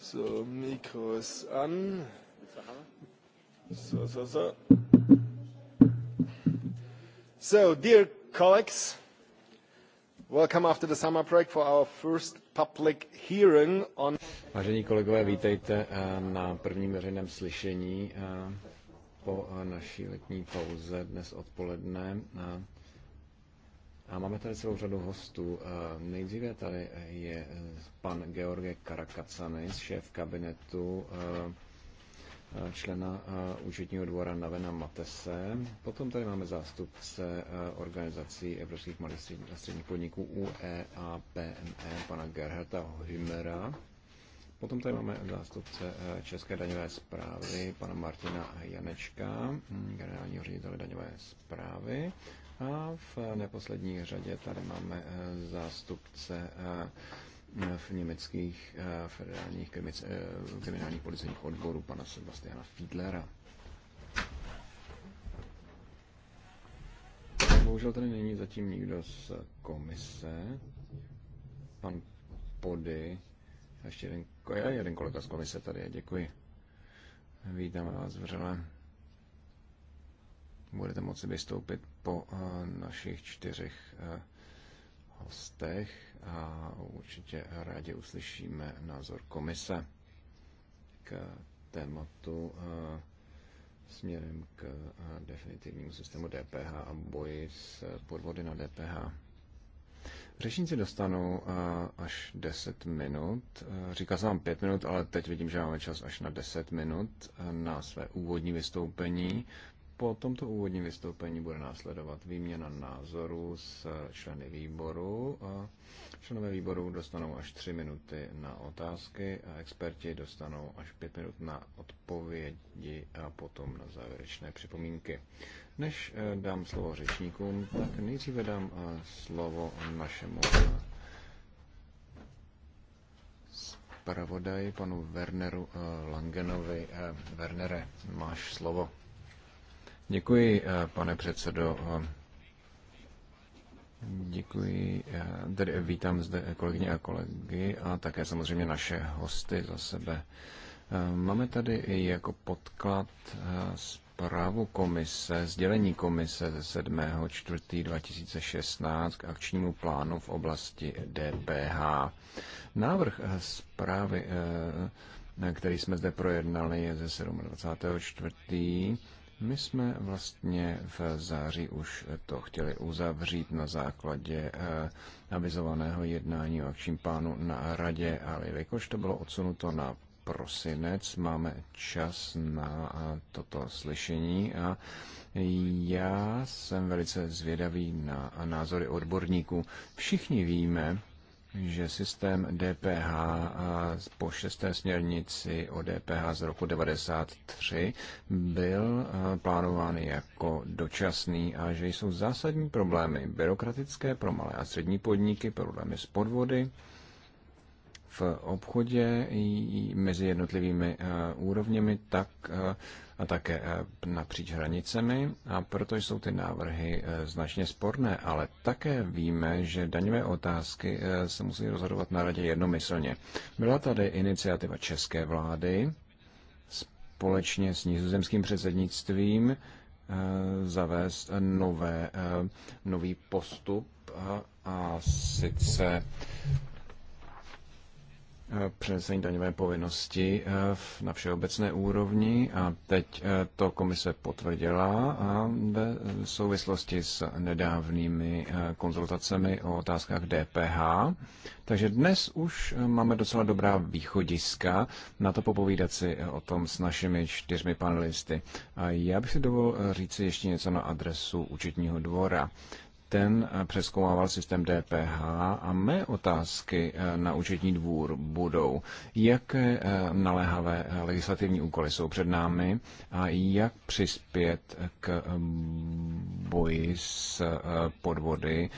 So, Mikro ist an. So, so, so. So, dear colleagues, welcome after the summer break for our first public hearing on... Vážení kolegové, vítejte eh, na prvním veřejném slyšení eh, po eh, naší letní pauze dnes odpoledne. A máme tady celou řadu hostů. Eh, nejdříve tady je pan George Karakacanis, šéf kabinetu eh, člena eh, účetního dvora Navena Matese. Potom tady máme zástupce organizací evropských malých a středních podniků UE a PME, pana Gerharta Hümera. Potom tady máme zástupce České daňové zprávy, pana Martina Janečka, hm, generálního ředitele daňové zprávy. A v neposlední řadě tady máme eh, zástupce eh, v německých eh, federálních kriminálních policejních odborů pana Sebastiana Fiedlera. Bohužel tady není zatím nikdo z komise. Pan Pody, ještě jeden, jeden kolega z komise tady je, děkuji. Vítám vás vřele budete moci vystoupit po eh, našich čtyřech eh, hostech a určitě rádi uslyšíme názor komise k tématu eh, směrem k definitivnímu systému DPH a boji s podvody na DPH. Řečníci dostanou až 10 minut. Říkal jsem vám 5 minut, ale teď vidím, že máme čas až na 10 minut na své úvodní vystoupení po tomto úvodním vystoupení bude následovat výměna názorů s členy výboru. Členové výboru dostanou až 3 minuty na otázky a experti dostanou až 5 minut na odpovědi a potom na závěrečné připomínky. Než eh, dám slovo řečníkům, tak nejdříve dám eh, slovo našemu zpravodaji, panu Werneru eh, Langenovi. Wernere, máš slovo. Děkuji, eh, pane předsedo. Děkuji. Eh, tedy vítám zde kolegyně a kolegy a také samozřejmě naše hosty za sebe. Eh, máme tady i jako podklad zprávu komise, sdělení komise ze 7. 4. 2016 k akčnímu plánu v oblasti DPH. Návrh zprávy, který jsme zde projednali, je ze 27. 4 my jsme vlastně v září už to chtěli uzavřít na základě eh, avizovaného jednání o akčním plánu na radě, ale jakož to bylo odsunuto na prosinec, máme čas na eh, toto slyšení a já jsem velice zvědavý na názory odborníků. Všichni víme, že systém DPH po šesté směrnici o DPH z roku 1993 byl plánován jako dočasný a že jsou zásadní problémy byrokratické pro malé a střední podniky, problémy s podvody v obchodě mezi jednotlivými úrovněmi, tak a také eh, napříč hranicemi a proto jsou ty návrhy eh, značně sporné, ale také víme, že daňové otázky eh, se musí rozhodovat na radě jednomyslně. Byla tady iniciativa české vlády společně s nizozemským předsednictvím zavést nové, nový postup a sice přenesení daňové povinnosti eh, na všeobecné úrovni a teď eh, to komise potvrdila a ve souvislosti s nedávnými eh, konzultacemi o otázkách DPH. Takže dnes už máme docela dobrá východiska na to popovídat si o tom s našimi čtyřmi panelisty. já bych si dovolil říci ještě něco na adresu účetního dvora ten eh, přeskoumával systém DPH a mé otázky eh, na účetní dvůr budou, jaké eh, naléhavé legislativní úkoly jsou před námi a jak přispět k boji s podvody,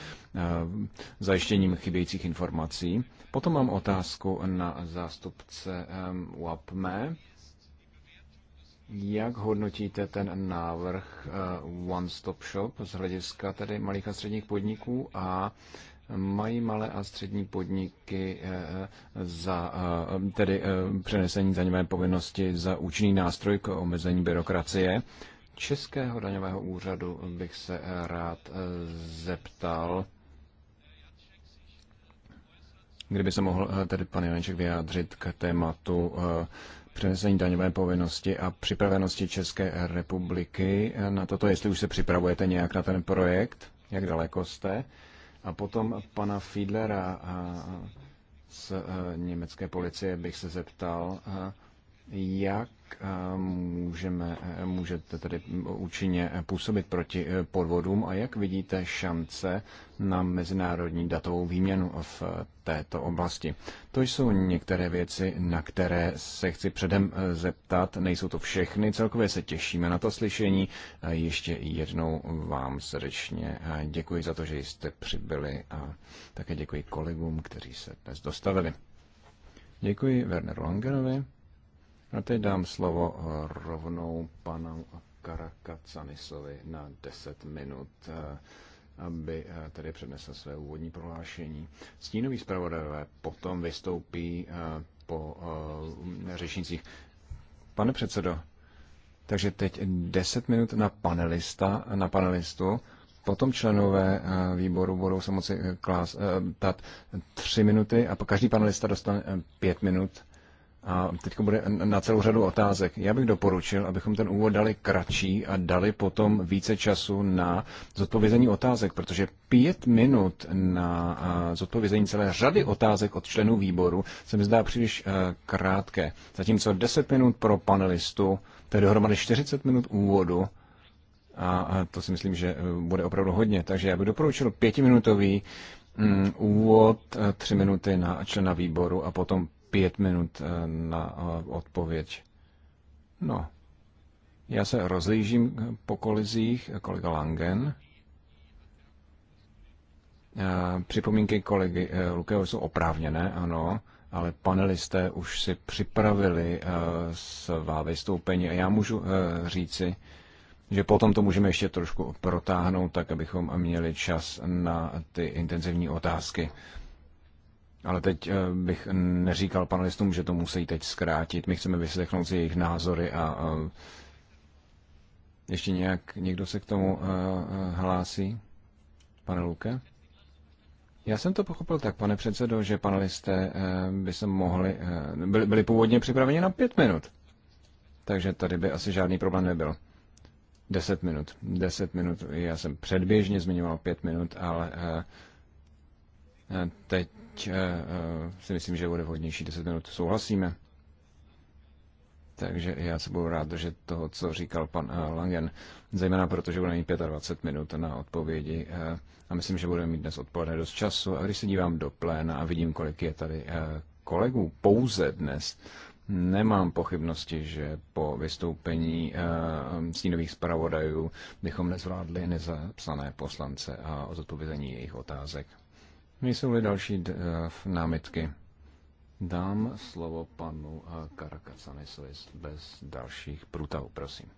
zajištěním chybějících informací. Potom mám otázku na zástupce UAPME. Jak hodnotíte ten návrh eh, One Stop Shop z hlediska tedy malých a středních podniků a mají malé a střední podniky eh, za eh, tedy přenesení daňové povinnosti za účinný nástroj k omezení byrokracie? Českého daňového úřadu bych se rád zeptal, kdyby se mohl tedy pan Janeček vyjádřit k tématu přenesení daňové povinnosti a připravenosti České republiky na toto, jestli už se připravujete nějak na ten projekt, jak daleko jste. A potom pana Fiedlera z e, německé policie bych se zeptal, e, jak Eh, můžeme, eh, můžete tedy eh, účinně působit proti podvodům a jak vidíte šance na mezinárodní datovou výměnu v této oblasti. To jsou některé věci, na které se chci předem zeptat. Nejsou to všechny, celkově se těšíme na to slyšení. Ještě jednou vám srdečně děkuji za to, že jste přibyli a také děkuji kolegům, kteří se dnes dostavili. Děkuji Werneru Langerovi. A teď dám slovo eh, rovnou panu Karakacanisovi na 10 minut, eh, aby eh, tedy přednesl své úvodní prohlášení. Stínový zpravodajové potom vystoupí po řečnicích. Pane předsedo, takže teď 10 minut na panelista, na panelistu, potom členové výboru budou se moci klás, tři minuty a každý panelista dostane pět minut a teď bude na celou řadu otázek. Já bych doporučil, abychom ten úvod dali kratší a dali potom více času na zodpovězení otázek, protože pět minut na zodpovězení celé řady otázek od členů výboru se mi zdá příliš e, krátké. Zatímco deset minut pro panelistu, to je dohromady 40 minut úvodu, a to si myslím, že e, bude opravdu hodně. Takže já bych doporučil pětiminutový mm, úvod, e, tři minuty na člena výboru a potom pět minut eh, na eh, odpověď. No, já se rozlížím po kolizích, kolega Langen. Eh, připomínky kolegy Lukého jsou oprávněné, ano, ale panelisté už si připravili svá vystoupení a já můžu říci, že potom to můžeme ještě trošku protáhnout, tak abychom měli čas na ty intenzivní otázky. Ale teď eh, bych neříkal panelistům, že to musí teď zkrátit. My chceme vyslechnout si jejich názory a eh, ještě nějak někdo se k tomu eh, hlásí? Pane Luke? Já jsem to pochopil tak, pane předsedo, že panelisté by se mohli, byli, byli původně připraveni na pět minut. Takže tady by asi žádný problém nebyl. Deset minut. Deset minut. Já jsem předběžně zmiňoval pět minut, ale teď teď eh, eh, si myslím, že bude vhodnější 10 minut. Souhlasíme. Takže já se budu rád držet toho, co říkal pan eh, Langen, zejména protože bude mít 25 minut na odpovědi a myslím, že budeme mít dnes odpoledne dost času. A když se dívám do pléna a vidím, kolik je tady kolegů pouze dnes, nemám pochybnosti, že po vystoupení stínových zpravodajů bychom nezvládli nezapsané poslance a o zodpovězení jejich otázek. Nejsou-li další eh, námitky, dám slovo panu eh, Karakacanisovi bez dalších průtahů, prosím.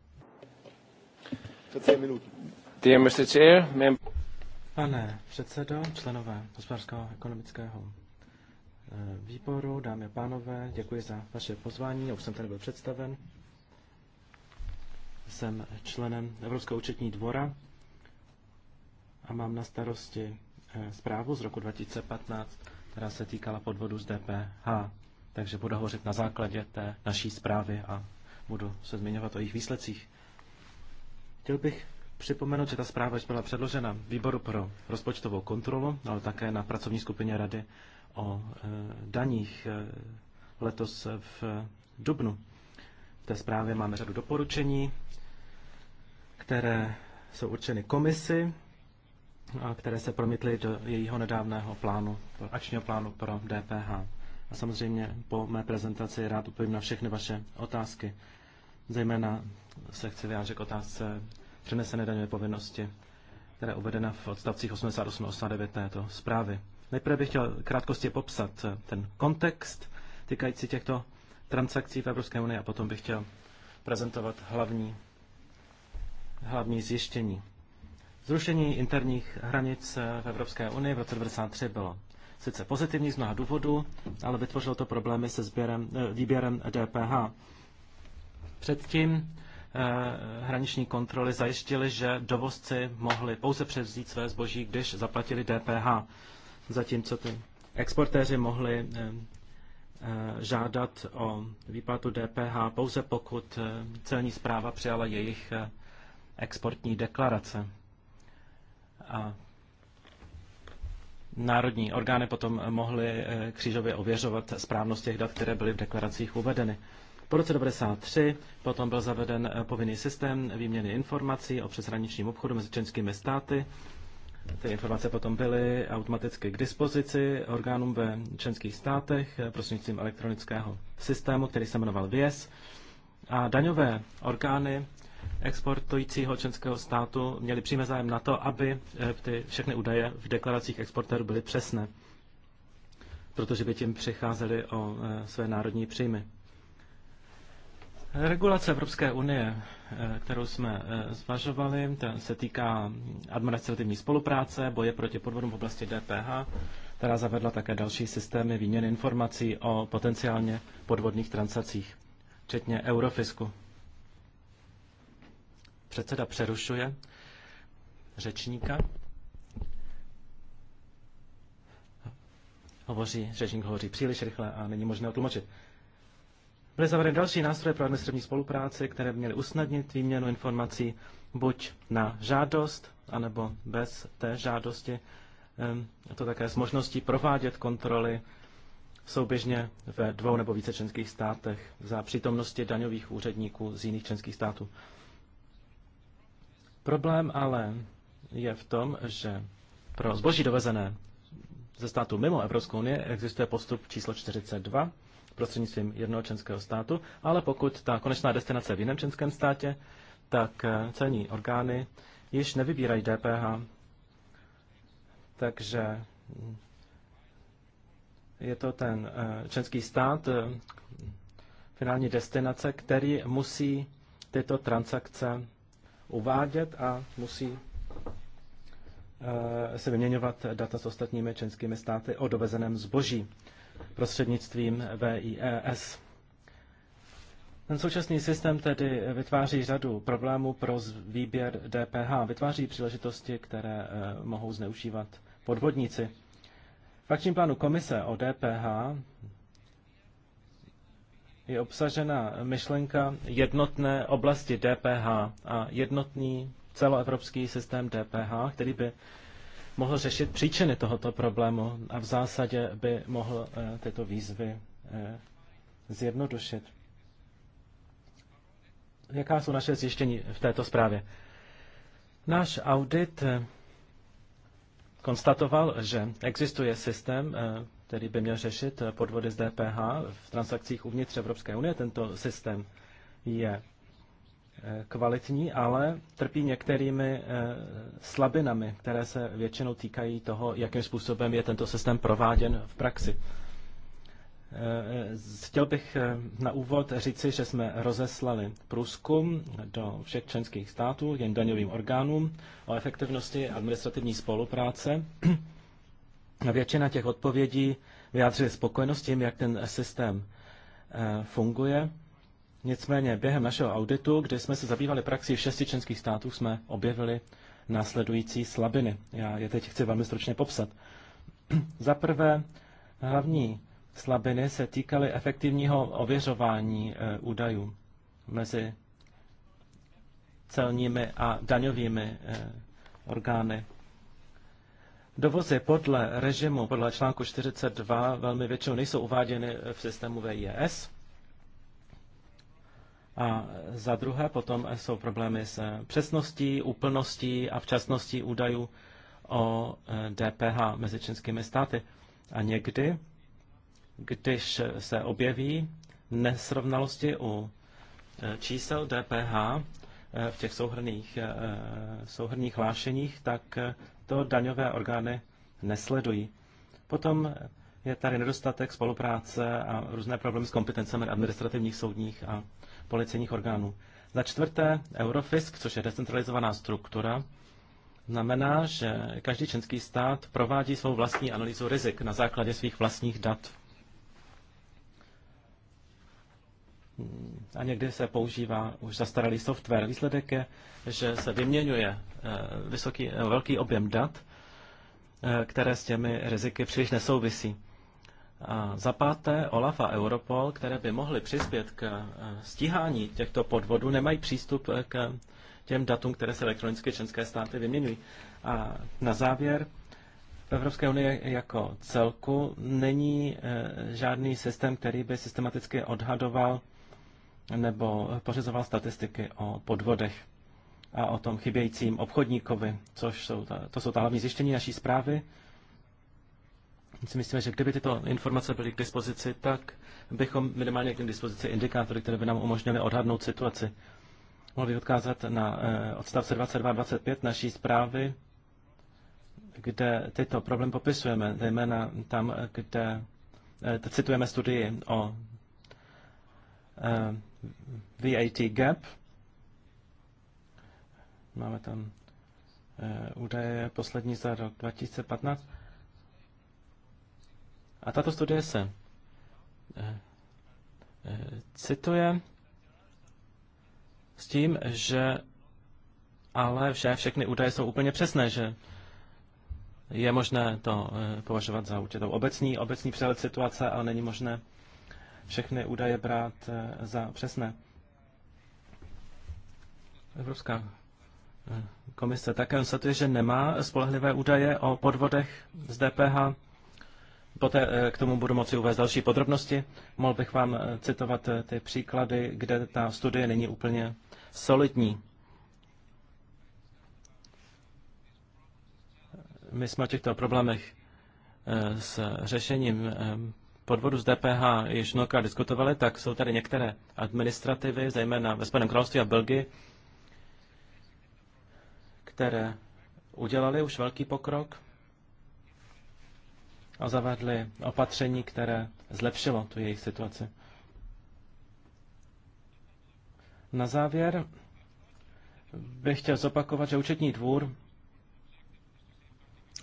Pane předsedo, členové hospodářského ekonomického eh, výboru, dámy a pánové, děkuji za vaše pozvání, už jsem tady byl představen. Jsem členem Evropského účetní dvora a mám na starosti Eh, zprávu z roku 2015, která se týkala podvodu z DPH. Takže budu hovořit na základě té naší zprávy a budu se zmiňovat o jejich výsledcích. Chtěl bych připomenout, že ta zpráva byla předložena výboru pro rozpočtovou kontrolu, ale také na pracovní skupině rady o e, daních e, letos v e, Dubnu. V té zprávě máme řadu doporučení, které jsou určeny komisi a které se promítly do jejího nedávného plánu, akčního plánu pro DPH. A samozřejmě po mé prezentaci rád odpovím na všechny vaše otázky. Zejména se chci vyjádřit k otázce přenesené daňové povinnosti, která je uvedena v odstavcích 88 a 89 této zprávy. Nejprve bych chtěl krátkosti popsat eh, ten kontext týkající těchto transakcí v Evropské unii a potom bych chtěl prezentovat hlavní, hlavní zjištění. Zrušení interních hranic v Evropské unii v roce 1993 bylo sice pozitivní z mnoha důvodů, ale vytvořilo to problémy se sběrem, eh, výběrem DPH. Předtím eh, hraniční kontroly zajistily, že dovozci mohli pouze převzít své zboží, když zaplatili DPH, zatímco ty exportéři mohli eh, žádat o výplatu DPH pouze pokud celní zpráva přijala jejich exportní deklarace a národní orgány potom mohly eh, křížově ověřovat správnost těch dat, které byly v deklaracích uvedeny. Po roce 1993 potom byl zaveden eh, povinný systém výměny informací o přeshraničním obchodu mezi členskými státy. Ty informace potom byly automaticky k dispozici orgánům ve členských státech eh, prostřednictvím elektronického systému, který se jmenoval VIES. A daňové orgány exportujícího členského státu měli přímé zájem na to, aby eh, ty všechny údaje v deklaracích exportérů byly přesné, protože by tím přicházeli o eh, své národní příjmy. Regulace Evropské unie, eh, kterou jsme zvažovali, se týká administrativní spolupráce, boje proti podvodům v oblasti DPH, která zavedla také další systémy výměny informací o potenciálně podvodných transacích, včetně Eurofisku. Předseda přerušuje řečníka. Hovoří, řečník hovoří příliš rychle a není možné otlumočit. Byly zavedeny další nástroje pro administrativní spolupráci, které by měly usnadnit výměnu informací buď na žádost, anebo bez té žádosti. Ehm, to také s možností provádět kontroly souběžně ve dvou nebo více členských státech za přítomnosti daňových úředníků z jiných členských států. Problém ale je v tom, že pro zboží dovezené ze států mimo Evropskou unii existuje postup číslo 42 prostřednictvím jednoho členského státu, ale pokud ta konečná destinace je v jiném členském státě, tak eh, celní orgány již nevybírají DPH. Takže mm, je to ten eh, členský stát, eh, finální destinace, který musí tyto transakce uvádět a musí eh, se vyměňovat data s ostatními členskými státy o dovezeném zboží prostřednictvím VIES. Ten současný systém tedy vytváří řadu problémů pro výběr DPH, vytváří příležitosti, které eh, mohou zneužívat podvodníci. V akčním plánu komise o DPH je obsažena myšlenka jednotné oblasti DPH a jednotný celoevropský systém DPH, který by mohl řešit příčiny tohoto problému a v zásadě by mohl eh, tyto výzvy eh, zjednodušit. Jaká jsou naše zjištění v této zprávě? Náš audit eh, konstatoval, že existuje systém který by měl řešit podvody z DPH v transakcích uvnitř Evropské unie. Tento systém je eh, kvalitní, ale trpí některými eh, slabinami, které se většinou týkají toho, jakým způsobem je tento systém prováděn v praxi. Eh, chtěl bych na úvod říci, že jsme rozeslali průzkum do všech členských států, jen daňovým orgánům, o efektivnosti administrativní spolupráce Většina těch odpovědí vyjádřuje spokojenost tím, jak ten systém eh, funguje. Nicméně během našeho auditu, kde jsme se zabývali praxí v šesti členských států, jsme objevili následující slabiny. Já je teď chci velmi stručně popsat. Za prvé, hlavní slabiny se týkaly efektivního ověřování e, údajů mezi celními a daňovými e, orgány. Dovozy podle režimu, podle článku 42, velmi většinou nejsou uváděny v systému VIS. A za druhé potom jsou problémy s přesností, úplností a včasností údajů o e, DPH mezi členskými státy. A někdy, když se objeví nesrovnalosti u e, čísel DPH e, v těch souhrných, souhrných hlášeních, tak to daňové orgány nesledují. Potom je tady nedostatek spolupráce a různé problémy s kompetencemi administrativních, soudních a policejních orgánů. Za čtvrté, Eurofisk, což je decentralizovaná struktura, znamená, že každý členský stát provádí svou vlastní analýzu rizik na základě svých vlastních dat. a někdy se používá už zastaralý software. Výsledek je, že se vyměňuje eh, vysoký, eh, velký objem dat, eh, které s těmi riziky příliš nesouvisí. A za páté, OLAF a Europol, které by mohly přispět k stíhání těchto podvodů, nemají přístup k těm datům, které se elektronicky členské státy vyměňují. A na závěr, v Evropské unii jako celku není žádný systém, který by systematicky odhadoval nebo pořizoval statistiky o podvodech a o tom chybějícím obchodníkovi, což jsou ta, to jsou ta hlavní zjištění naší zprávy. myslím, si myslíme, že kdyby tyto informace byly k dispozici, tak bychom minimálně k dispozici indikátory, které by nám umožnily odhadnout situaci. Mohl bych odkázat na eh, odstavce 22-25 naší zprávy, kde tyto problém popisujeme, zejména tam, kde eh, citujeme studii o eh, VAT gap. Máme tam eh, údaje poslední za rok 2015. A tato studie se eh, eh, cituje s tím, že ale vše všechny údaje jsou úplně přesné, že je možné to považovat za určitou obecní, obecní přehled situace, ale není možné všechny údaje brát eh, za přesné. Evropská eh, komise také konstatuje, že nemá spolehlivé údaje o podvodech z DPH. Poté eh, k tomu budu moci uvést další podrobnosti. Mohl bych vám citovat ty příklady, kde ta studie není úplně solidní. My jsme o těchto problémech s řešením podvodu z DPH již mnohokrát diskutovali, tak jsou tady některé administrativy, zejména ve Spojeném království a Belgii, které udělali už velký pokrok a zavedli opatření, které zlepšilo tu jejich situaci. Na závěr bych chtěl zopakovat, že účetní dvůr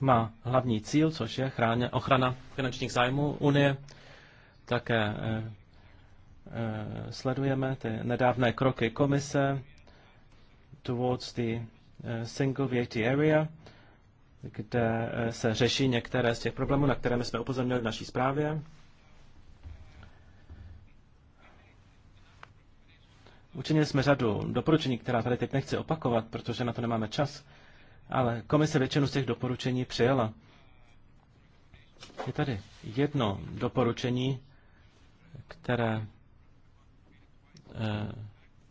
má hlavní cíl, což je chráně, ochrana finančních zájmů Unie. Také e, e, sledujeme ty nedávné kroky komise towards the eh, single VAT area, kde se řeší některé z těch problémů, na které jsme upozornili v naší zprávě. Učinili jsme řadu doporučení, která tady teď nechci opakovat, protože na to nemáme čas ale komise většinu z těch doporučení přijala. Je tady jedno doporučení, které eh,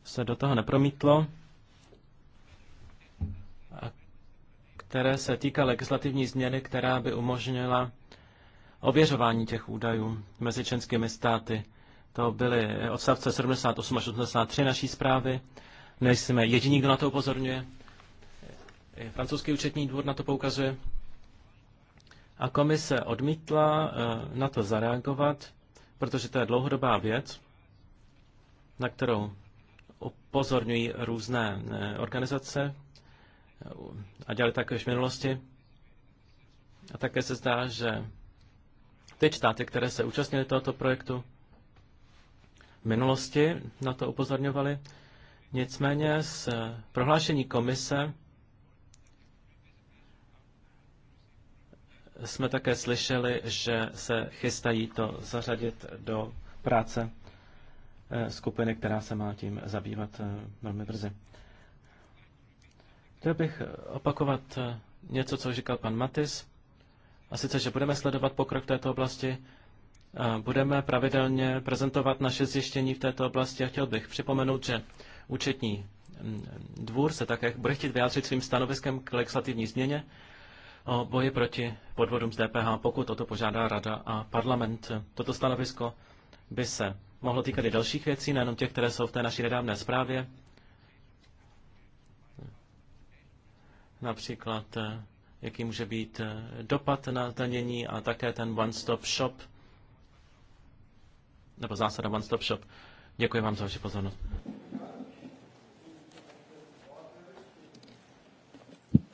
se do toho nepromítlo a které se týká legislativní změny, která by umožnila ověřování těch údajů mezi členskými státy. To byly odstavce 78 až 83 naší zprávy. Nejsme jediní, kdo na to upozorňuje. Eh, francouzský účetní dvůr na to poukazuje. A komise odmítla eh, na to zareagovat, protože to je dlouhodobá věc, na kterou upozorňují různé eh, organizace a dělali tak jako už v minulosti. A také se zdá, že ty státy, které se účastnily tohoto projektu, v minulosti na to upozorňovali. Nicméně z prohlášení komise jsme také slyšeli, že se chystají to zařadit do práce eh, skupiny, která se má tím zabývat eh, velmi brzy. Chtěl bych eh, opakovat něco, co říkal pan Matis, a sice, že budeme sledovat pokrok v této oblasti, budeme pravidelně prezentovat naše zjištění v této oblasti a chtěl bych připomenout, že účetní mm, dvůr se také bude chtít vyjádřit svým stanoviskem k legislativní změně, o boji proti podvodům z DPH, pokud o to požádá Rada a parlament. Toto stanovisko by se mohlo týkat i dalších věcí, nejenom těch, které jsou v té naší nedávné zprávě. Například, eh, jaký může být eh, dopad na zdanění a také ten one-stop shop, nebo zásada one-stop shop. Děkuji vám za vaši pozornost.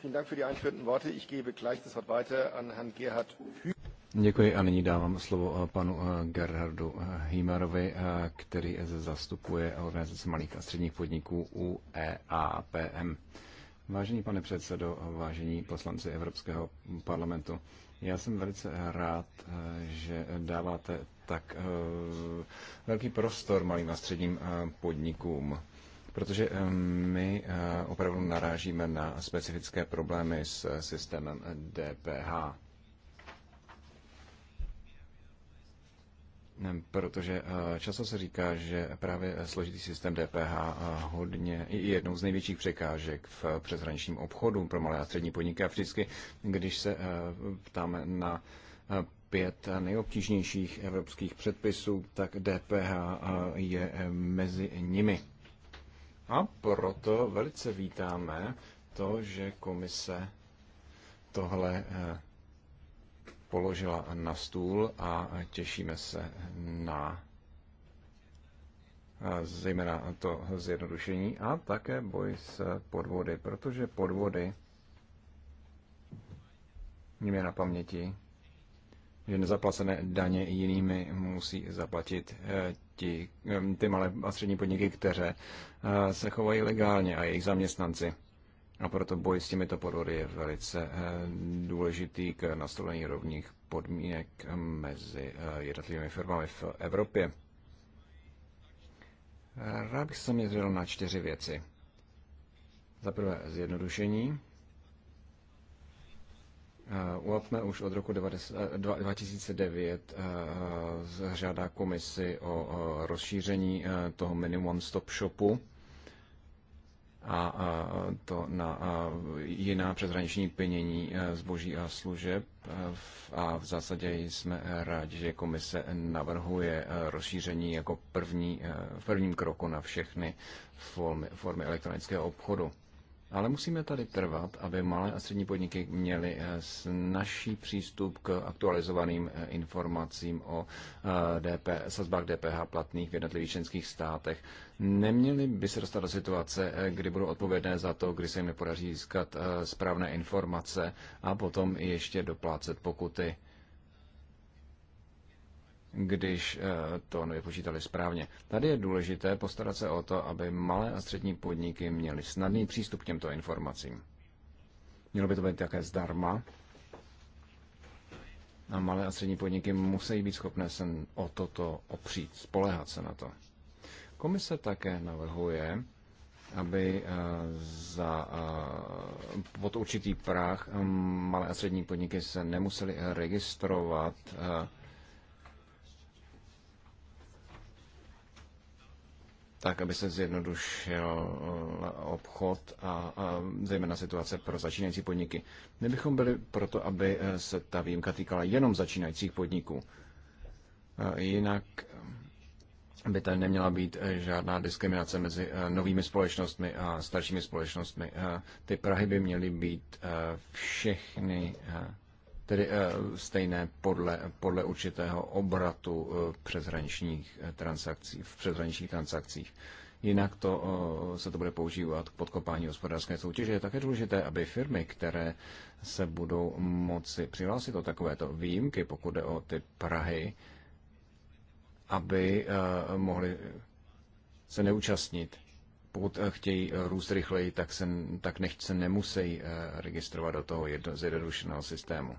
Vielen Dank für die einführenden Worte. Ich gebe gleich das Wort weiter an Herrn Gerhard Hü. Děkuji a nyní dávám slovo eh, panu eh, Gerhardu eh, Hýmarovi, který zastupuje organizace malých a středních podniků u EAPM. Vážený pane předsedo, vážení poslanci Evropského parlamentu, já jsem velice rád, že dáváte tak velký prostor malým a středním podnikům protože eh, my eh, opravdu narážíme na specifické problémy s eh, systémem DPH. Hm, protože často se říká, že právě složitý systém DPH hodně je jednou z největších překážek v přeshraničním obchodu pro malé a střední podniky. A vždycky, když se ptáme na pět nejobtížnějších evropských předpisů, tak DPH je mezi nimi. A proto velice vítáme to, že komise tohle eh, položila na stůl a těšíme se na eh, zejména to zjednodušení a také boj s podvody, protože podvody, mě na paměti, že nezaplacené daně jinými musí zaplatit eh, ti, eh, ty malé a střední podniky, které eh, se chovají legálně a jejich zaměstnanci. A proto boj s těmito podvody je velice důležitý k nastolení rovných podmínek mezi jednotlivými firmami v Evropě. Rád bych se zaměřil na čtyři věci. Za prvé zjednodušení, Eh, UAPME už od roku 2009 eh, eh, žádá komisi o rozšíření toho minimum stop shopu a to na jiná přeshraniční plnění zboží a služeb. A v zásadě jsme rádi, že komise navrhuje rozšíření jako první, v prvním kroku na všechny formy, formy elektronického obchodu. Ale musíme tady trvat, aby malé a střední podniky měly eh, snažší přístup k aktualizovaným eh, informacím o eh, DP, sazbách DPH platných v jednotlivých členských státech. Neměli by se dostat do situace, kdy budou odpovědné za to, kdy se jim nepodaří získat správné informace a potom ještě doplácet pokuty když eh, to nevypočítali správně. Tady je důležité postarat se o to, aby malé a střední podniky měly snadný přístup k těmto informacím. Mělo by to být také zdarma. A malé a střední podniky musí být schopné se o toto opřít, spolehat se na to. Komise také navrhuje, aby eh, za, eh, pod určitý práh malé a střední podniky se nemuseli registrovat tak, aby se zjednodušil eh, obchod a, a zejména situace pro začínající podniky. My bychom byli proto, aby eh, se ta výjimka týkala jenom začínajících podniků. Eh, jinak by tady neměla být žádná diskriminace mezi novými společnostmi a staršími společnostmi. Ty Prahy by měly být všechny tedy eh, stejné podle, podle určitého obratu eh, přeshraničních eh, transakcí, v přeshraničních transakcích. Jinak to, se to bude používat k podkopání hospodářské soutěže. Je také důležité, aby firmy, které se budou moci přihlásit o takovéto výjimky, pokud jde o ty Prahy, aby mohly se neúčastnit. Pokud chtějí růst rychleji, tak, se, tak nechť se nemusí registrovat do toho jedno, zjednodušeného systému.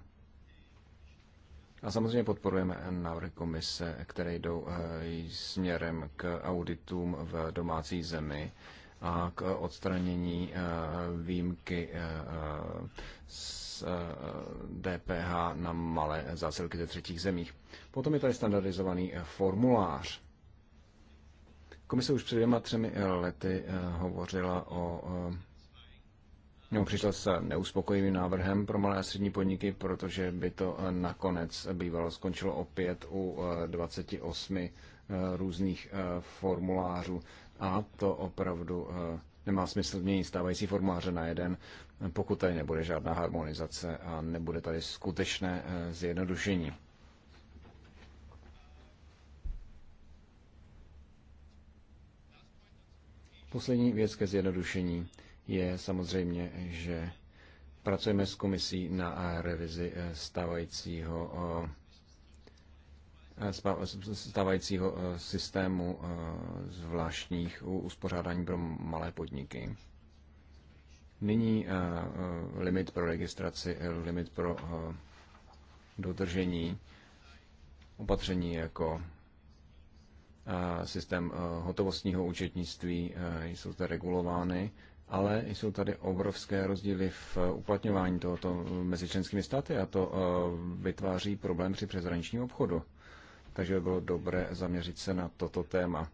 A samozřejmě podporujeme návrhy komise, které jdou eh, směrem k auditům v domácí zemi a k odstranění eh, výjimky eh, z DPH na malé zásilky ze třetích zemích. Potom je tady standardizovaný formulář. Komise už před dvěma třemi lety hovořila o No, přišel s neuspokojivým návrhem pro malé a střední podniky, protože by to eh, nakonec bývalo skončilo opět u 28 eh, eh, různých formulářů. A to opravdu nemá smysl měnit stávající formuláře na jeden, pokud tady nebude žádná harmonizace a nebude tady skutečné zjednodušení. Poslední věc ke zjednodušení je samozřejmě, že pracujeme s komisí na revizi eh, stávajícího eh, eh, stávajícího systému zvláštních uspořádání pro malé podniky. Nyní limit pro registraci, limit pro dodržení opatření jako systém hotovostního účetnictví jsou zde regulovány ale jsou tady obrovské rozdíly v eh, uplatňování tohoto eh, mezi členskými státy a to eh, vytváří problém při přeshraničním obchodu. Takže by bylo dobré zaměřit se na toto téma.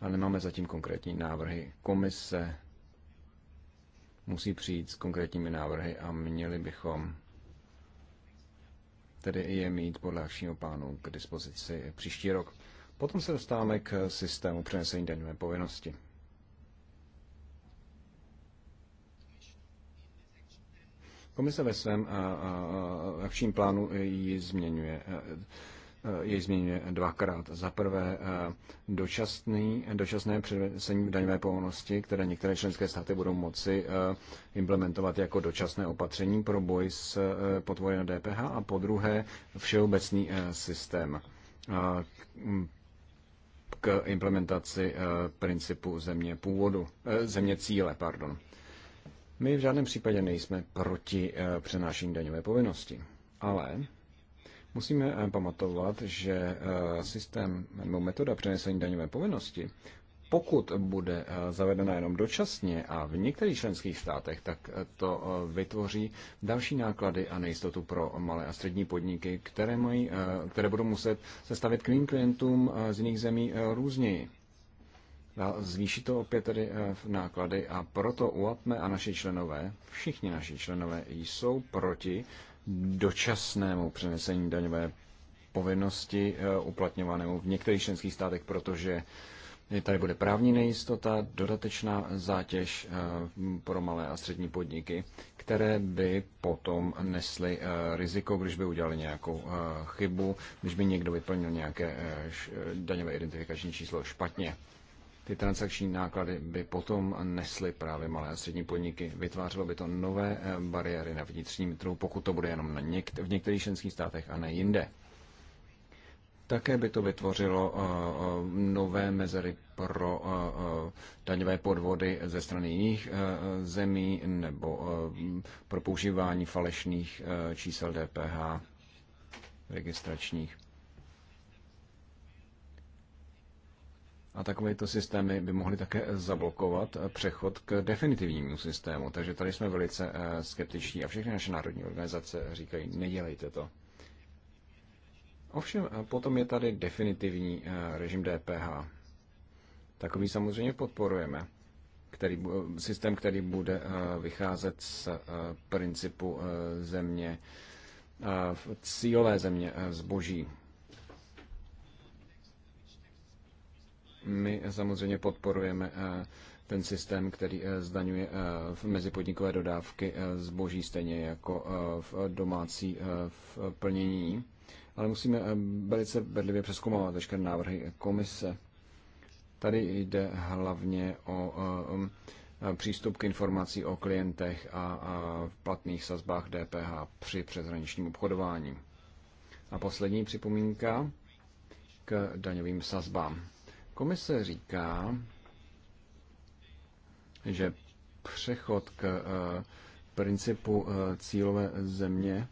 A nemáme zatím konkrétní návrhy. Komise musí přijít s konkrétními návrhy a měli bychom tedy je mít podle akčního plánu k dispozici příští rok. Potom se dostáváme k systému přenesení daňové povinnosti. Komise ve svém akčním plánu ji změňuje e, jej změňuje dvakrát. Za prvé e, dočasný, dočasné přenesení daňové povinnosti, které některé členské státy budou moci e, implementovat jako dočasné opatření pro boj s podvoji na DPH a po druhé všeobecný systém k implementaci principu země původu, země cíle, pardon. My v žádném případě nejsme proti eh, přenášení daňové povinnosti, ale musíme eh, pamatovat, že eh, systém nebo metoda přenesení daňové povinnosti, pokud bude zavedena jenom dočasně a v některých členských státech, tak to vytvoří další náklady a nejistotu pro malé a střední podniky, které, mají, které budou muset sestavit k klientům z jiných zemí různěji. Zvýší to opět tedy eh, v náklady a proto UAPME a naši členové, všichni naši členové jsou proti dočasnému přenesení daňové povinnosti eh, uplatňovanému v některých členských státech, protože tady bude právní nejistota, dodatečná zátěž eh, pro malé a střední podniky, které by potom nesly riziko, když by udělali nějakou chybu, když by někdo vyplnil nějaké daňové identifikační číslo špatně ty transakční náklady by potom nesly právě malé a střední podniky. Vytvářelo by to nové eh, bariéry na vnitřním trhu, pokud to bude jenom na něk- v některých členských státech a ne jinde. Také by to vytvořilo eh, eh, nové mezery pro daňové podvody ze strany jiných zemí nebo pro používání falešných čísel DPH registračních. A takovéto systémy by mohly také zablokovat přechod k definitivnímu systému. Takže tady jsme velice eh, skeptiční a všechny naše národní organizace říkají, nedělejte to. Ovšem, eh, potom je tady definitivní eh, režim DPH. Takový samozřejmě podporujeme. Který, systém, který bude vycházet z principu země, cílové země zboží. My samozřejmě podporujeme eh, ten systém, který eh, zdaňuje eh, mezipodnikové dodávky zboží stejně jako v domácí v plnění. Ale musíme velice bedlivě přeskoumávat veškeré návrhy komise. Tady jde hlavně o přístup k informací o klientech a platných sazbách DPH při přeshraničním obchodování. A poslední připomínka k daňovým sazbám. Komise říká, že přechod k eh, principu eh, cílové země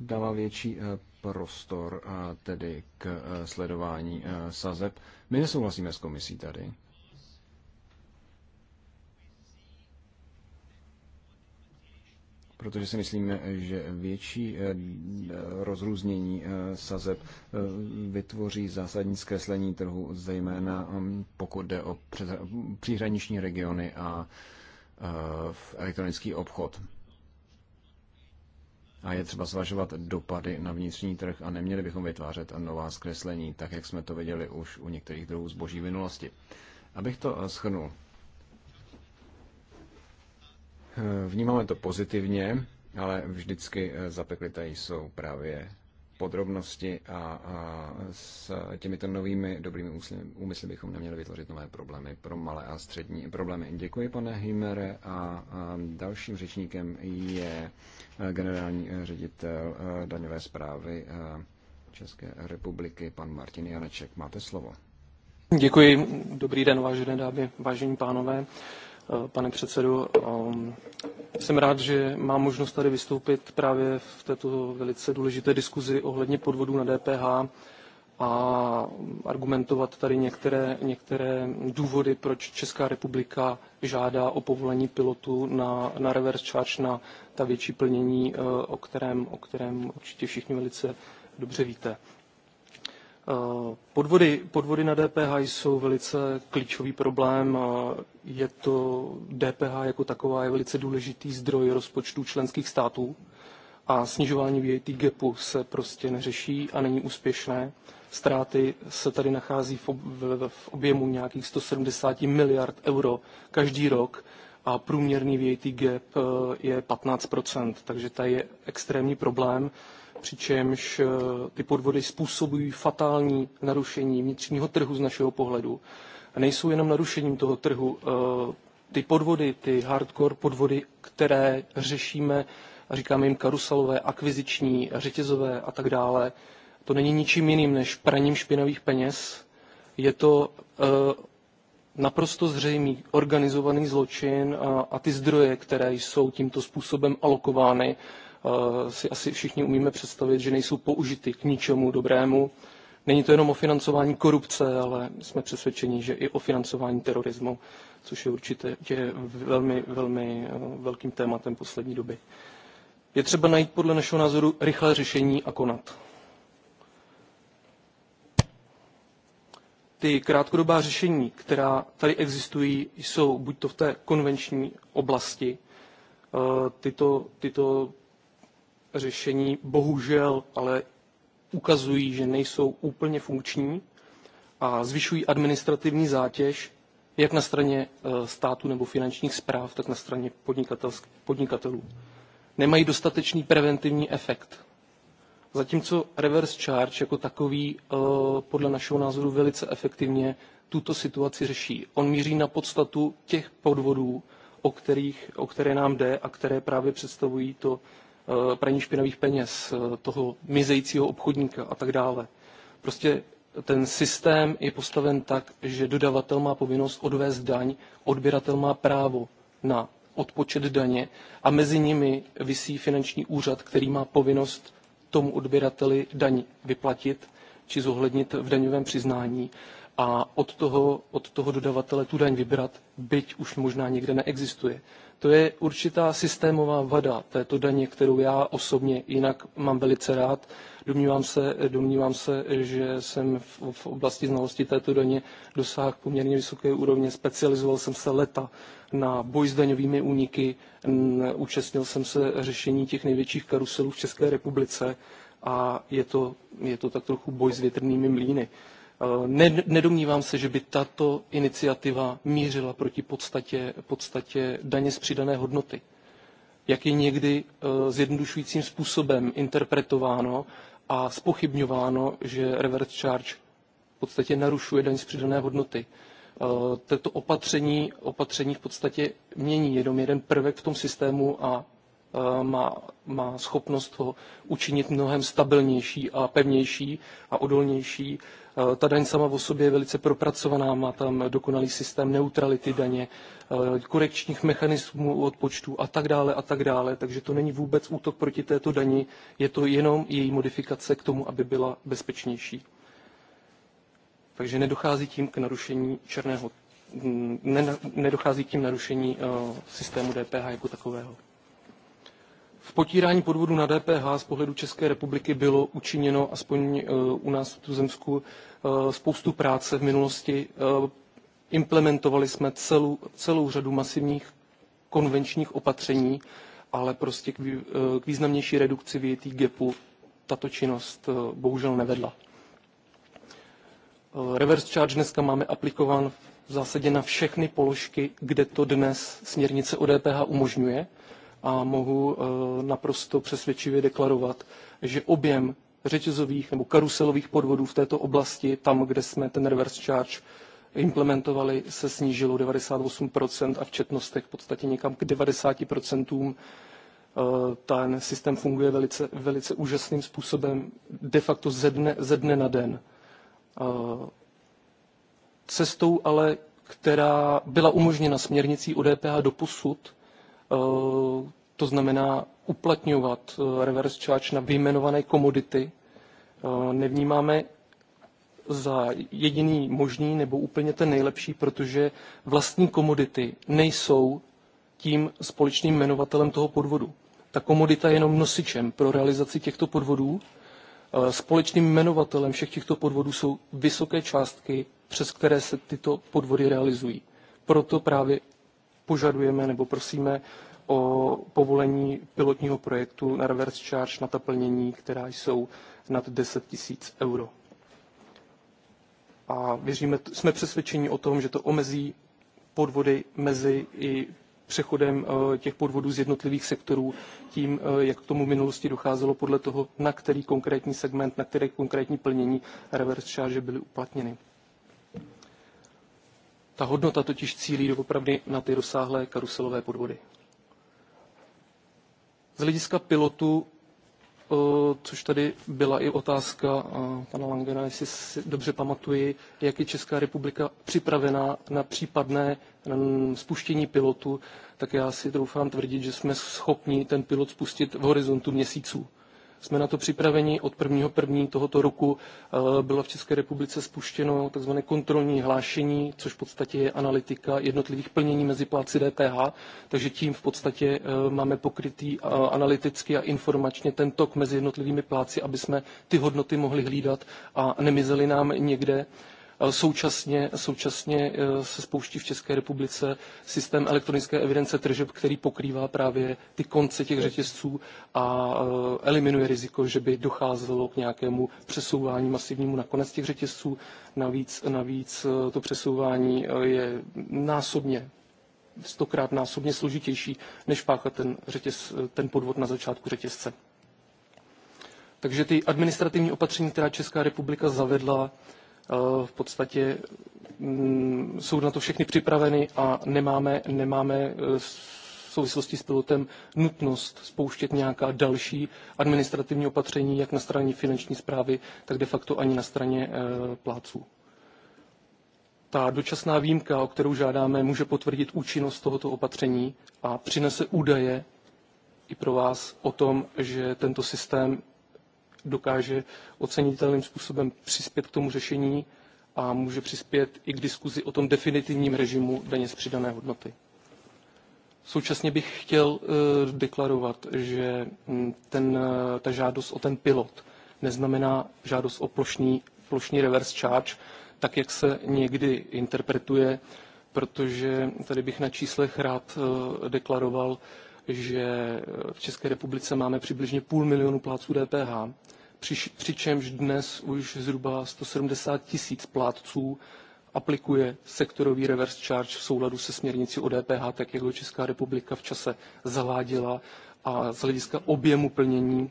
dává větší eh, prostor tedy k sledování sazeb. My nesouhlasíme s komisí tady. protože si myslíme, že větší eh, rozrůznění eh, sazeb eh, vytvoří zásadní zkreslení trhu, zejména mm, pokud jde o příhraniční regiony a v elektronický obchod. A je třeba zvažovat dopady na vnitřní trh a neměli bychom vytvářet nová zkreslení, tak jak jsme to viděli už u některých druhů zboží v minulosti. Abych to shrnul, Vnímáme to pozitivně, ale vždycky eh, zapeklité jsou právě podrobnosti a, a s těmito novými dobrými úmysly, úmysly bychom neměli vytvořit nové problémy pro malé a střední problémy. Děkuji, pane Himere. A, a dalším řečníkem je eh, generální eh, ředitel daňové zprávy České republiky, pan Martin Janeček. Máte slovo. Děkuji. Dobrý den, vážené dámy, vážení pánové pane předsedo. Um, jsem rád, že mám možnost tady vystoupit právě v této velice důležité diskuzi ohledně podvodů na DPH a argumentovat tady některé, některé důvody, proč Česká republika žádá o povolení pilotu na, na reverse charge, na ta větší plnění, eh, o kterém, o kterém určitě všichni velice dobře víte. Eh, podvody, podvody na DPH jsou velice klíčový problém. Je to DPH jako taková je velice důležitý zdroj rozpočtů členských států a snižování VAT gapu se prostě neřeší a není úspěšné. Ztráty se tady nachází v, objemu nějakých 170 miliard euro každý rok a průměrný VAT gap eh, je 15 takže tady je extrémní problém přičemž eh, ty podvody způsobují fatální narušení vnitřního trhu z našeho pohledu. A nejsou jenom narušením toho trhu. Eh, ty podvody, ty hardcore podvody, které řešíme, říkáme jim karuselové, akviziční, řetězové a tak dále, to není ničím jiným než praním špinavých peněz. Je to eh, naprosto zřejmý organizovaný zločin a, a ty zdroje, které jsou tímto způsobem alokovány, si asi všichni umíme představit, že nejsou použity k ničemu dobrému. Není to jenom o financování korupce, ale jsme přesvědčeni, že i o financování terorismu, což je určitě je velmi, velmi eh, velkým tématem poslední doby. Je třeba najít podle našeho názoru rychlé řešení a konat. Ty krátkodobá řešení, která tady existují, jsou buď to v té konvenční oblasti, eh, tyto, tyto řešení bohužel ale ukazují, že nejsou úplně funkční a zvyšují administrativní zátěž jak na straně eh, státu nebo finančních zpráv, tak na straně podnikatelů. Nemají dostatečný preventivní efekt. Zatímco reverse charge jako takový eh, podle našeho názoru velice efektivně tuto situaci řeší. On míří na podstatu těch podvodů, o, kterých, o které nám jde a které právě představují to Eh, praní špinavých peněz, eh, toho mizejícího obchodníka a tak dále. Prostě ten systém je postaven tak, že dodavatel má povinnost odvést daň, odběratel má právo na odpočet daně a mezi nimi visí finanční úřad, který má povinnost tomu odběrateli daň vyplatit či zohlednit v daňovém přiznání a od toho, od toho dodavatele tu daň vybrat, byť už možná někde neexistuje. To je určitá systémová vada této daně, kterou já osobně jinak mám velice rád. Domnívám se, domnívám se že jsem v, v oblasti znalosti této daně dosáhl poměrně vysoké úrovně. Specializoval jsem se leta na boj s daňovými úniky, účastnil jsem se řešení těch největších karuselů v České republice a je to, je to tak trochu boj s větrnými mlýny. Eh, nedomnívám se, že by tato iniciativa mířila proti podstatě, podstatě daně z přidané hodnoty, jak je někdy eh, zjednodušujícím způsobem interpretováno a spochybňováno, že reverse charge v podstatě narušuje daň z přidané hodnoty. Eh, toto opatření, opatření v podstatě mění jenom jeden prvek v tom systému a má, má schopnost ho učinit mnohem stabilnější a pevnější a odolnější. E, ta daň sama o sobě je velice propracovaná, má tam dokonalý systém neutrality daně, e, korekčních mechanismů odpočtu a tak dále a tak dále. Takže to není vůbec útok proti této dani, je to jenom její modifikace k tomu, aby byla bezpečnější. Takže nedochází tím k narušení černého, nedochází tím narušení e, systému DPH jako takového. V potírání podvodu na DPH z pohledu České republiky bylo učiněno, aspoň eh, u nás v Tuzemsku, eh, spoustu práce v minulosti. Eh, implementovali jsme celou, celou řadu masivních konvenčních opatření, ale prostě k významnější redukci větý gapu tato činnost bohužel nevedla. Reverse charge dneska máme aplikován v zásadě na všechny položky, kde to dnes směrnice o DPH umožňuje a mohu eh, naprosto přesvědčivě deklarovat, že objem řetězových nebo karuselových podvodů v této oblasti, tam, kde jsme ten reverse charge implementovali, se snížilo 98% a v četnostech v podstatě někam k 90%. Eh, ten systém funguje velice, velice úžasným způsobem, de facto ze dne, ze dne na den. Eh, cestou ale, která byla umožněna směrnicí o DPH do posud, Eh, to znamená uplatňovat eh, reverse charge na vyjmenované komodity, eh, nevnímáme za jediný možný nebo úplně ten nejlepší, protože vlastní komodity nejsou tím společným jmenovatelem toho podvodu. Ta komodita je jenom nosičem pro realizaci těchto podvodů. Společným jmenovatelem všech těchto podvodů jsou vysoké částky, přes které se tyto podvody realizují. Proto právě požadujeme nebo prosíme o povolení pilotního projektu na reverse charge na ta plnění, která jsou nad 10 tisíc euro. A věříme, jsme přesvědčeni o tom, že to omezí podvody mezi i přechodem eh, těch podvodů z jednotlivých sektorů, tím, eh, jak k tomu v minulosti docházelo podle toho, na který konkrétní segment, na které konkrétní plnění reverse charge byly uplatněny. Ta hodnota totiž cílí doopravdy na ty rozsáhlé karuselové podvody. Z hlediska pilotu, eh, což tady byla i otázka eh, pana Langena, jestli si dobře pamatuji, jak je Česká republika připravená na případné spuštění pilotu, tak já si doufám tvrdit, že jsme schopni ten pilot spustit v horizontu měsíců. Jsme na to připraveni. Od 1.1. tohoto roku eh, bylo v České republice spuštěno tzv. kontrolní hlášení, což v podstatě je analytika jednotlivých plnění mezi pláci DPH, takže tím v podstatě eh, máme pokrytý eh, analyticky a informačně ten tok mezi jednotlivými pláci, aby jsme ty hodnoty mohli hlídat a nemizely nám někde Současně, současně eh, se spouští v České republice systém elektronické evidence tržeb, který pokrývá právě ty konce těch řetězců a eh, eliminuje riziko, že by docházelo k nějakému přesouvání masivnímu na konec těch řetězců. Navíc, navíc eh, to přesouvání je násobně stokrát násobně složitější, než páchat ten, řetěz, ten podvod na začátku řetězce. Takže ty administrativní opatření, která Česká republika zavedla, v podstatě mm, jsou na to všechny připraveny a nemáme, nemáme e, v souvislosti s pilotem nutnost spouštět nějaká další administrativní opatření, jak na straně finanční zprávy, tak de facto ani na straně e, pláců. Ta dočasná výjimka, o kterou žádáme, může potvrdit účinnost tohoto opatření a přinese údaje i pro vás o tom, že tento systém dokáže ocenitelným způsobem přispět k tomu řešení a může přispět i k diskuzi o tom definitivním režimu daně z přidané hodnoty. Současně bych chtěl eh, deklarovat, že hm, ten, eh, ta žádost o ten pilot neznamená žádost o plošný, plošný reverse charge, tak jak se někdy interpretuje, protože tady bych na číslech rád eh, deklaroval, že v České republice máme přibližně půl milionu plátců DPH, při, přičemž dnes už zhruba 170 tisíc plátců aplikuje sektorový reverse charge v souladu se směrnicí o DPH, tak jak ho Česká republika v čase zaváděla a z hlediska objemu plnění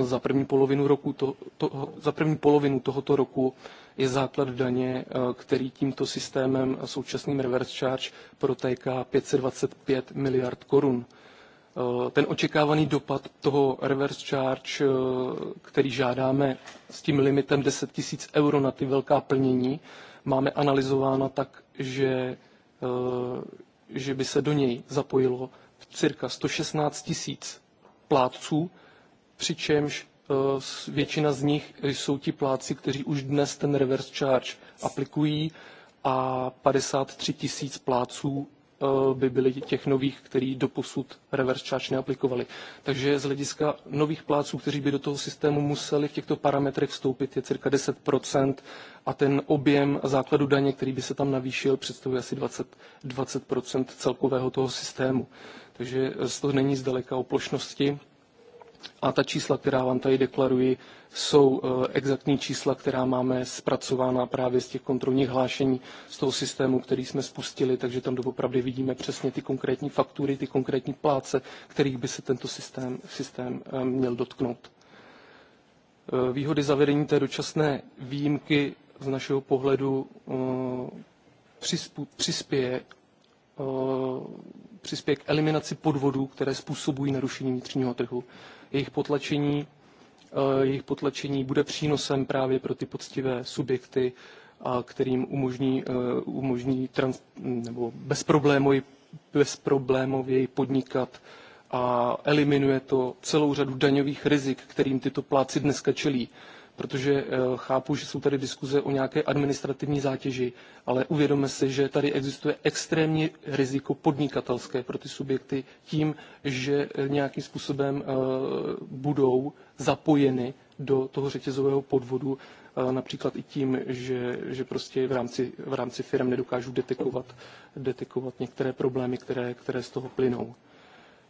za první polovinu, roku to, to, za první polovinu tohoto roku je základ daně, eh, který tímto systémem současným reverse charge protéká 525 miliard korun. Eh, ten očekávaný dopad toho reverse charge, eh, který žádáme s tím limitem 10 000 euro na ty velká plnění, máme analyzováno tak, že, že by se do něj zapojilo cirka 116 tisíc plátců, přičemž Eh, většina z nich eh, jsou ti pláci, kteří už dnes ten reverse charge aplikují a 53 tisíc pláců eh, by byli těch nových, kteří doposud reverse charge neaplikovali. Takže z hlediska nových pláců, kteří by do toho systému museli v těchto parametrech vstoupit, je cirka 10% a ten objem základu daně, který by se tam navýšil, představuje asi 20, 20% celkového toho systému. Takže to není zdaleka o plošnosti, a ta čísla, která vám tady deklaruji, jsou eh, exaktní čísla, která máme zpracována právě z těch kontrolních hlášení, z toho systému, který jsme spustili, takže tam doopravdy vidíme přesně ty konkrétní faktury, ty konkrétní pláce, kterých by se tento systém, systém eh, měl dotknout. Eh, výhody zavedení té dočasné výjimky z našeho pohledu přispěje přispěje k eliminaci podvodů, které způsobují narušení vnitřního trhu jejich potlačení, eh, jejich potlačení bude přínosem právě pro ty poctivé subjekty, a kterým umožní, eh, umožní trans, nebo bezproblémově, bezproblémově podnikat a eliminuje to celou řadu daňových rizik, kterým tyto pláci dneska čelí protože eh, chápu, že jsou tady diskuze o nějaké administrativní zátěži, ale uvědomme si, že tady existuje extrémní riziko podnikatelské pro ty subjekty tím, že eh, nějakým způsobem eh, budou zapojeny do toho řetězového podvodu, například i tím, že, že prostě v rámci, v rámci firm nedokážou detekovat, detekovat některé problémy, které, které z toho plynou.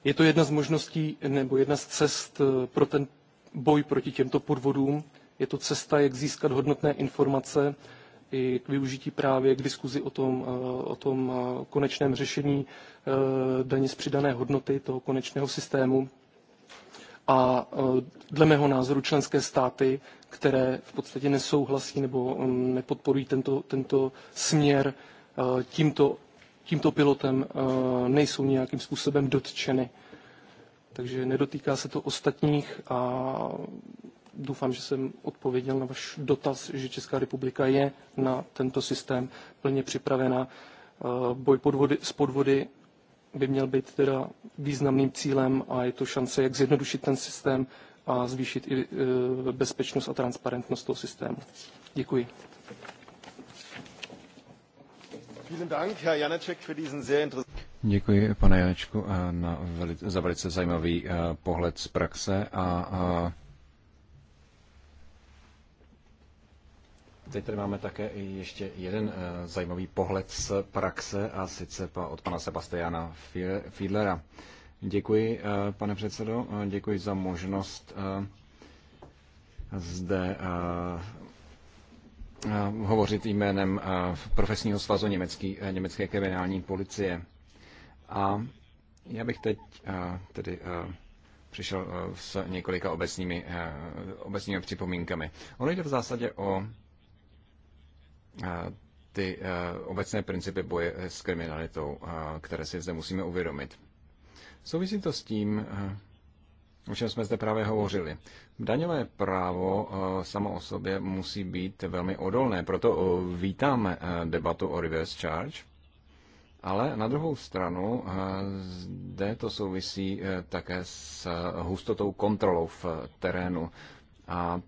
Je to jedna z možností nebo jedna z cest pro ten boj proti těmto podvodům je to cesta, jak získat hodnotné informace i k využití právě k diskuzi o tom, eh, o tom eh, konečném řešení eh, daně z přidané hodnoty toho konečného systému. A dle mého názoru členské státy, které v podstatě nesouhlasí nebo mm, nepodporují tento, tento směr, tímto, tímto pilotem nejsou nějakým způsobem dotčeny. Takže nedotýká se to ostatních a doufám, že jsem odpověděl na váš dotaz, že Česká republika je na tento systém plně připravena. Eh, boj podvody, s podvody by měl být teda významným cílem a je to šance, jak zjednodušit ten systém a zvýšit i eh, bezpečnost a transparentnost toho systému. Děkuji. Děkuji, pane Janečku, eh, na za velice zajímavý pohled z praxe a, a Teď tady máme také ještě jeden eh, zajímavý pohled z praxe a sice od pana Sebastiana Fiedlera. Děkuji, eh, pane předsedo, děkuji za možnost eh, zde hovořit jménem profesního svazu německý, německé kriminální policie. A já bych teď tedy přišel s několika obecnými, obecnými připomínkami. Ono jde v zásadě o ty eh, obecné principy boje s kriminalitou, eh, které si zde musíme uvědomit. Souvisí to s tím, eh, o čem jsme zde právě hovořili. Daňové právo samo o sobě musí být velmi odolné, proto vítáme debatu o reverse charge, ale na druhou stranu zde to souvisí také s hustotou kontrolou v terénu. A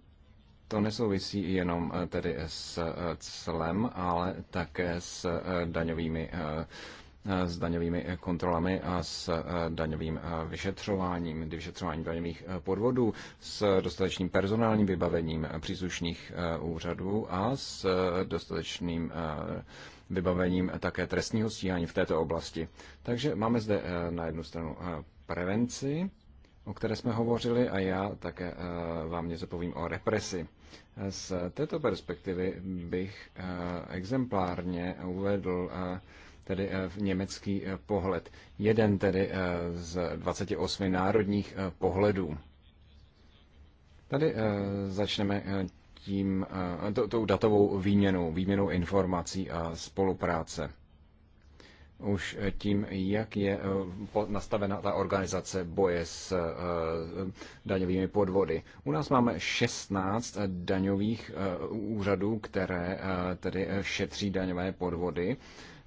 to nesouvisí jenom eh, tedy s eh, clem, ale také s eh, daňovými s daňovými kontrolami a s daňovým vyšetřováním, vyšetřováním daňových podvodů, s dostatečným personálním vybavením příslušných úřadů a s dostatečným vybavením také trestního stíhání v této oblasti. Takže máme zde na jednu stranu prevenci, o které jsme hovořili, a já také vám něco povím o represi. Z této perspektivy bych eh, exemplárně uvedl eh, tedy eh, v německý pohled. Jeden tedy z 28 národních pohledů. Tady začneme tím, tou datovou výměnou, výměnou informací a spolupráce už tím, jak je eh, nastavena ta organizace boje s eh, daňovými podvody. U nás máme 16 daňových eh, úřadů, které tedy šetří daňové podvody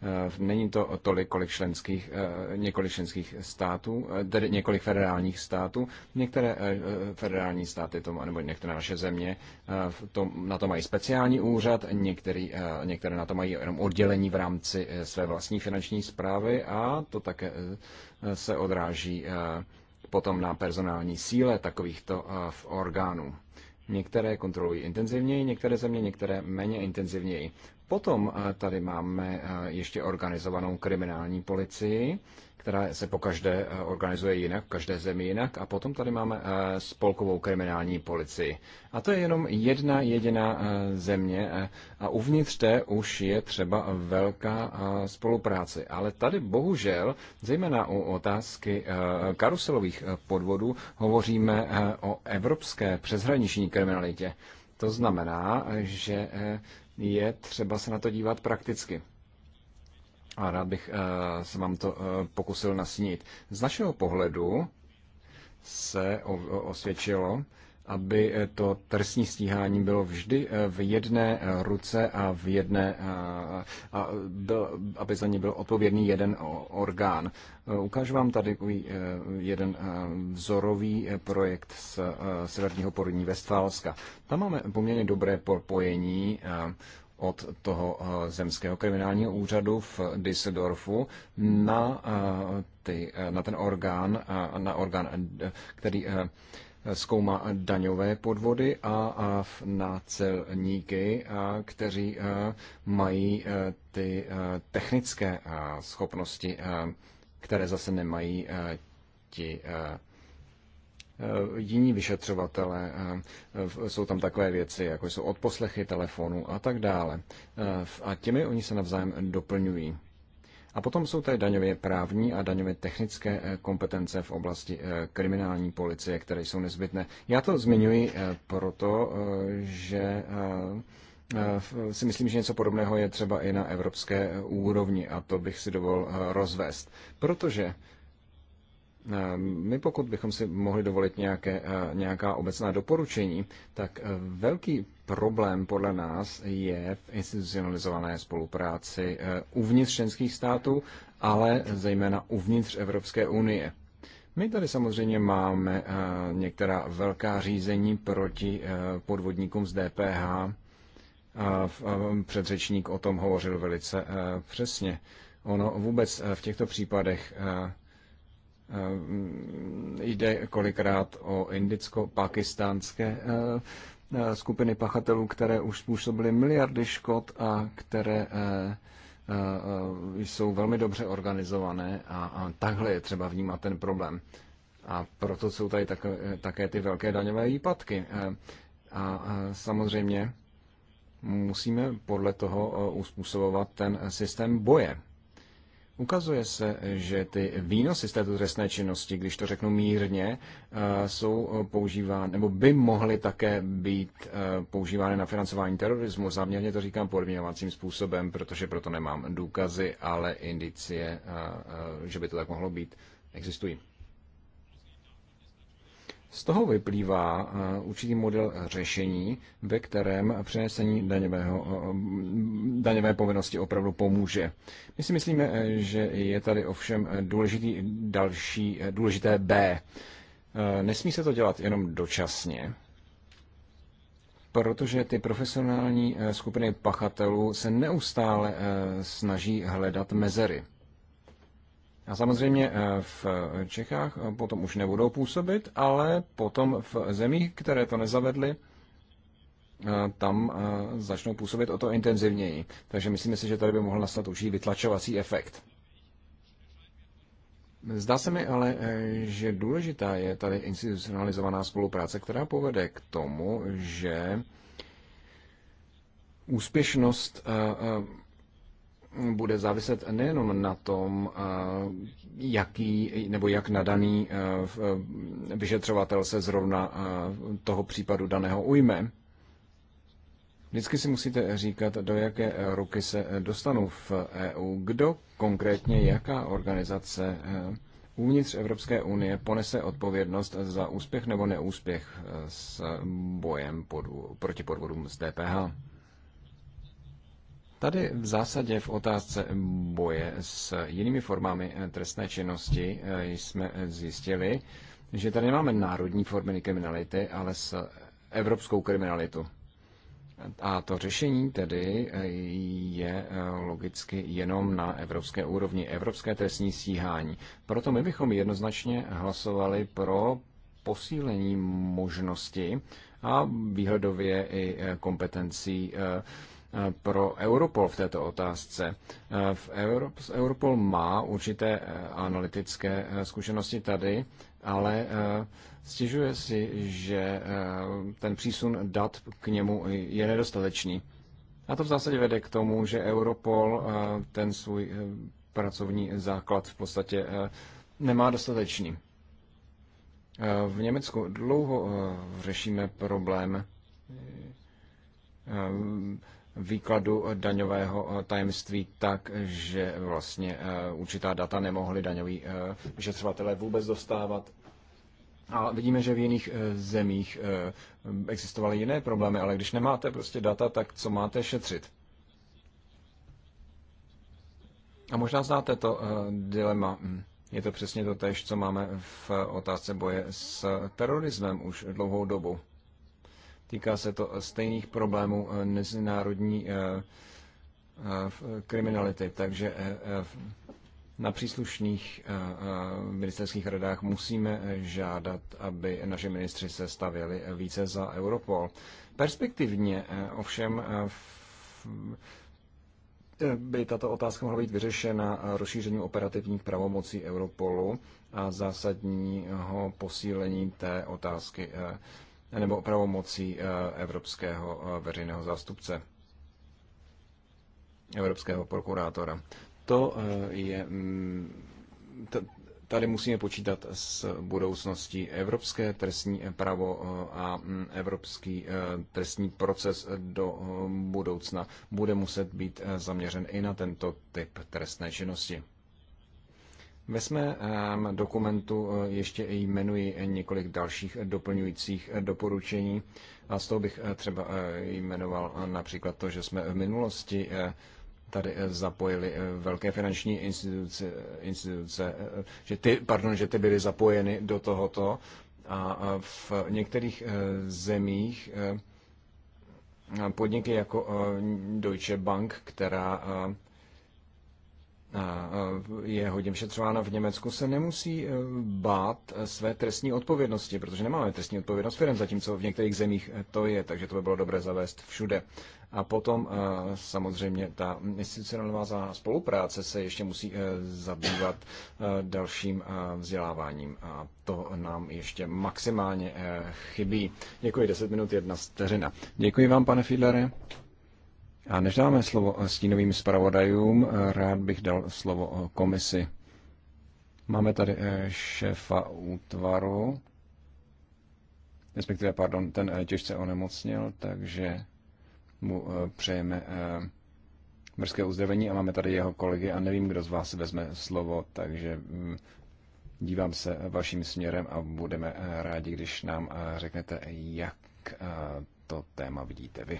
Eh, není to tolik, kolik členských, eh, několik členských států, eh, tedy několik federálních států. Některé federální státy, tomu, nebo některé naše země, na to mají speciální úřad, některý, některé na to mají jenom oddělení v rámci své vlastní finanční zprávy a to také se odráží potom na personální síle takovýchto orgánů. Některé kontrolují intenzivněji, některé země, některé méně intenzivněji. Potom eh, tady máme eh, ještě organizovanou kriminální policii, která se pokaždé eh, organizuje jinak, každé zemi jinak. A potom tady máme eh, spolkovou kriminální policii. A to je jenom jedna jediná eh, země a uvnitř té už je třeba velká spolupráce. Ale tady bohužel, zejména u otázky karuselových podvodů, hovoříme o evropské přeshraniční kriminalitě. To znamená, že je třeba se na to dívat prakticky. A rád bych eh, se vám to eh, pokusil nasnít. Z našeho pohledu se osvědčilo, aby eh, to trestní stíhání bylo vždy v jedné ruce a v jedné, a byl, aby za ně byl odpovědný jeden orgán. Ukážu vám tady jeden vzorový projekt z severního porodní Vestfálska. Tam máme poměrně dobré propojení od toho eh, zemského kriminálního úřadu v Düsseldorfu na, eh, ty, eh, na ten orgán, na orgán, který zkoumá daňové podvody a na celníky, kteří mají ty technické schopnosti, které zase nemají ti Eh, jiní vyšetřovatele, eh, jsou tam takové věci, jako jsou odposlechy telefonu a tak dále. Eh, a těmi oni se navzájem doplňují. A potom jsou tady daňově právní a daňově technické kompetence v oblasti kriminální policie, které jsou nezbytné. Já to zmiňuji proto, že si myslím, že něco podobného je třeba i na evropské úrovni a to bych si dovolil rozvést. Protože Eh, my pokud bychom si mohli dovolit nějaké, eh, nějaká obecná doporučení, tak eh, velký problém podle nás je v institucionalizované spolupráci uvnitř členských států, ale zejména uvnitř Evropské unie. My tady samozřejmě máme některá velká řízení proti podvodníkům z DPH. Předřečník o tom hovořil velice přesně. Ono vůbec v těchto případech Eh, jde kolikrát o indicko-pakistánské eh, eh, skupiny pachatelů, které už způsobily miliardy škod a které jsou velmi dobře organizované a, takhle je třeba vnímat ten problém. A proto jsou tady také ty velké daňové výpadky. A samozřejmě musíme podle toho uspůsobovat ten systém boje. Ukazuje se, že ty výnosy z této trestné činnosti, když to řeknu mírně, eh, jsou eh, používány, nebo by mohly také být eh, používány na financování terorismu. Záměrně to říkám podmínovacím způsobem, protože proto nemám důkazy, ale indicie, že by to tak mohlo být, existují. Z toho vyplývá eh, určitý model řešení, ve kterém přenesení daňového, eh, eh, daňové povinnosti opravdu pomůže. My si myslíme, že je tady ovšem důležitý další, důležité B. Nesmí se to dělat jenom dočasně, protože ty profesionální skupiny pachatelů se neustále snaží hledat mezery. A samozřejmě eh, v Čechách eh, potom už nebudou působit, ale potom v zemích, které to nezavedly, eh, tam začnou působit o to intenzivněji. Takže myslíme si, že tady by mohl nastat už vytlačovací efekt. Zdá se mi ale, že důležitá je tady institucionalizovaná spolupráce, která povede k tomu, že úspěšnost bude záviset nejenom na tom, eh, jaký nebo jak nadaný eh, eh, vyšetřovatel se zrovna toho případu daného ujme. Vždycky si musíte říkat, do jaké ruky se dostanou v EU, kdo konkrétně, jaká organizace uvnitř Evropské unie ponese odpovědnost za úspěch nebo neúspěch s bojem pod, proti podvodům z DPH. Tady v zásadě v otázce boje s jinými formami eh, trestné činnosti eh, jsme eh, zjistili, že tady nemáme národní formy kriminality, ale s evropskou kriminalitu. A to řešení tedy je logicky jenom na evropské úrovni, evropské trestní stíhání. Proto my bychom jednoznačně hlasovali pro posílení možnosti a výhledově i kompetencí pro Europol v této otázce. V Europol má určité eh, analytické eh, zkušenosti tady, ale eh, stěžuje si, že ten přísun dat k němu je nedostatečný. A to v zásadě vede k tomu, že Europol ten svůj pracovní základ v podstatě nemá dostatečný. V Německu dlouho řešíme problém výkladu daňového eh, tajemství tak, že vlastně eh, určitá data nemohli daňoví eh, vyšetřovatelé vůbec dostávat. A vidíme, že v jiných zemích existovaly jiné problémy, ale když nemáte prostě data, tak co máte šetřit? A možná znáte to dilema. Hm. Je to přesně to tež, co máme v otázce boje s terorismem už dlouhou dobu. Týká se to stejných problémů eh, mezinárodní eh, eh, kriminality, takže na příslušných ministerských radách musíme žádat, aby naše ministři se stavěli více za Europol. Perspektivně ovšem by tato otázka mohla být vyřešena rozšířením operativních pravomocí Europolu a zásadního posílení té otázky nebo pravomocí eh, evropského eh, veřejného zástupce, evropského prokurátora. To eh, je. Mm, tady musíme počítat s budoucností evropské trestní právo a mm, evropský trestní proces do budoucna bude muset být zaměřen i na tento typ trestné činnosti. Ve svém eh, dokumentu eh, ještě jmenuji několik dalších doplňujících eh, doporučení a z toho bych třeba jmenoval například to, že jsme v minulosti tady zapojili velké finanční instituce, instituce že, ty, pardon, že ty byly zapojeny do tohoto a v některých zemích podniky jako Deutsche Bank, která je hodně vyšetřována v Německu, se nemusí e, bát e, své trestní odpovědnosti, protože nemáme trestní odpovědnost firm, zatímco v některých zemích e, to je, takže to by bylo dobré zavést všude. A potom samozřejmě ta institucionální spolupráce se ještě musí zabývat dalším vzděláváním a to nám ještě maximálně chybí. Děkuji, 10 minut, jedna steřina. Děkuji vám, pane Fiedlere. A než dáme slovo stínovým zpravodajům, rád bych dal slovo komisi. Máme tady eh, šéfa útvaru, respektive, pardon, ten eh, těžce onemocnil, takže mu eh, přejeme brzké uzdravení a máme tady jeho kolegy a nevím, kdo z vás vezme slovo, takže mm, dívám se vaším směrem a budeme rádi, když nám řeknete, jak to téma vidíte vy.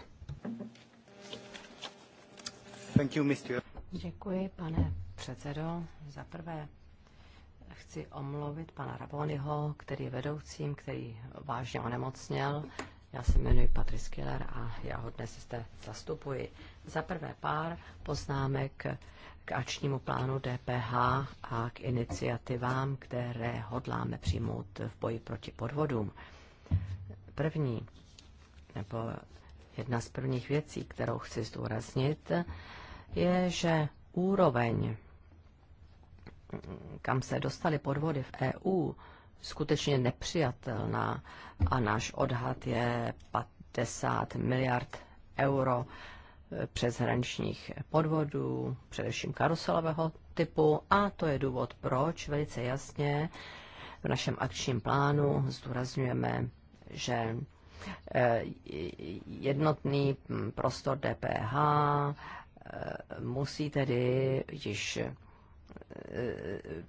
Thank you, Mr. Děkuji, pane předsedo. Za prvé chci omluvit pana Raboniho, který je vedoucím, který vážně onemocněl. Já se jmenuji Patrice Killer a já ho dnes zde zastupuji. Za prvé pár poznámek k ačnímu plánu DPH a k iniciativám, které hodláme přijmout v boji proti podvodům. První, nebo jedna z prvních věcí, kterou chci zdůraznit, je, že úroveň, kam se dostaly podvody v EU, skutečně nepřijatelná a náš odhad je 50 miliard euro přeshraničních podvodů, především karuselového typu a to je důvod, proč velice jasně v našem akčním plánu zdůrazňujeme, že eh, jednotný mm, prostor DPH musí tedy již eh,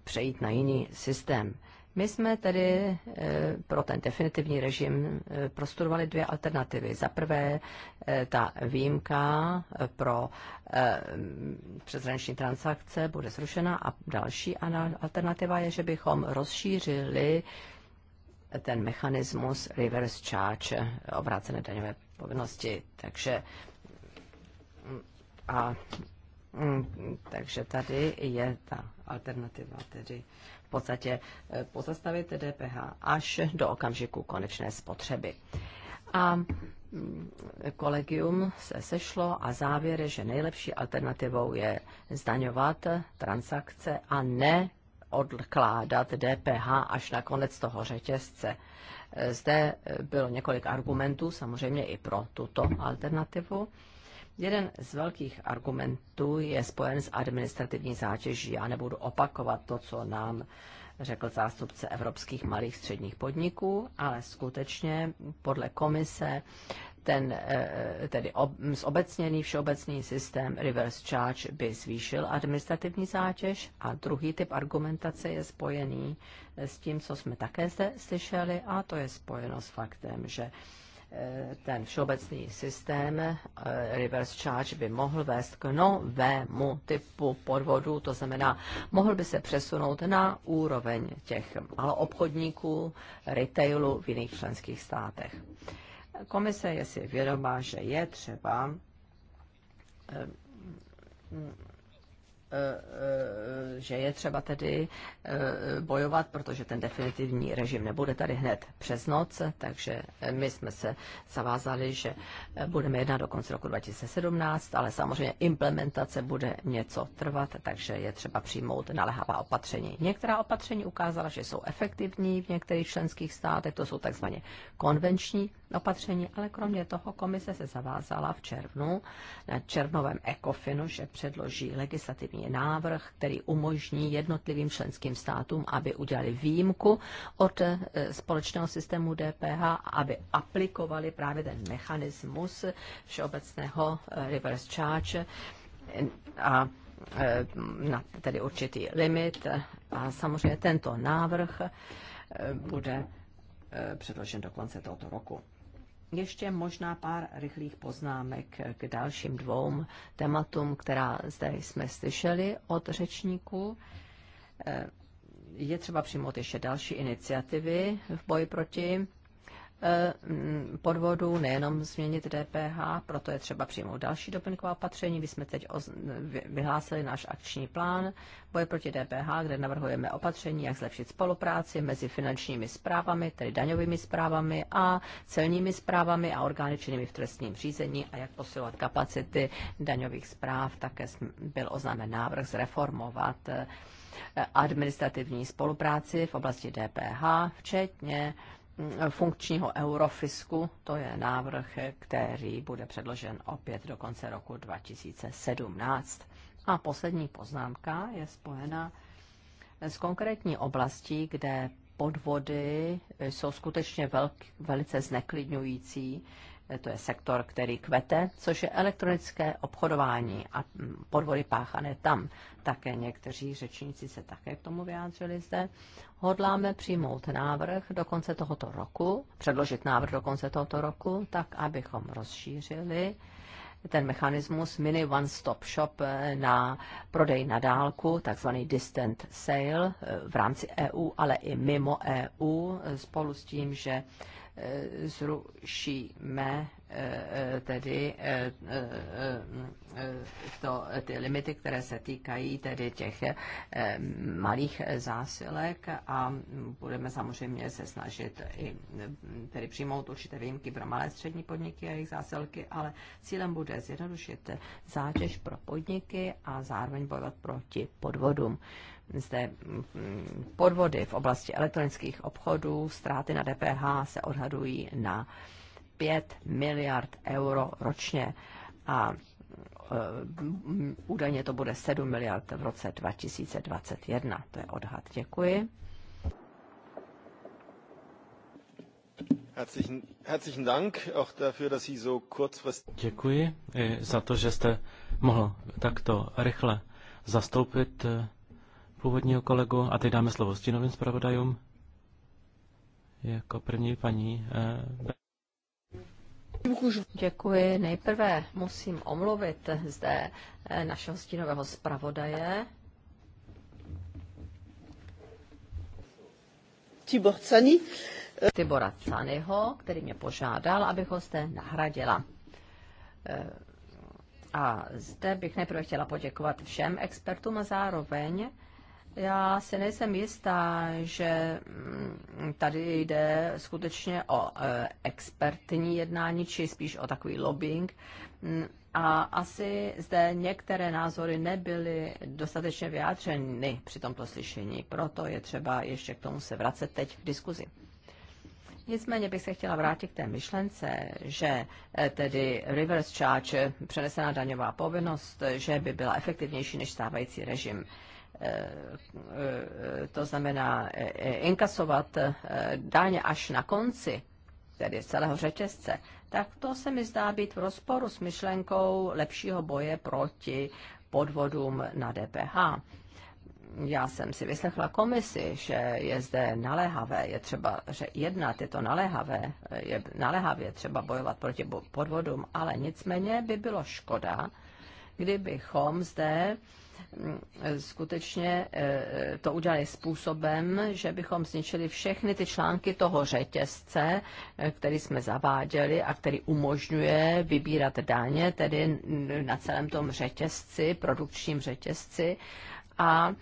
přejít na jiný systém. My jsme tedy eh, pro ten definitivní režim eh, prostudovali dvě alternativy. Za prvé ta výjimka pro přeshraniční transakce bude zrušena a další alternativa je, že bychom rozšířili ten mechanismus reverse charge, obrácené daňové povinnosti. Takže a mm, takže tady je ta alternativa, tedy v podstatě eh, pozastavit DPH až do okamžiku konečné spotřeby. A mm, kolegium se sešlo a závěr je, že nejlepší alternativou je zdaňovat transakce a ne odkládat DPH až na konec toho řetězce. Eh, zde bylo několik argumentů, samozřejmě i pro tuto alternativu. Jeden z velkých argumentů je spojen s administrativní zátěží. Já nebudu opakovat to, co nám řekl zástupce evropských malých středních podniků, ale skutečně podle komise ten eh, tedy ob, zobecněný všeobecný systém reverse charge by zvýšil administrativní zátěž a druhý typ argumentace je spojený s tím, co jsme také zde slyšeli a to je spojeno s faktem, že ten všeobecný systém eh, reverse charge by mohl vést k novému typu podvodu, to znamená, mohl by se přesunout na úroveň těch maloobchodníků, retailu v jiných členských státech. Komise je si vědomá, že je třeba eh, že je třeba tedy eh, bojovat, protože ten definitivní režim nebude tady hned přes noc, takže eh, my jsme se zavázali, že eh, budeme jednat do konce roku 2017, ale samozřejmě implementace bude něco trvat, takže je třeba přijmout naléhavá opatření. Některá opatření ukázala, že jsou efektivní v některých členských státech, to jsou takzvaně konvenční opatření, ale kromě toho komise se zavázala v červnu na červnovém ECOFINu, že předloží legislativní konkrétní návrh, který umožní jednotlivým členským státům, aby udělali výjimku od eh, společného systému DPH, aby aplikovali právě ten mechanismus všeobecného eh, reverse charge eh, a na tedy určitý limit. A samozřejmě tento návrh bude předložen do konce tohoto roku. Ještě možná pár rychlých poznámek k dalším dvou tématům, která zde jsme slyšeli od řečníků. Eh, je třeba přijmout ještě další iniciativy v boji proti Eh, podvodů, nejenom změnit DPH, proto je třeba přijmout další doplňková opatření. My jsme teď vyhlásili náš akční plán boje proti DPH, kde navrhujeme opatření, jak zlepšit spolupráci mezi finančními zprávami, tedy daňovými zprávami a celními zprávami a orgány činnými v trestním řízení a jak posilovat kapacity daňových zpráv. Také byl oznámen návrh zreformovat eh, administrativní spolupráci v oblasti DPH, včetně funkčního eurofisku. To je návrh, který bude předložen opět do konce roku 2017. A poslední poznámka je spojena s konkrétní oblastí, kde podvody jsou skutečně velk, velice zneklidňující to je sektor, který kvete, což je elektronické obchodování a podvody páchané tam. Také někteří řečníci se také k tomu vyjádřili zde. Hodláme přijmout návrh do konce tohoto roku, předložit návrh do konce tohoto roku, tak abychom rozšířili ten mechanismus mini one-stop shop na prodej na dálku, takzvaný distant sale eh, v rámci EU, ale i mimo EU, eh, spolu s tím, že zrušíme eh, tedy eh, eh, to, ty limity, které se týkají tedy těch malých zásilek a budeme samozřejmě se snažit i tedy přijmout určité výjimky pro malé střední podniky a jejich zásilky, ale cílem bude zjednodušit zátěž pro podniky a zároveň bojovat proti podvodům zde mm, podvody v oblasti elektronických obchodů, ztráty na DPH se odhadují na 5 miliard euro ročně a eh, údajně to bude 7 miliard v roce 2021. To je odhad. Děkuji. Děkuji za to, že jste mohl takto rychle zastoupit eh, původního kolegu a teď dáme slovo stínovým zpravodajům. Jako první paní. Eh, Děkuji. Nejprve musím omluvit zde eh, našeho stínového zpravodaje. Tibor Cani. Tibora Caniho, který mě požádal, abych ho zde nahradila. Eh, a zde bych nejprve chtěla poděkovat všem expertům a zároveň já si nejsem jistá, že mm, tady jde skutečně o e, expertní jednání, či spíš o takový lobbying. Mm, a asi zde některé názory nebyly dostatečně vyjádřeny při tomto slyšení, proto je třeba ještě k tomu se vracet teď v diskuzi. Nicméně bych se chtěla vrátit k té myšlence, že e, tedy reverse charge, přenesená daňová povinnost, že by byla efektivnější než stávající režim. Eh, to znamená eh, eh, inkasovat daň až na konci, tedy celého řetězce, tak to se mi zdá být v rozporu s myšlenkou lepšího boje proti podvodům na DPH. Já jsem si vyslechla komisi, že je zde naléhavé, je třeba že jedna je to naléhavé, je naléhavě třeba bojovat proti podvodům, ale nicméně by bylo škoda, kdybychom zde skutečně eh, to udělali způsobem, že bychom zničili všechny ty články toho řetězce, eh, který jsme zaváděli a který umožňuje vybírat daně, tedy na celém tom řetězci, produkčním řetězci. A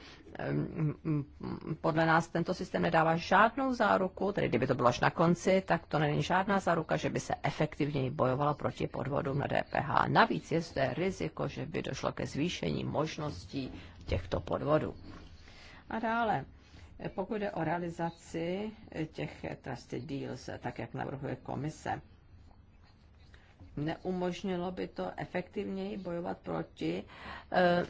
podle nás tento systém nedává žádnou záruku, tedy kdyby to bylo až na konci, tak to není žádná záruka, že by se efektivněji bojovalo proti podvodům na DPH. Navíc je zde riziko, že by došlo ke zvýšení možností těchto podvodů. A dále, pokud jde o realizaci těch trusted deals, tak jak navrhuje komise, neumožnilo by to efektivněji bojovat proti eh,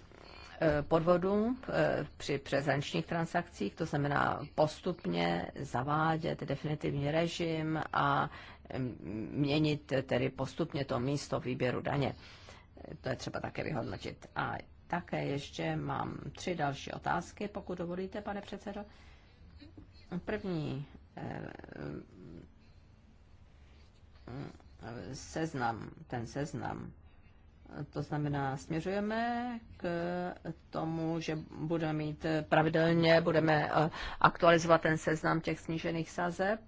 Eh, podvodům eh, při přezančních transakcích, to znamená postupně zavádět definitivní režim a mm, měnit tedy postupně to místo výběru daně. To je třeba také vyhodnotit. A také ještě mám tři další otázky, pokud dovolíte, pane předsedo. První eh, mm, seznam, ten seznam to znamená, směřujeme k tomu, že budeme mít pravidelně, budeme eh, aktualizovat ten seznam těch snížených sazeb,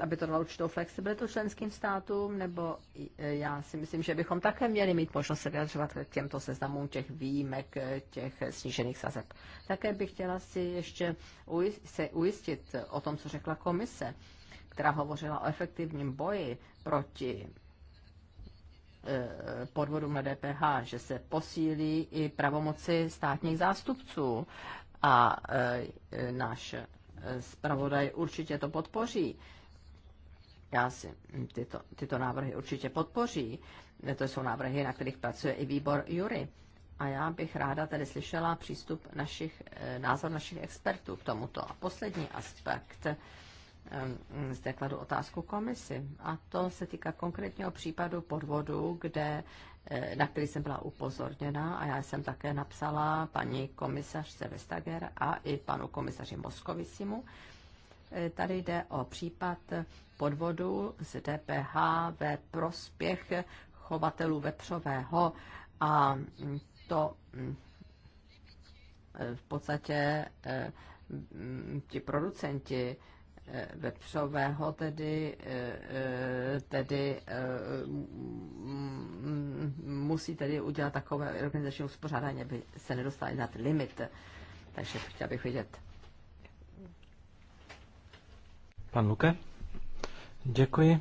aby to dalo určitou flexibilitu členským státům, nebo eh, já si myslím, že bychom také měli mít možnost se vyjadřovat k těmto seznamům těch výjimek, eh, těch snížených sazeb. Také bych chtěla si ještě se ujistit o tom, co řekla komise, která hovořila o efektivním boji proti Eh, podvodům na DPH, že se posílí i pravomoci státních zástupců a eh, náš eh, zpravodaj určitě to podpoří. Já si tyto, tyto návrhy určitě podpoří. To jsou návrhy, na kterých pracuje i výbor Jury. A já bych ráda tedy slyšela přístup našich, názor našich expertů k tomuto. A poslední aspekt, zde kladu otázku komisi. A to se týká konkrétního případu podvodu, kde, eh, na který jsem byla upozorněna a já jsem také napsala paní komisařce Vestager a i panu komisaři Moskovisimu. Eh, tady jde o případ podvodu z DPH ve prospěch chovatelů vepřového a mm, to mm, eh, v podstatě mm, ti producenti Eh, vepřového tedy, eh, eh, tedy mm, musí tedy udělat takové organizační uspořádání, aby se nedostali nad limit. Takže chtěl bych vidět. Pan Luke? Děkuji.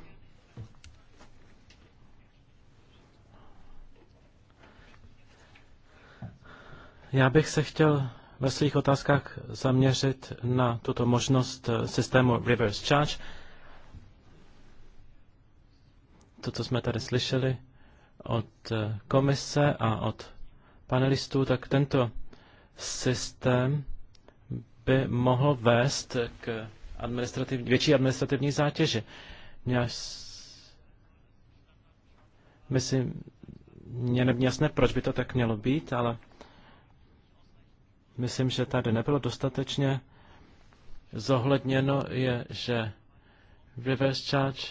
Já bych se chtěl ve svých otázkách zaměřit na tuto možnost eh, systému reverse charge. To, co jsme tady slyšeli od eh, komise a od panelistů, tak tento systém by mohl vést k administrativ, větší administrativní zátěži. myslím, mě jasné, proč by to tak mělo být, ale myslím, že tady nebylo dostatečně zohledněno, je, že reverse charge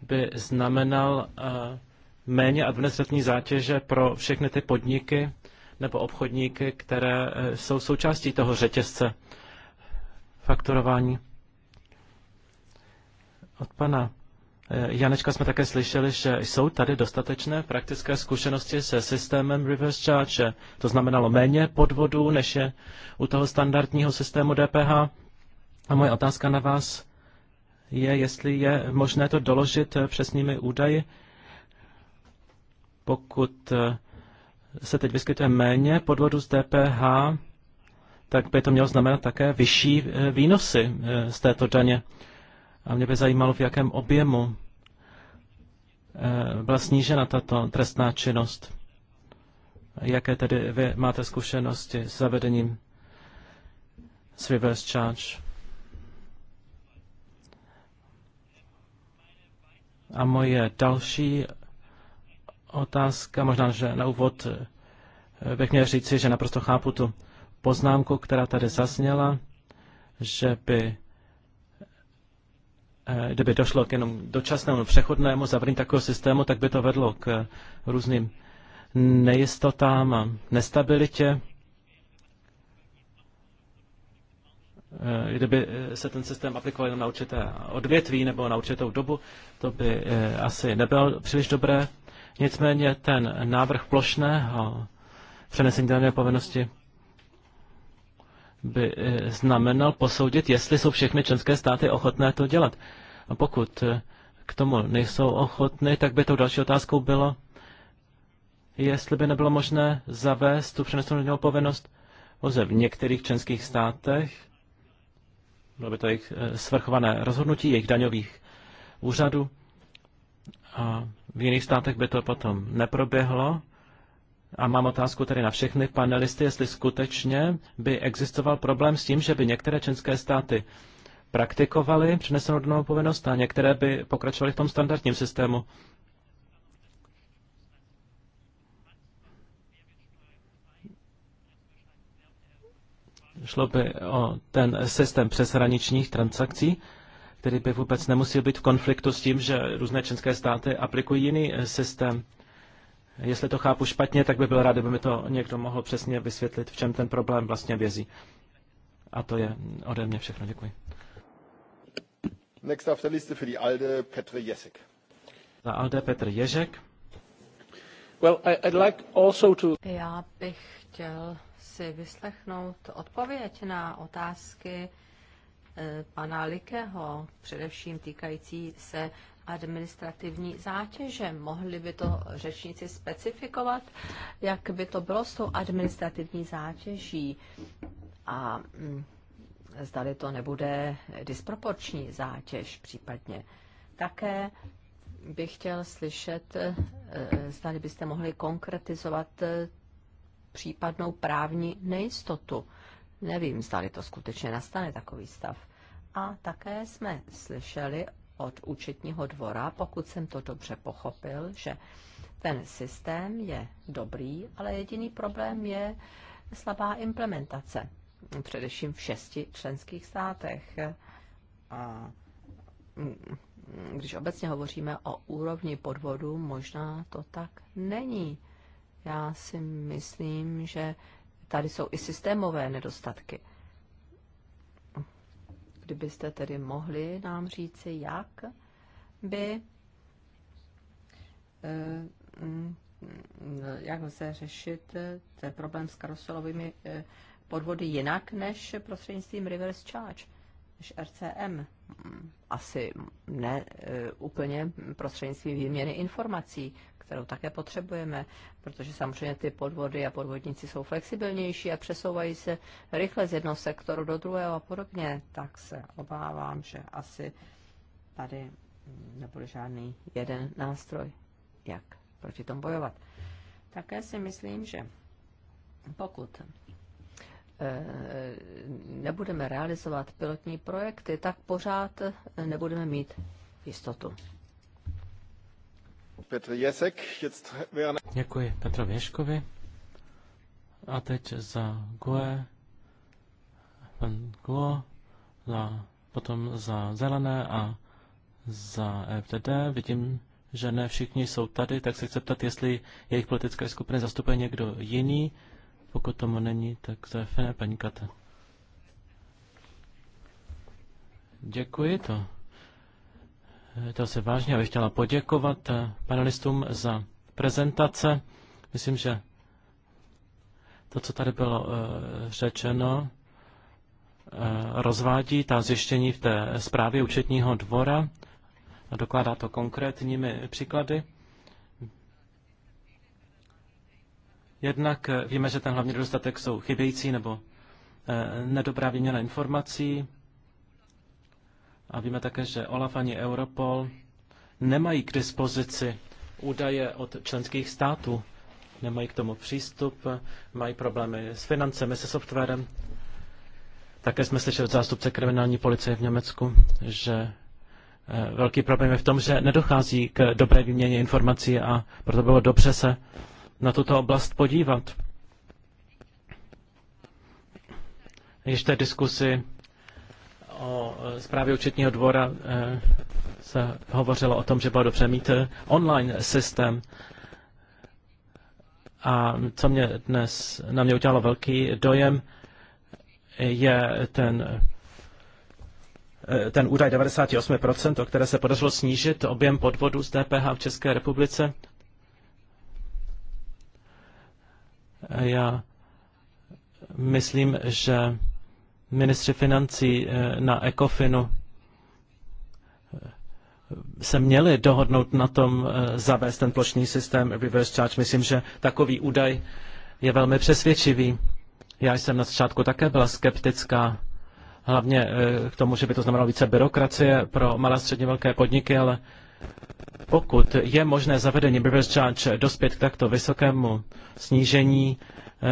by znamenal eh, méně administrativní zátěže pro všechny ty podniky nebo obchodníky, které eh, jsou součástí toho řetězce fakturování. Od pana Eh, Janečka jsme také slyšeli, že jsou tady dostatečné praktické zkušenosti se systémem reverse charge. Eh, to znamenalo méně podvodů, než je u toho standardního systému DPH. A moje otázka na vás je, jestli je možné to doložit eh, přesnými údaji, pokud se teď vyskytuje méně podvodu z DPH, tak by to mělo znamenat také vyšší výnosy z této daně. A mě by zajímalo, v jakém objemu eh, byla snížena tato trestná činnost. Jaké tedy vy máte zkušenosti s zavedením s reverse charge? A moje další otázka, možná, že na úvod eh, bych měl říci, že naprosto chápu tu poznámku, která tady zazněla, že by Eh, kdyby došlo k jenom dočasnému přechodnému zavření takového systému, tak by to vedlo k různým nejistotám a nestabilitě. Eh, kdyby eh, se ten systém aplikoval jenom na určité odvětví nebo na určitou dobu, to by asi nebylo příliš dobré. Nicméně ten návrh plošného přenesení dané povinnosti by znamenal posoudit, jestli jsou všechny členské státy ochotné to dělat. A pokud eh, k tomu nejsou ochotny, tak by tou další otázkou bylo, jestli by nebylo možné zavést tu přenesenou povinnost pouze v některých členských státech, bylo by to jejich eh, svrchované rozhodnutí jejich daňových úřadů, a v jiných státech by to potom neproběhlo. A mám otázku tedy na všechny panelisty, jestli skutečně by existoval problém s tím, že by některé členské státy praktikovaly přenesenou danou povinnost a některé by pokračovaly v tom standardním systému. Šlo by o ten systém přeshraničních transakcí, který by vůbec nemusel být v konfliktu s tím, že různé členské státy aplikují jiný eh, systém. Jestli to chápu špatně, tak by byl rád, kdyby mi to někdo mohl přesně vysvětlit, v čem ten problém vlastně vězí. A to je ode mě všechno. Děkuji. Next auf der Liste für die ALDE, Petr Ježek. Za ALDE Petr Ježek. Well, I, I'd like also to... Já bych chtěl si vyslechnout odpověď na otázky eh, pana Likého, především týkající se administrativní zátěže. Mohli by to řečníci specifikovat, jak by to bylo s tou administrativní zátěží a mm, zdali to nebude disproporční zátěž případně. Také bych chtěl slyšet, eh, zdali byste mohli konkretizovat eh, případnou právní nejistotu. Nevím, zdali to skutečně nastane takový stav. A také jsme slyšeli od účetního dvora, pokud jsem to dobře pochopil, že ten systém je dobrý, ale jediný problém je slabá implementace především v šesti členských státech. A když obecně hovoříme o úrovni podvodu, možná to tak není. Já si myslím, že tady jsou i systémové nedostatky. Kdybyste tedy mohli nám říci, jak by eh, mm, jak lze řešit eh, ten problém s karuselovými eh, podvody jinak než prostřednictvím reverse charge, než RCM. Asi ne e, úplně prostřednictvím výměny informací, kterou také potřebujeme, protože samozřejmě ty podvody a podvodníci jsou flexibilnější a přesouvají se rychle z jednoho sektoru do druhého a podobně, tak se obávám, že asi tady nebude žádný jeden nástroj, jak proti tomu bojovat. Také si myslím, že pokud Eh, nebudeme realizovat pilotní projekty, tak pořád eh, nebudeme mít jistotu. Petr Jesek, Děkuji Petru Věškovi. A teď za GUE, pan GUO, za, potom za Zelené a za e FDD. Vidím, že ne všichni jsou tady, tak se chci ptat, jestli jejich politické skupiny zastupuje někdo jiný pokud tomu není, tak je FNE paní Kata. Děkuji to. To se vážně bych chtěla poděkovat eh, panelistům za prezentace. Myslím, že to, co tady bylo eh, řečeno, eh, rozvádí ta zjištění v té zprávě účetního dvora a dokládá to konkrétními příklady. Jednak eh, víme, že ten hlavní nedostatek jsou chybějící nebo eh, nedobrá výměna informací. A víme také, že OLAF ani Europol nemají k dispozici údaje od členských států. Nemají k tomu přístup, mají problémy s financemi, se softwarem. Také jsme slyšeli od zástupce kriminální policie v Německu, že eh, velký problém je v tom, že nedochází k dobré výměně informací a proto bylo dobře se na tuto oblast podívat. Již té diskusi o e, zprávě účetního dvora e, se hovořilo o tom, že bylo dobře mít e, online systém. A co mě dnes na mě udělalo velký dojem, je ten ten údaj 98%, o které se podařilo snížit objem podvodů z DPH v České republice. Já myslím, že ministři financí eh, na ECOFINu eh, se měli dohodnout na tom eh, zavést ten plošný systém reverse charge. Myslím, že takový údaj je velmi přesvědčivý. Já jsem na začátku také byla skeptická, hlavně k tomu, že by to znamenalo více byrokracie pro malé a středně velké podniky, ale pokud je možné zavedení reverse charge dospět k takto vysokému snížení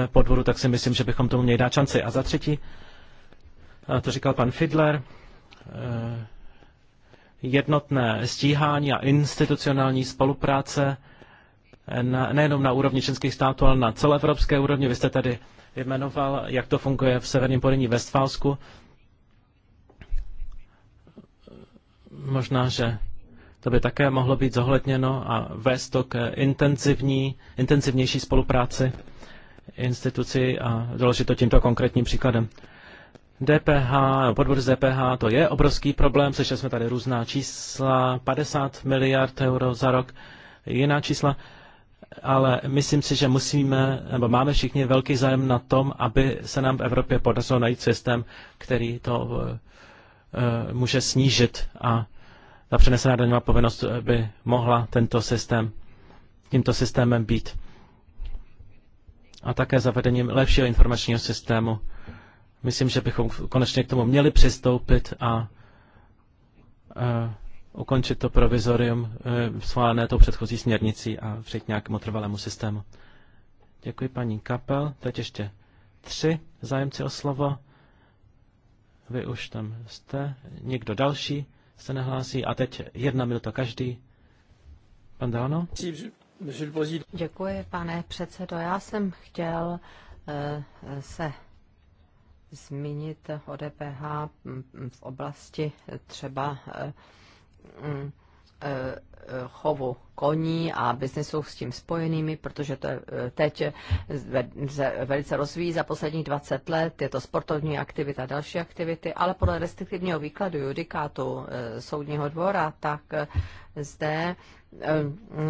eh, podvodu, tak si myslím, že bychom tomu měli dát šanci. A za třetí, a to říkal pan Fidler, eh, jednotné stíhání a institucionální spolupráce eh, na, nejenom na úrovni členských států, ale na celoevropské úrovni. Vy jste tady jmenoval, jak to funguje v severním podení Westfalsku. Možná, že to by také mohlo být zohledněno a vést to k intenzivní, intenzivnější spolupráci institucí a doložit to tímto konkrétním příkladem. DPH, podvod z DPH, to je obrovský problém, slyšeli jsme tady různá čísla, 50 miliard euro za rok, jiná čísla, ale myslím si, že musíme, nebo máme všichni velký zájem na tom, aby se nám v Evropě podařilo najít systém, který to uh, může snížit a ta přenesená daňová povinnost eh, by mohla tento systém, tímto systémem být. A také zavedením lepšího informačního systému. Myslím, že bychom konečně k tomu měli přistoupit a uh, ukončit to provizorium uh, schválené tou předchozí směrnicí a přejít nějakému trvalému systému. Děkuji paní Kapel. Teď ještě tři zájemci o slovo. Vy už tam jste. Někdo další? se nehlásí. A teď jedna minuta každý. Pan Dáno? Děkuji, pane předsedo. Já jsem chtěl eh, se zmínit o DPH mm, v oblasti třeba eh, mm, Eh, chovu koní a biznesu s tím spojenými, protože to je eh, teď se velice rozvíjí za posledních 20 let, je to sportovní aktivita, další aktivity, ale podle restriktivního výkladu judikátu eh, soudního dvora, tak zde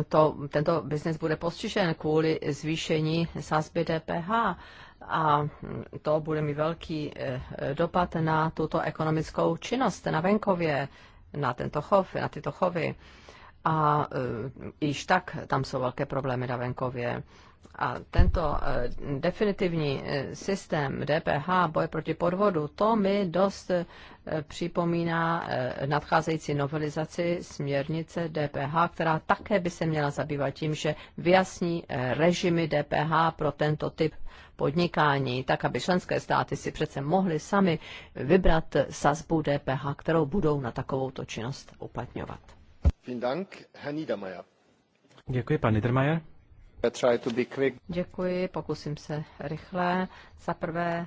to, tento biznes bude postižen kvůli zvýšení sazby DPH a to bude mít velký dopad na tuto ekonomickou činnost na venkově na tento chov, na tyto chovy. A e, již tak tam jsou velké problémy na venkově. A tento e, definitivní e, systém DPH, boje proti podvodu, to mi dost připomíná nadcházející novelizaci směrnice DPH, která také by se měla zabývat tím, že vyjasní režimy DPH pro tento typ podnikání, tak aby členské státy si přece mohly sami vybrat sazbu DPH, kterou budou na takovouto činnost uplatňovat. Děkuji, pan Niedermayer. Děkuji, pokusím se rychle. Za prvé,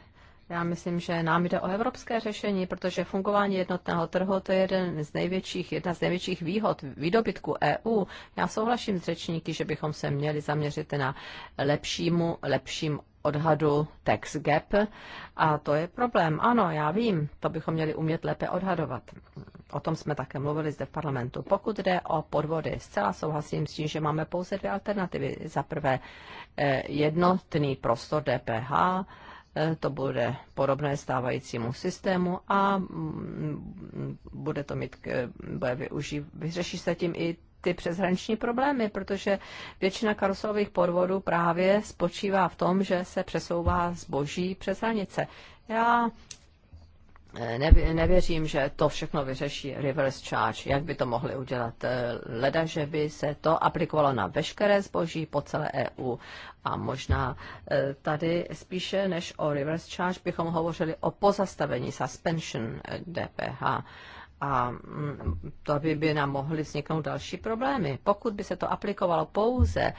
já myslím, že nám jde o evropské řešení, protože fungování jednotného trhu to je jeden z největších, jedna z největších výhod výdobytku EU. Já souhlasím s řečníky, že bychom se měli zaměřit na lepšímu, lepším odhadu tax gap a to je problém. Ano, já vím, to bychom měli umět lépe odhadovat. O tom jsme také mluvili zde v parlamentu. Pokud jde o podvody, zcela souhlasím s tím, že máme pouze dvě alternativy. Za prvé eh, jednotný prostor DPH, eh, to bude podobné stávajícímu systému a mm, bude to mít, bude využít, vyřeší se tím i ty přeshraniční problémy, protože většina karuselových podvodů právě spočívá v tom, že se přesouvá zboží přes hranice. Já eh, nevěřím, že to všechno vyřeší reverse charge, jak by to mohli udělat. Eh, leda, že by se to aplikovalo na veškeré zboží po celé EU. A možná eh, tady spíše než o reverse charge bychom hovořili o pozastavení suspension DPH a mm, to by, by nám mohly vzniknout další problémy. Pokud by se to aplikovalo pouze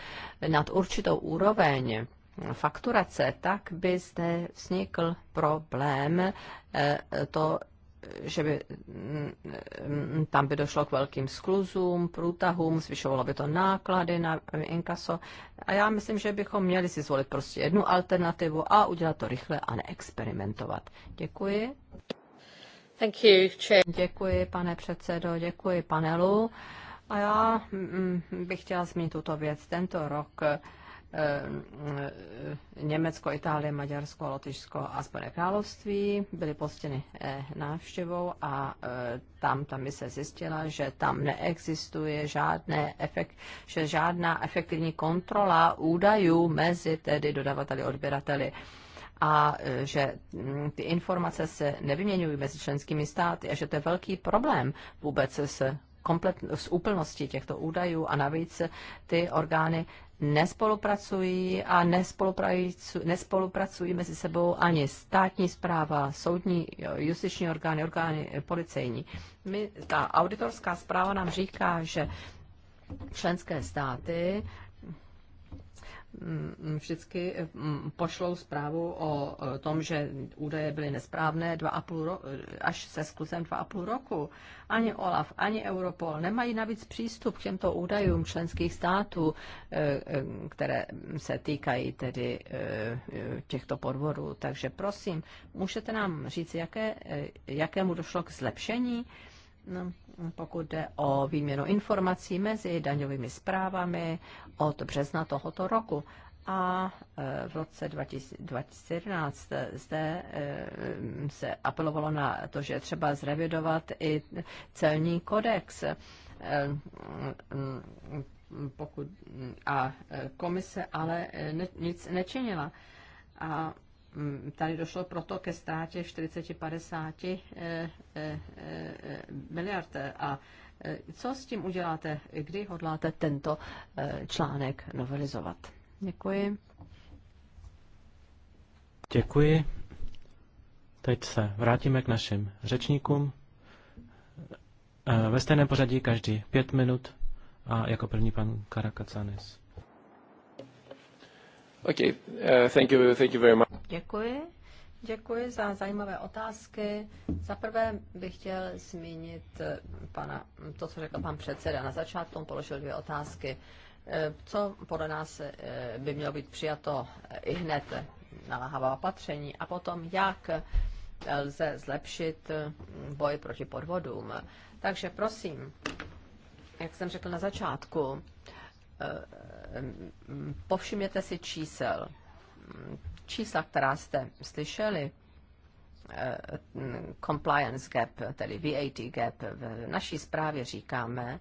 nad určitou úroveň fakturace, tak by zde vznikl problém eh, to, že by mm, tam by došlo k velkým skluzům, průtahům, zvyšovalo by to náklady na inkaso. A já myslím, že bychom měli si zvolit prostě jednu alternativu a udělat to rychle a neexperimentovat. Děkuji. Děkuji, pane předsedo, děkuji panelu. A já mm, mm, bych chtěla zmínit tuto věc. Tento rok eh, eh, Německo, Itálie, Maďarsko, Lotyšsko a Spojené království byly postěny eh, návštěvou a tam, tam by se zjistila, že tam neexistuje žádné efekt, že žádná efektivní kontrola údajů mezi tedy dodavateli odběrateli. odběrateli a e, že mm, ty informace se nevyměňují mezi členskými státy a že to je velký problém vůbec s, komplet, s úplností těchto údajů a navíc ty orgány nespolupracují a nespolupracují, nespolupracují mezi sebou ani státní zpráva, soudní, justiční orgány, orgány policejní. My, ta auditorská zpráva nám říká, že členské státy Mm, vždycky mm, pošlou zprávu o tom, že údaje byly nesprávné dva a půl ro- až se skluzem půl roku. Ani OLAF, ani Europol nemají navíc přístup k těmto údajům členských států, e, e, které se týkají tedy e, těchto podvodů. Takže prosím, můžete nám říct, jaké, jakému došlo k zlepšení? No, pokud jde o výměnu informací mezi daňovými zprávami od března tohoto roku. A e, v roce 2017 e, zde e, se apelovalo na to, že třeba zrevidovat i celní kodex pokud, a komise ale ne, nic nečinila. A Mm, tady došlo proto ke ztrátě 40-50 eh, eh, eh, miliard. A co s tím uděláte, kdy hodláte tento článek novelizovat? Děkuji. Děkuji. Teď se vrátíme k našim řečníkům. Ve stejném pořadí každý pět minut a jako první pan Karakacanis. Okay. Uh, thank you, thank you very much. Děkuji. Děkuji za zajímavé otázky. Za prvé bych chtěl zmínit eh, pana, to, co řekl pan předseda. Na začátku on položil dvě otázky. Eh, co podle nás eh, by mělo být přijato i hned naláhavá opatření a potom jak lze zlepšit boj proti podvodům. Takže prosím, jak jsem řekl na začátku, povšimněte si čísel. Čísla, která jste slyšeli, eh, compliance gap, tedy VAT gap, v naší zprávě říkáme,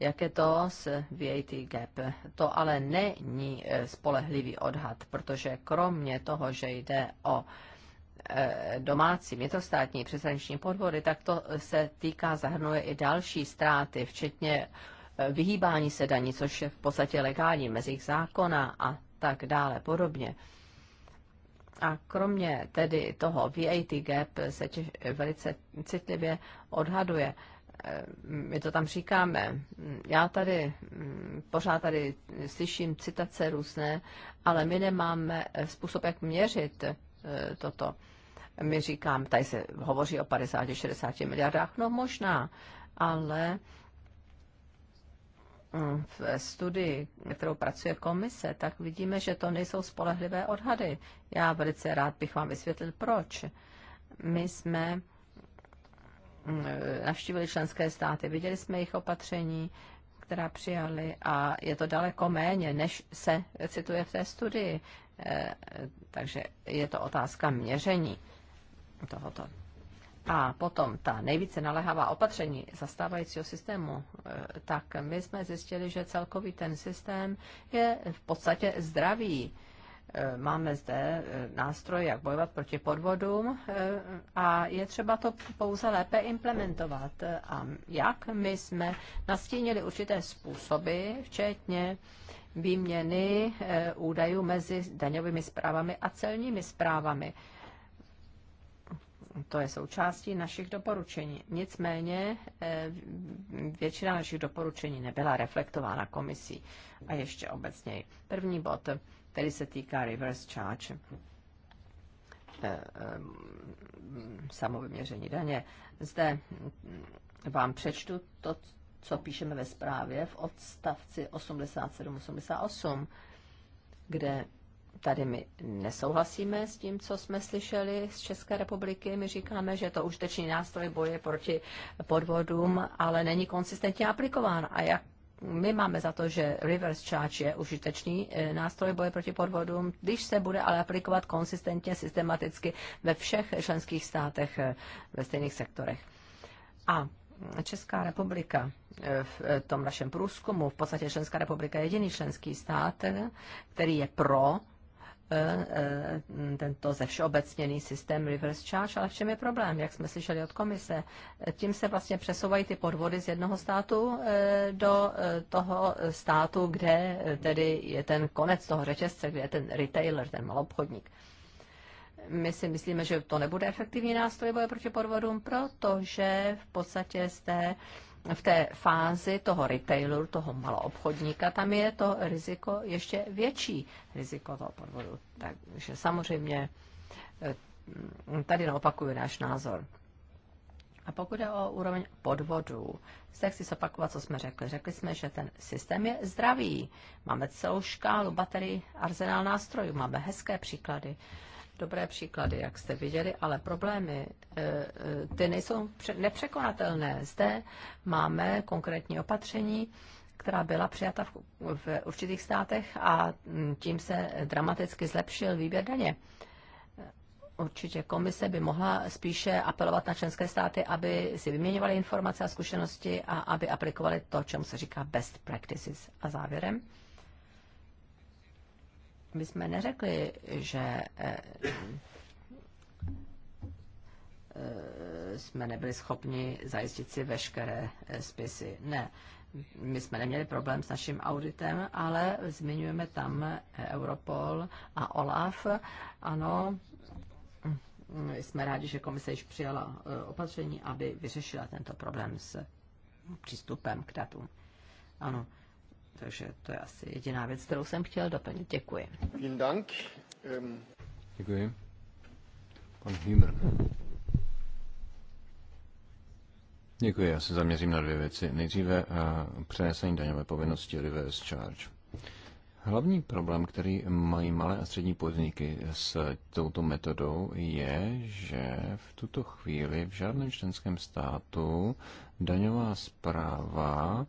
jak je to s VAT gap. To ale není eh, spolehlivý odhad, protože kromě toho, že jde o eh, domácí vnitrostátní přeshraniční podvody, tak to se týká, zahrnuje i další ztráty, včetně vyhýbání se daní, což je v podstatě legální mezi jejich zákona a tak dále podobně. A kromě tedy toho VAT gap se velice citlivě odhaduje. Eh, my to tam říkáme. Já tady mm, pořád tady slyším citace různé, ale my nemáme eh, způsob, jak měřit eh, toto. My říkám, tady se hovoří o 50-60 miliardách, no možná, ale v studii, kterou pracuje komise, tak vidíme, že to nejsou spolehlivé odhady. Já velice rád bych vám vysvětlil, proč. My jsme mm, navštívili členské státy, viděli jsme jejich opatření, která přijali a je to daleko méně, než se cituje v té studii. Eh, takže je to otázka měření tohoto. A potom ta nejvíce naléhavá opatření zastávajícího systému, eh, tak my jsme zjistili, že celkový ten systém je v podstatě zdravý. Eh, máme zde eh, nástroje, jak bojovat proti podvodům a je třeba to pouze lépe implementovat. A jak my jsme nastínili určité způsoby, včetně výměny údajů mezi daňovými zprávami a celními zprávami to je součástí našich doporučení. Nicméně eh, většina našich doporučení nebyla reflektována komisí a ještě obecněji. První bod, který se týká reverse charge, eh, eh, samovyměření daně. Zde vám přečtu to, co píšeme ve zprávě v odstavci 87-88, kde Tady my nesouhlasíme s tím, co jsme slyšeli z České republiky. My říkáme, že to užitečný nástroj boje proti podvodům, ale není konsistentně aplikován. A jak my máme za to, že reverse charge je užitečný eh, nástroj boje proti podvodům, když se bude ale aplikovat konsistentně, systematicky ve všech členských státech eh, ve stejných sektorech. A Česká republika eh, v tom našem průzkumu, v podstatě Česká republika je jediný členský stát, který je pro Eh, tento zevšeobecněný systém reverse charge, ale v čem je problém, jak jsme slyšeli od komise? Tím se vlastně přesouvají ty podvody z jednoho státu eh, do eh, toho státu, kde tedy je ten konec toho řetězce, kde je ten retailer, ten malobchodník. My si myslíme, že to nebude efektivní nástroj boje proti podvodům, protože v podstatě jste v té fázi toho retaileru, toho maloobchodníka, tam je to riziko ještě větší, riziko toho podvodu. Takže samozřejmě eh, tady neopakuje náš názor. A pokud je o úroveň podvodu, zde chci zopakovat, co jsme řekli. Řekli jsme, že ten systém je zdravý. Máme celou škálu baterií, arzenál nástrojů, máme hezké příklady. Uh, dobré příklady, jak jste viděli, ale problémy e, e, ty nejsou nepřekonatelné. Zde máme konkrétní opatření, která byla přijata v, určitých státech a mm, tím se dramaticky zlepšil výběr daně. Určitě komise by mohla spíše apelovat na členské státy, aby si vyměňovaly informace a zkušenosti a aby aplikovali to, čemu se říká best practices. A závěrem my jsme neřekli, že eh, eh, jsme nebyli schopni zajistit si veškeré eh, spisy. Ne, my jsme neměli problém s naším auditem, ale zmiňujeme tam Europol a OLAF. Ano, jsme rádi, že komise již přijala opatření, aby vyřešila tento problém s přístupem k datům. Ano. Takže to je asi jediná věc, kterou jsem chtěl doplnit. Děkuji. Vielen Dank. Ehm, Děkuji. Pan Hümer. Děkuji, já se zaměřím na dvě věci. Nejdříve uh, přenesení daňové povinnosti reverse charge. Hlavní problém, který mají malé a střední podniky s touto metodou, je, že v tuto chvíli v žádném členském státu daňová zpráva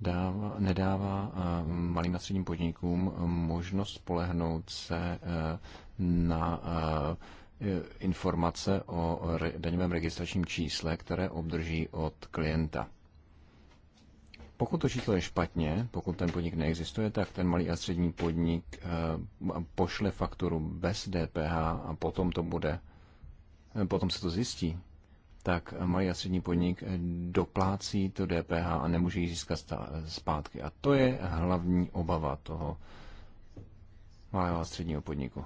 dává, nedává eh, malým a středním podnikům možnost spolehnout se eh, na eh, informace o daňovém registračním čísle, které obdrží od klienta. Pokud to číslo je špatně, pokud ten podnik neexistuje, tak ten malý a střední podnik pošle fakturu bez DPH a potom to bude, potom se to zjistí tak malý a střední podnik doplácí to DPH a nemůže ji získat zpátky. A to je hlavní obava toho malého a středního podniku.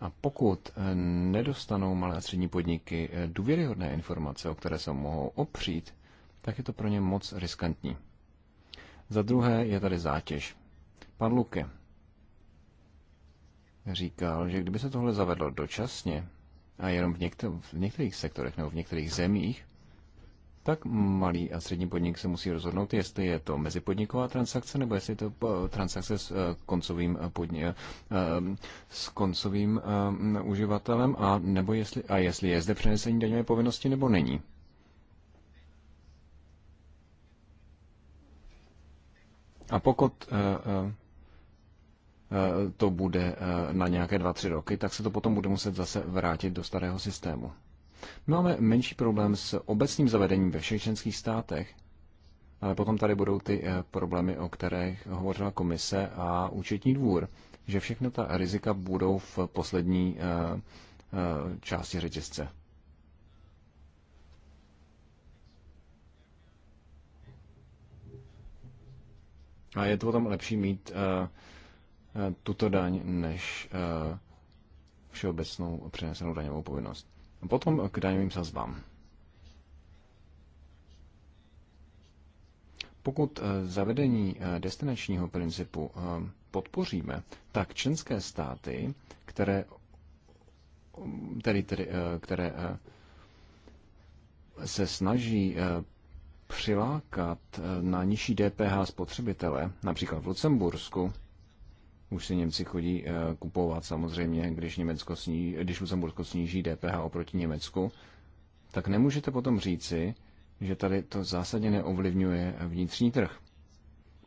A pokud eh, nedostanou malé a střední podniky eh, důvěryhodné informace, o které se mohou opřít, tak je to pro ně moc riskantní. Za druhé je tady zátěž. Pan Luke říkal, že kdyby se tohle zavedlo dočasně, a jenom v, někter- v některých sektorech nebo v některých zemích, tak malý a střední podnik se musí rozhodnout, jestli je to mezipodniková transakce, nebo jestli je to eh, transakce s eh, koncovým, eh, podni- s koncovým uživatelem, a, nebo jestli, a jestli je zde přenesení daňové povinnosti, nebo není. A pokud Eh, to bude eh, na nějaké 2-3 roky, tak se to potom bude muset zase vrátit do starého systému. Máme menší problém s obecným zavedením ve všech členských státech, ale potom tady budou ty eh, problémy, o kterých hovořila komise a účetní dvůr, že všechna ta rizika budou v poslední části řetězce. A je to potom lepší mít uh, Eh, tuto daň než eh, všeobecnou přenesenou daňovou povinnost. Potom k daňovým sazbám. Pokud eh, zavedení destinačního principu podpoříme, tak členské státy, které, tedy, tedy, které se snaží přilákat na nižší DPH spotřebitele, například v Lucembursku, už si Němci chodí eh, kupovat samozřejmě, když, Německo sníží, když Lucembursko sníží DPH oproti Německu, tak nemůžete potom říci, že tady to zásadně neovlivňuje vnitřní trh.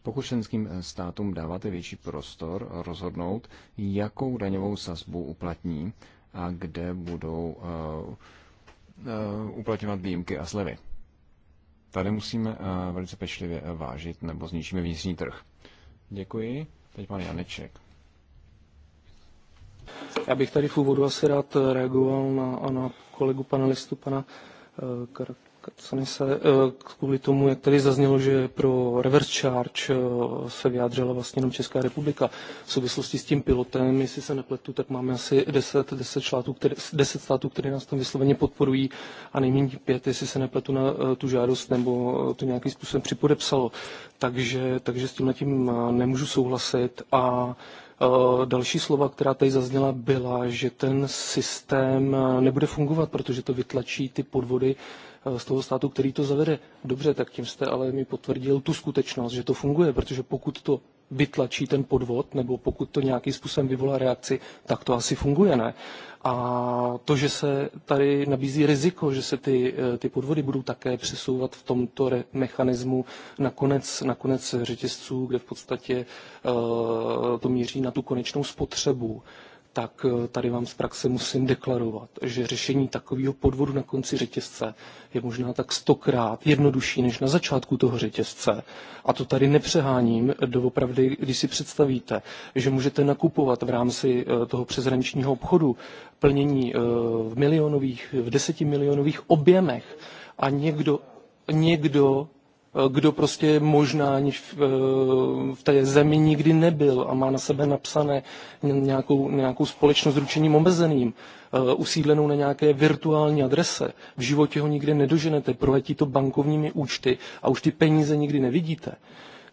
Pokud členským eh, státům dáváte větší prostor rozhodnout, jakou daňovou sazbu uplatní a kde budou eh, uplatňovat výjimky a slevy. Tady musíme velice pečlivě vážit, nebo zničíme vnitřní trh. Děkuji. Teď pan Janeček. Já bych tady v úvodu asi rád reagoval na, na kolegu panelistu, pana eh, se eh, kvůli tomu, jak tady zaznělo, že pro reverse charge eh, se vyjádřila vlastně jenom Česká republika. V souvislosti s tím pilotem, jestli se nepletu, tak máme asi 10, 10, šlátů, které, 10 států, které nás tam vysloveně podporují a nejméně pět, jestli se nepletu na eh, tu žádost nebo to nějakým způsobem připodepsalo. Takže, takže s tím tím nemůžu souhlasit a Další slova, která tady zazněla, byla, že ten systém nebude fungovat, protože to vytlačí ty podvody z toho státu, který to zavede. Dobře, tak tím jste ale mi potvrdil tu skutečnost, že to funguje, protože pokud to vytlačí ten podvod, nebo pokud to nějakým způsobem vyvolá reakci, tak to asi funguje, ne? A to, že se tady nabízí riziko, že se ty, eh, ty podvody budou také přesouvat v tomto re- mechanismu na konec, na konec řetězců, kde v podstatě uh, to míří na tu konečnou spotřebu, uh, tak eh, tady vám z praxe musím deklarovat, že řešení takového podvodu na konci řetězce je možná tak stokrát jednodušší než na začátku toho řetězce. A to tady nepřeháním doopravdy, když si představíte, že můžete nakupovat v rámci eh, toho přeshraničního obchodu plnění eh, v milionových, v desetimilionových objemech a někdo někdo Eh, kdo prostě možná ani v, eh, v té zemi nikdy nebyl a má na sebe napsané nějakou, nějakou společnost s ručením omezeným, eh, usídlenou na nějaké virtuální adrese. V životě ho nikdy nedoženete, proletí to bankovními účty a už ty peníze nikdy nevidíte.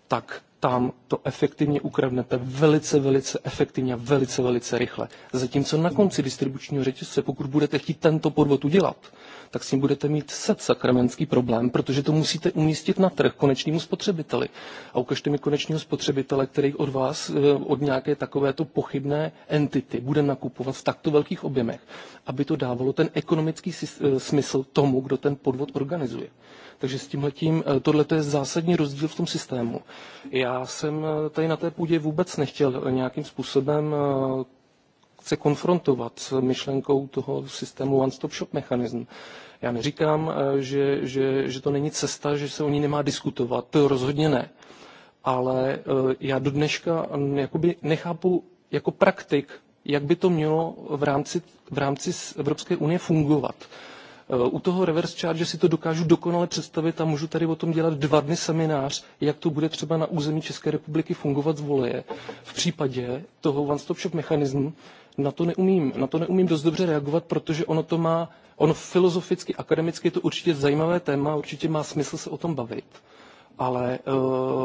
Tak tam to efektivně ukradnete velice, velice efektivně a velice, velice rychle. Zatímco na konci distribučního řetězce, pokud budete chtít tento podvod udělat, tak s ním budete mít set sakramentský problém, protože to musíte umístit na trh konečnému spotřebiteli. A ukažte mi konečního spotřebitele, který od vás, eh, od nějaké takovéto pochybné entity bude nakupovat v takto velkých objemech, aby to dávalo ten ekonomický eh, smysl tomu, kdo ten podvod organizuje. Takže s tímhletím, eh, tohle je zásadní rozdíl v tom systému. Já jsem eh, tady na té půdě vůbec nechtěl eh, nějakým způsobem se konfrontovat s myšlenkou toho systému one-stop-shop mechanism. Já neříkám, že, že, že to není cesta, že se o ní nemá diskutovat, to rozhodně ne. Ale já do dneška mm, jakoby nechápu jako praktik, jak by to mělo v rámci, v rámci Evropské unie fungovat. Eh, u toho reverse charge si to dokážu dokonale představit a můžu tady o tom dělat dva dny seminář, jak to bude třeba na území České republiky fungovat z voleje. V případě toho one-stop shop mechanismu na to neumím. Na to neumím dost dobře reagovat, protože ono to má, ono filozoficky, akademicky je to určitě zajímavé téma, určitě má smysl se o tom bavit ale eh,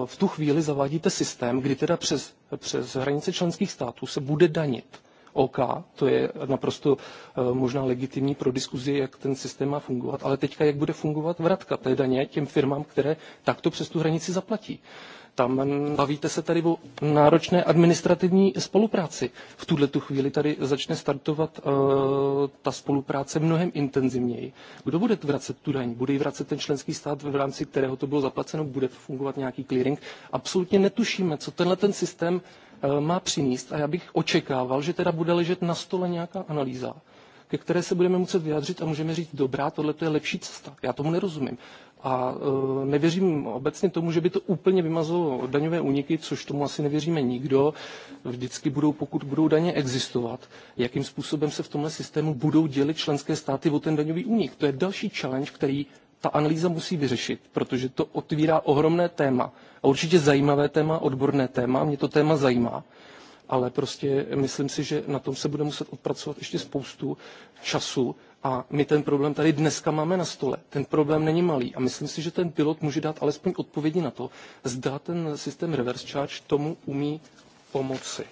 v tu chvíli zavádíte systém, kdy teda přes, přes hranice členských států se bude danit OK, to je naprosto eh, možná legitimní pro diskuzi, jak ten systém má fungovat, ale teďka jak bude fungovat vratka té daně těm firmám, které takto přes tu hranici zaplatí tam bavíte se tady o náročné administrativní spolupráci. V tuhle tu chvíli tady začne startovat uh, ta spolupráce mnohem intenzivněji. Kdo bude vracet tu daň? Bude ji vracet ten členský stát, v rámci kterého to bylo zaplaceno? Bude fungovat nějaký clearing? Absolutně netušíme, co tenhle ten systém uh, má přinést a já bych očekával, že teda bude ležet na stole nějaká analýza ke které se budeme muset vyjádřit a můžeme říct, dobrá, tohle je lepší cesta. Já tomu nerozumím. A e, nevěřím obecně tomu, že by to úplně vymazalo daňové úniky, což tomu asi nevěříme nikdo. Vždycky budou, pokud budou daně existovat, jakým způsobem se v tomhle systému budou dělit členské státy o ten daňový únik. To je další challenge, který ta analýza musí vyřešit, protože to otvírá ohromné téma. A určitě zajímavé téma, odborné téma, mě to téma zajímá. Ale prostě myslím si, že na tom se bude muset odpracovat ještě spoustu času, a my ten problém tady dneska máme na stole. Ten problém není malý a myslím si, že ten pilot může dát alespoň odpovědi na to, zda ten systém reverse charge tomu umí pomoci.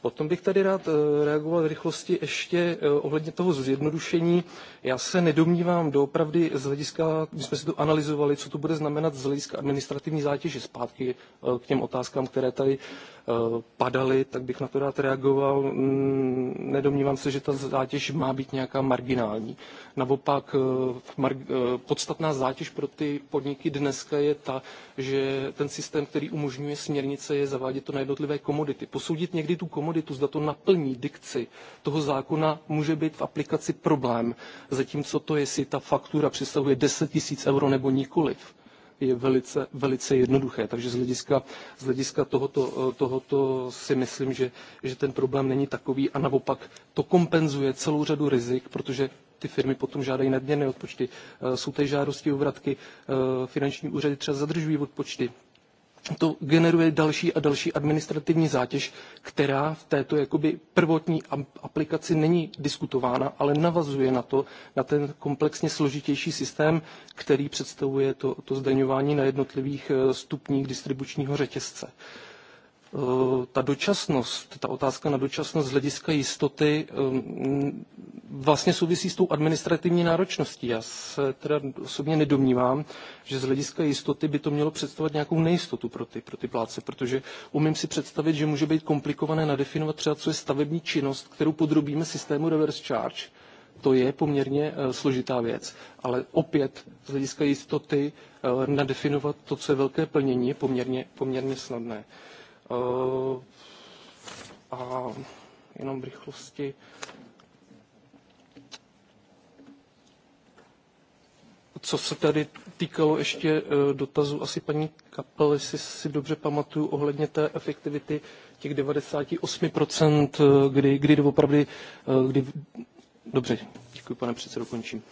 Potom bych tady rád eh, reagoval v rychlosti ještě eh, ohledně toho zjednodušení. Já se nedomnívám doopravdy z hlediska, my jsme si to analyzovali, co to bude znamenat z hlediska administrativní zátěže zpátky eh, k těm otázkám, které tady padaly, tak bych na to rád reagoval. Mm, nedomnívám se, že ta zátěž má být nějaká marginální. Naopak podstatná zátěž pro ty podniky dneska je ta, že ten systém, který umožňuje směrnice, je zavádět to na jednotlivé komodity. Posoudit někdy tu komodity komoditu, zda to naplní dikci toho zákona, může být v aplikaci problém. Zatímco to, jestli ta faktura přesahuje 10 tisíc euro nebo nikoliv, je velice, velice jednoduché. Takže z hlediska, z hlediska tohoto, tohoto si myslím, že, že ten problém není takový a naopak to kompenzuje celou řadu rizik, protože ty firmy potom žádají nadměrné odpočty. Eh, jsou tady žádosti o vratky, eh, finanční úřady třeba zadržují odpočty to generuje další a další administrativní zátěž, která v této jakoby prvotní aplikaci není diskutována, ale navazuje na to, na ten komplexně složitější systém, který představuje to, to zdaňování na jednotlivých eh, stupních distribučního řetězce. Uh, Eh, ta dočasnost, ta otázka na dočasnost z hlediska jistoty eh, vlastně souvisí s tou administrativní náročností. Já se teda osobně nedomnívám, že z hlediska jistoty by to mělo představovat nějakou nejistotu pro ty, pro ty pláce, protože umím si představit, že může být komplikované nadefinovat třeba, co je stavební činnost, kterou podrobíme systému reverse charge, to je poměrně eh, složitá věc, ale opět z hlediska jistoty nadefinovat to, co je velké plnění, je poměrně, poměrně snadné. Eh, a jenom v rychlosti Co se tady týkalo ještě eh, dotazu asi paní Kapel, jestli si dobře pamatuju, ohledně té efektivity těch 98%, eh, kdy, kdy doopravdy, kdy... Dobře, děkuji pane předsedo, končím.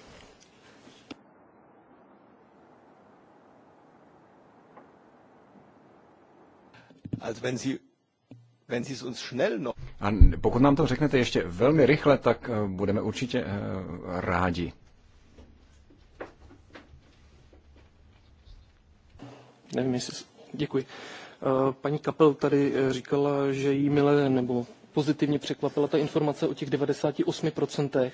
a pokud nám to řeknete ještě velmi rychle, tak eh, budeme určitě eh, rádi. Nevím, jestli... Děkuji. Eh, paní Kapel tady říkala, že jí milé nebo pozitivně překvapila ta informace o těch 98%.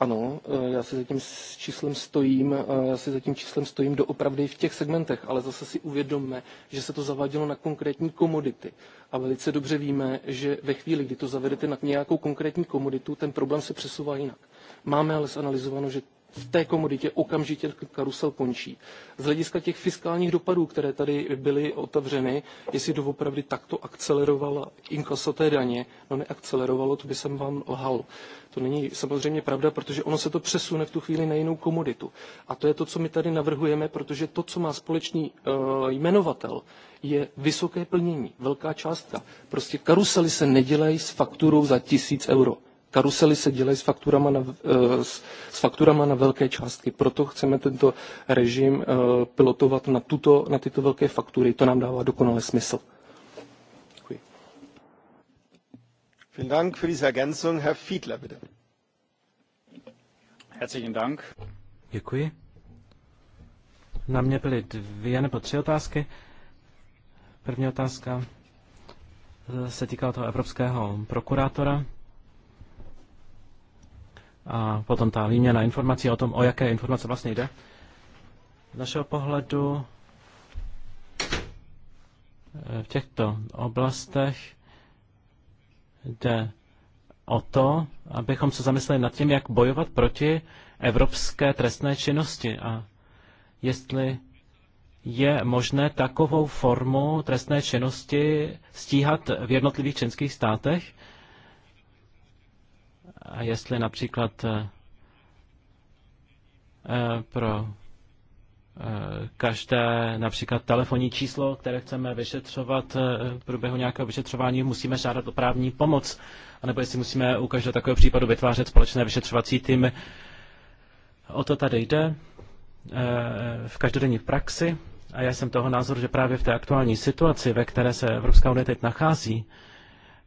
Ano, eh, já si za tím číslem stojím, eh, já si za tím číslem stojím doopravdy v těch segmentech, ale zase si uvědomme, že se to zavádělo na konkrétní komodity. A velice dobře víme, že ve chvíli, kdy to zavedete na nějakou konkrétní komoditu, ten problém se přesouvá jinak. Máme ale zanalizováno, že v té komoditě okamžitě karusel končí. Z hlediska těch fiskálních dopadů, které tady byly otevřeny, jestli opravdu takto akcelerovalo inkaso té daně, no neakcelerovalo, to by jsem vám lhal. To není samozřejmě pravda, protože ono se to přesune v tu chvíli na jinou komoditu. A to je to, co my tady navrhujeme, protože to, co má společný uh, jmenovatel, je vysoké plnění, velká částka. Prostě karusely se nedělají s fakturou za tisíc euro karusely se dělají s fakturama na, eh, s, s fakturama na velké částky. Proto chceme tento režim eh, pilotovat na, tuto, na tyto velké faktury. To nám dává dokonale smysl. Děkuji. Vielen Dank für diese Ergänzung. Herr Fiedler, bitte. Herzlichen Dank. Děkuji. Na mě byly dvě nebo tři otázky. První otázka eh, se týkala toho evropského prokurátora a potom ta výměna informací o tom, o jaké informace vlastně jde. Z našeho pohledu eh, v těchto oblastech jde o to, abychom se zamysleli nad tím, jak bojovat proti evropské trestné činnosti a jestli je možné takovou formu trestné činnosti stíhat v jednotlivých členských státech a jestli například eh, eh, pro eh, každé například telefonní číslo, které chceme vyšetřovat v průběhu nějakého vyšetřování, musíme žádat o právní pomoc, anebo jestli musíme u každého takového případu vytvářet společné vyšetřovací týmy. O to tady jde v každodenní praxi a já jsem toho názoru, že právě v té aktuální situaci, ve které se Evropská unie teď nachází,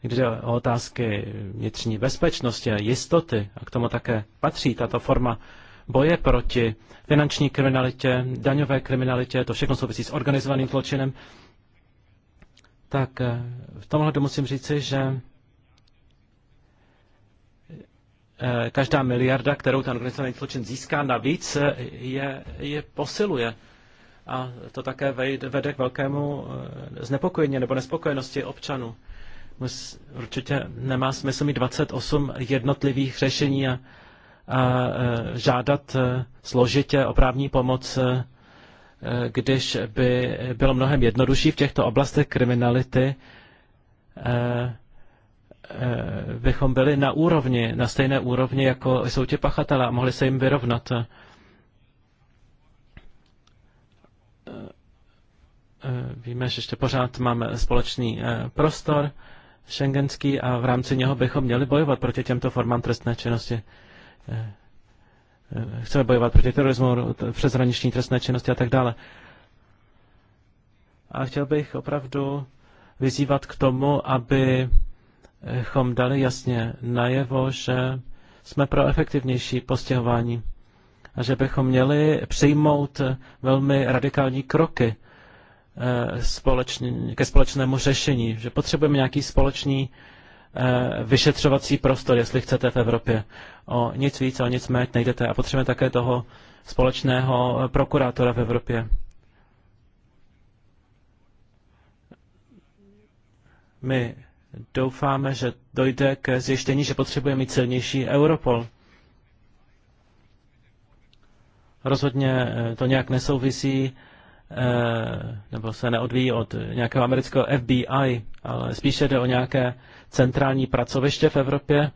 kde o otázky vnitřní bezpečnosti a jistoty, a k tomu také patří tato forma boje proti finanční kriminalitě, daňové kriminalitě, to všechno souvisí s organizovaným zločinem, tak eh, v tomhle musím říci, že eh, každá miliarda, kterou ten organizovaný zločin získá navíc, eh, je, je posiluje. A to také vede k velkému znepokojení nebo nespokojenosti občanů určitě nemá smysl mít 28 jednotlivých řešení a, a žádat e, složitě o právní pomoc, e, e, když by bylo mnohem jednodušší v těchto oblastech kriminality, bychom byli na úrovni, na stejné úrovni, jako jsou ti pachatele a mohli se jim vyrovnat. Víme, že ještě pořád máme společný prostor šengenský a v rámci něho bychom měli bojovat proti těmto formám trestné činnosti. Eh, eh, chceme bojovat proti terorismu, přeshraniční trestné činnosti a tak dále. A chtěl bych opravdu vyzývat k tomu, abychom dali jasně najevo, že jsme pro efektivnější postihování a že bychom měli přijmout velmi radikální kroky Eh, ke společnému řešení, že potřebujeme nějaký společný eh, vyšetřovací prostor, jestli chcete v Evropě. O nic víc, o nic méně nejdete a potřebujeme také toho společného eh, prokurátora v Evropě. My doufáme, že dojde ke zjištění, že potřebujeme mít silnější Europol. Rozhodně to nějak nesouvisí Eh, nebo se neodvíjí od nějakého amerického FBI, ale spíše jde o nějaké centrální pracoviště v Evropě,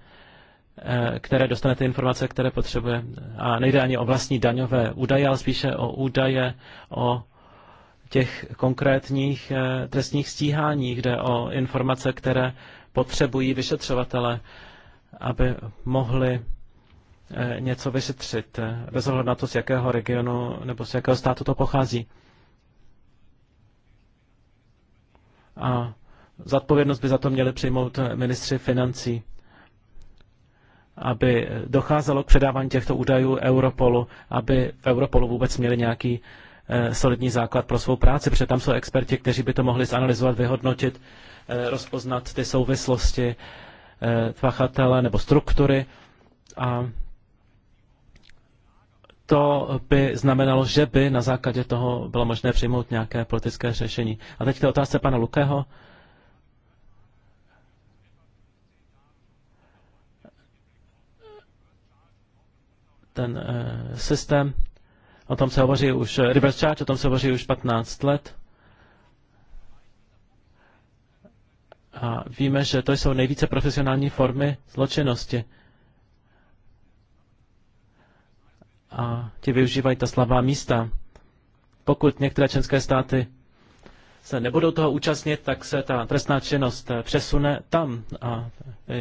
eh, které dostane ty informace, které potřebuje. A nejde ani o vlastní daňové údaje, ale spíše o údaje o těch konkrétních eh, trestních stíháních, kde o informace, které potřebují vyšetřovatele, aby mohli něco vyšetřit, bez ohledu na to, z jakého regionu nebo z jakého státu to pochází. a zadpovědnost by za to měli přijmout ministři financí, aby docházelo k předávání těchto údajů Europolu, aby v Europolu vůbec měli nějaký eh, solidní základ pro svou práci, protože tam jsou experti, kteří by to mohli zanalizovat, vyhodnotit, eh, rozpoznat ty souvislosti eh, pachatele nebo struktury a to by znamenalo, že by na základě toho bylo možné přijmout nějaké politické řešení. A teď k té otázce pana Lukého. Ten e, systém, o tom se hovoří už, eh, reverse charge, o tom se hovoří už 15 let. A víme, že to jsou nejvíce profesionální formy zločinnosti. a ti využívají ta slabá místa. Pokud některé členské státy se nebudou toho účastnit, tak se ta trestná činnost přesune tam a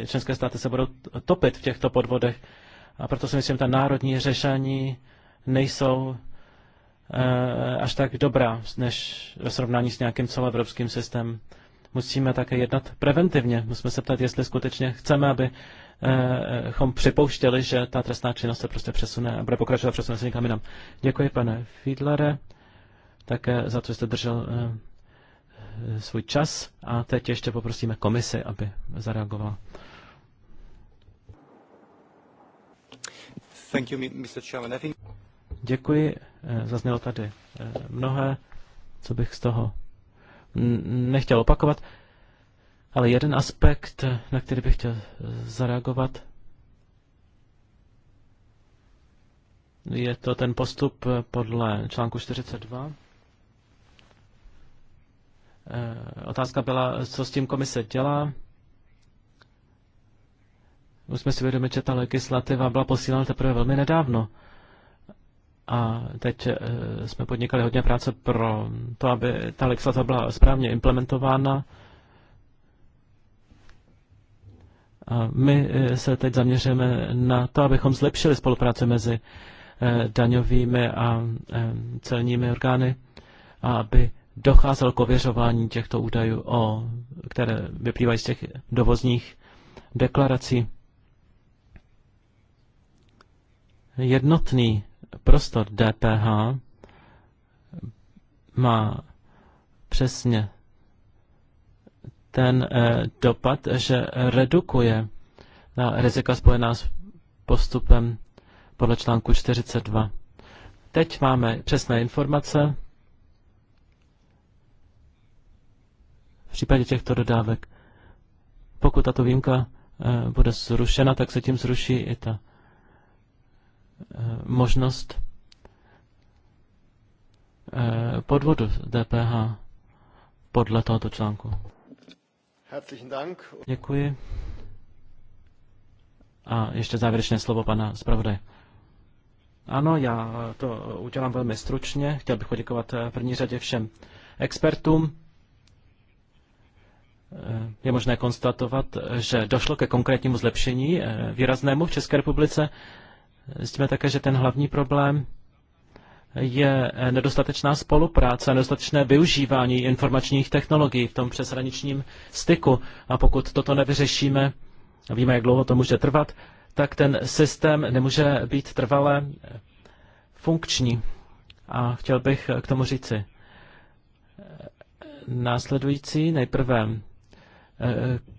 členské státy se budou topit v těchto podvodech. A proto si myslím, že ta národní řešení nejsou eh, až tak dobrá, než ve srovnání s nějakým celoevropským systémem. Musíme také jednat preventivně. Musíme se ptát, jestli skutečně chceme, aby chom připouštěli, že ta trestná činnost se prostě přesune a bude pokračovat přesune se někam jinam. Děkuji, pane Fiedlere, také za to, že jste držel eh, svůj čas a teď ještě poprosíme komisi, aby zareagovala. Thank you, Mr. Chairman. I think... Děkuji, eh, zaznělo tady eh, mnohé, co bych z toho nechtěl opakovat. Ale jeden aspekt, na který bych chtěl eh, zareagovat, je to ten postup eh, podle článku 42. Eh, otázka byla, co s tím komise dělá. Už jsme si vědomi, že ta legislativa byla posílena teprve velmi nedávno. A teď jsme podnikali hodně práce pro to, aby ta legislativa byla správně implementována. A my eh, se teď zaměříme na to, abychom zlepšili spolupráci mezi eh, daňovými a eh, celními orgány a aby docházelo k ověřování těchto údajů, o, které vyplývají z těch dovozních deklarací. Jednotný prostor DPH má přesně ten eh, dopad, že redukuje na rizika spojená s postupem podle článku 42. Teď máme přesné informace v případě těchto dodávek. Pokud tato výjimka eh, bude zrušena, tak se tím zruší i ta eh, možnost podvodu DPH podle tohoto článku. Děkuji. A ještě závěrečné slovo pana zpravodaje. Ano, já to udělám velmi stručně. Chtěl bych poděkovat eh, v první řadě všem expertům. Eh, je možné konstatovat, že došlo ke konkrétnímu zlepšení eh, výraznému v České republice. Zjistíme také, že ten hlavní problém je nedostatečná spolupráce, nedostatečné využívání informačních technologií v tom přeshraničním styku. A pokud toto nevyřešíme, a víme, jak dlouho to může trvat, tak ten systém nemůže být trvale funkční. A chtěl bych k tomu říci následující. Nejprve eh,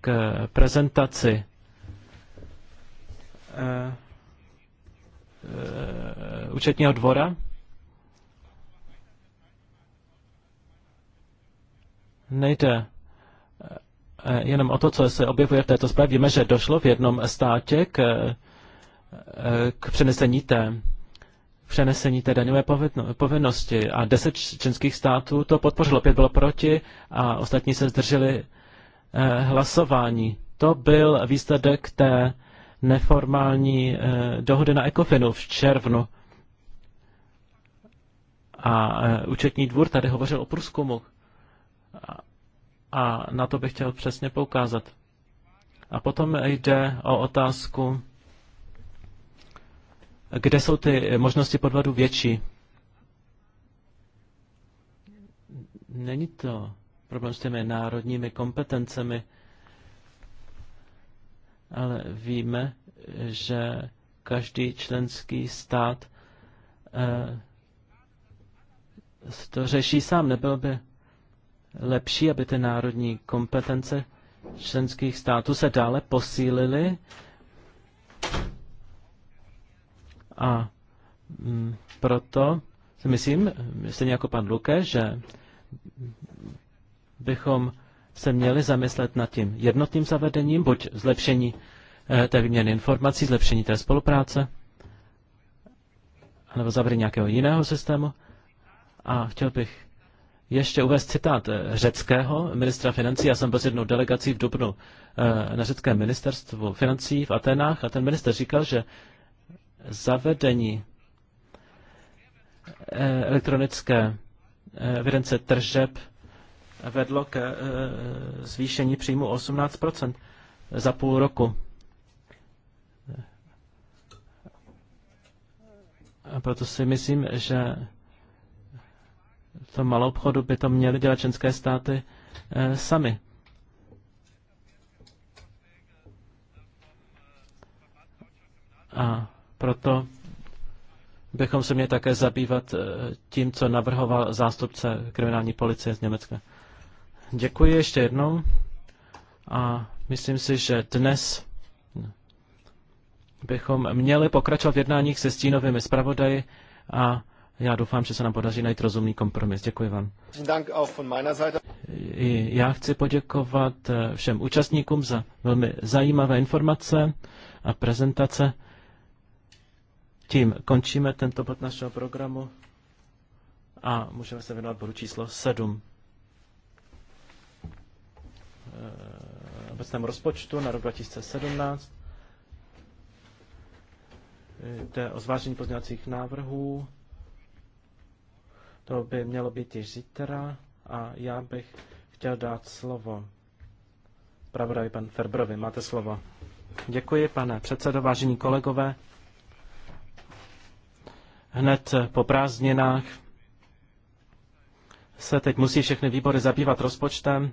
k prezentaci eh, eh, účetního dvora nejde eh, eh, jenom o to, co se objevuje v této zprávě. Víme, že došlo v jednom státě k, eh, k přenesení té přenesení té daňové povinnosti a deset českých států to podpořilo, pět bylo proti a ostatní se zdrželi hlasování. To byl výsledek té neformální dohody na ECOFINu v červnu. A účetní dvůr tady hovořil o průzkumu, a na to bych chtěl přesně poukázat. A potom jde o otázku, kde jsou ty možnosti podvodu větší. Není to problém s těmi národními kompetencemi, ale víme, že každý členský stát eh, to řeší sám. Nebylo by lepší, aby ty národní kompetence členských států se dále posílily a mm, proto si myslím, stejně jako pan Luke, že bychom se měli zamyslet nad tím jednotným zavedením, buď zlepšení eh, té výměny informací, zlepšení té spolupráce, nebo zavedení nějakého jiného systému. A chtěl bych ještě uvést citát eh, řeckého ministra financí. Já jsem byl s jednou delegací v Dubnu eh, na řeckém ministerstvu financí v Atenách a ten minister říkal, že zavedení eh, elektronické evidence tržeb vedlo ke zvýšení příjmu 18 za půl roku. A proto si myslím, že to tom malou obchodu by to měly dělat členské státy eh, sami. A proto bychom se měli také zabývat eh, tím, co navrhoval zástupce kriminální policie z Německa. Děkuji ještě jednou a myslím si, že dnes bychom měli pokračovat v jednáních se stínovými zpravodaji a já doufám, že se nám podaří najít rozumný kompromis. Děkuji vám. I já chci poděkovat eh, všem účastníkům za velmi zajímavé informace a prezentace. Tím končíme tento bod našeho programu a můžeme se věnovat bodu číslo 7. Eh, obecnému rozpočtu na rok 2017. Jde o zvážení pozměňovacích návrhů. To by mělo být již zítra a já bych chtěl dát slovo. Pravdavý pan Ferbrovi, máte slovo. Děkuji, pane předsedo, vážení kolegové. Hned po prázdninách se teď musí všechny výbory zabývat rozpočtem.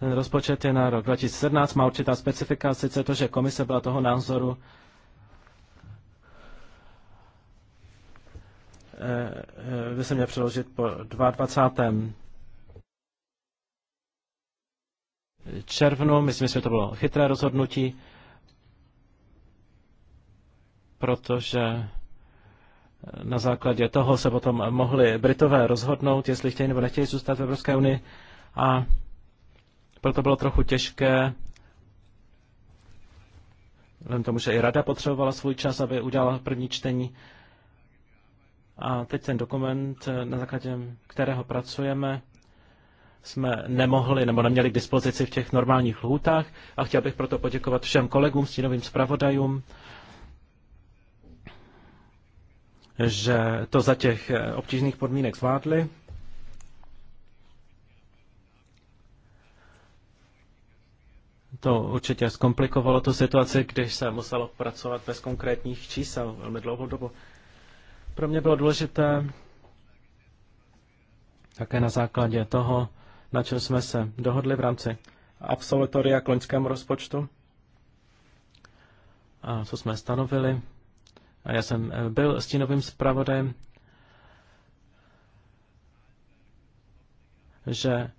Ten rozpočet je na rok 2017, má určitá specifika, sice to, že komise byla toho názoru, Eh, eh, by se měl přeložit po 22. červnu. Myslím, že to bylo chytré rozhodnutí, protože eh, na základě toho se potom mohli Britové rozhodnout, jestli chtějí nebo nechtějí zůstat v Evropské unii a proto bylo trochu těžké vzhledem tomu, že i rada potřebovala svůj čas, aby udělala první čtení, a teď ten dokument, na základě kterého pracujeme, jsme nemohli nebo neměli k dispozici v těch normálních lhůtách a chtěl bych proto poděkovat všem kolegům, stínovým zpravodajům, že to za těch eh, obtížných podmínek zvládli. To určitě zkomplikovalo tu situaci, když se muselo pracovat bez konkrétních čísel velmi dlouhou dobu. Pro mě bylo důležité také na základě toho, na čem jsme se dohodli v rámci absolutoria k loňskému rozpočtu, a co jsme stanovili. A já jsem eh, byl stínovým zpravodajem, že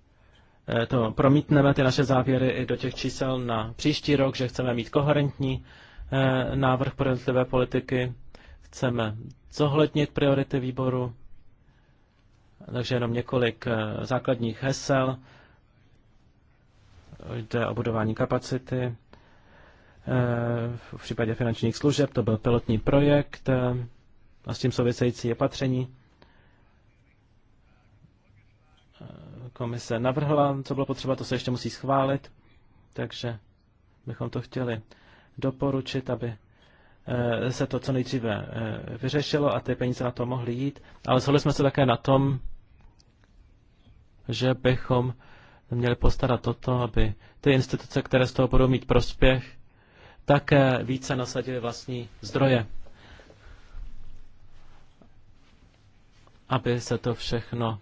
eh, to promítneme ty naše závěry i do těch čísel na příští rok, že chceme mít koherentní eh, návrh pro jednotlivé politiky, chceme zohlednit priority výboru. Takže jenom několik eh, základních hesel. Jde o budování kapacity. Eh, v případě finančních služeb to byl pilotní projekt eh, a s tím související opatření. Komise navrhla, co bylo potřeba, to se ještě musí schválit, takže bychom to chtěli doporučit, aby Eh, se to co nejdříve eh, vyřešilo a ty peníze na to mohly jít. Ale shodli jsme se také na tom, že bychom měli postarat o to, aby ty instituce, které z toho budou mít prospěch, také více nasadily vlastní zdroje. Aby se to všechno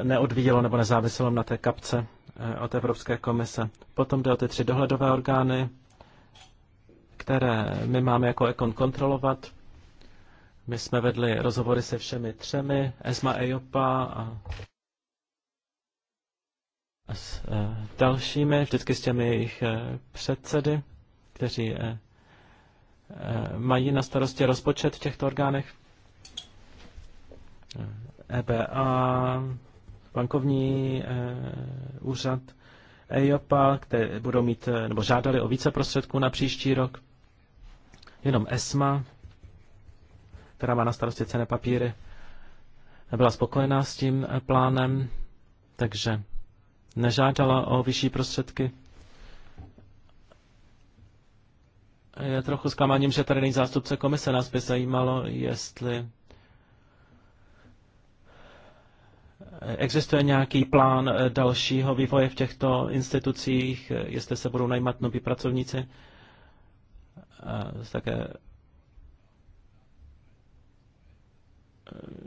eh, neodvíjelo nebo nezáviselo na té kapce od Evropské komise. Potom jde o ty tři dohledové orgány, které my máme jako Ekon kontrolovat. My jsme vedli rozhovory se všemi třemi, ESMA, EIOPA a s eh, dalšími, vždycky s těmi jejich eh, předsedy, kteří eh, mají na starosti rozpočet v těchto orgánech. EBA, e bankovní úřad, EIOPA, které budou mít, nebo žádali o více prostředků na příští rok jenom ESMA, která má na starosti cené papíry, byla spokojená s tím plánem, takže nežádala o vyšší prostředky. Je trochu zklamáním, že tady není zástupce komise. Nás by zajímalo, jestli existuje nějaký plán dalšího vývoje v těchto institucích, jestli se budou najímat noví pracovníci uh, také eh,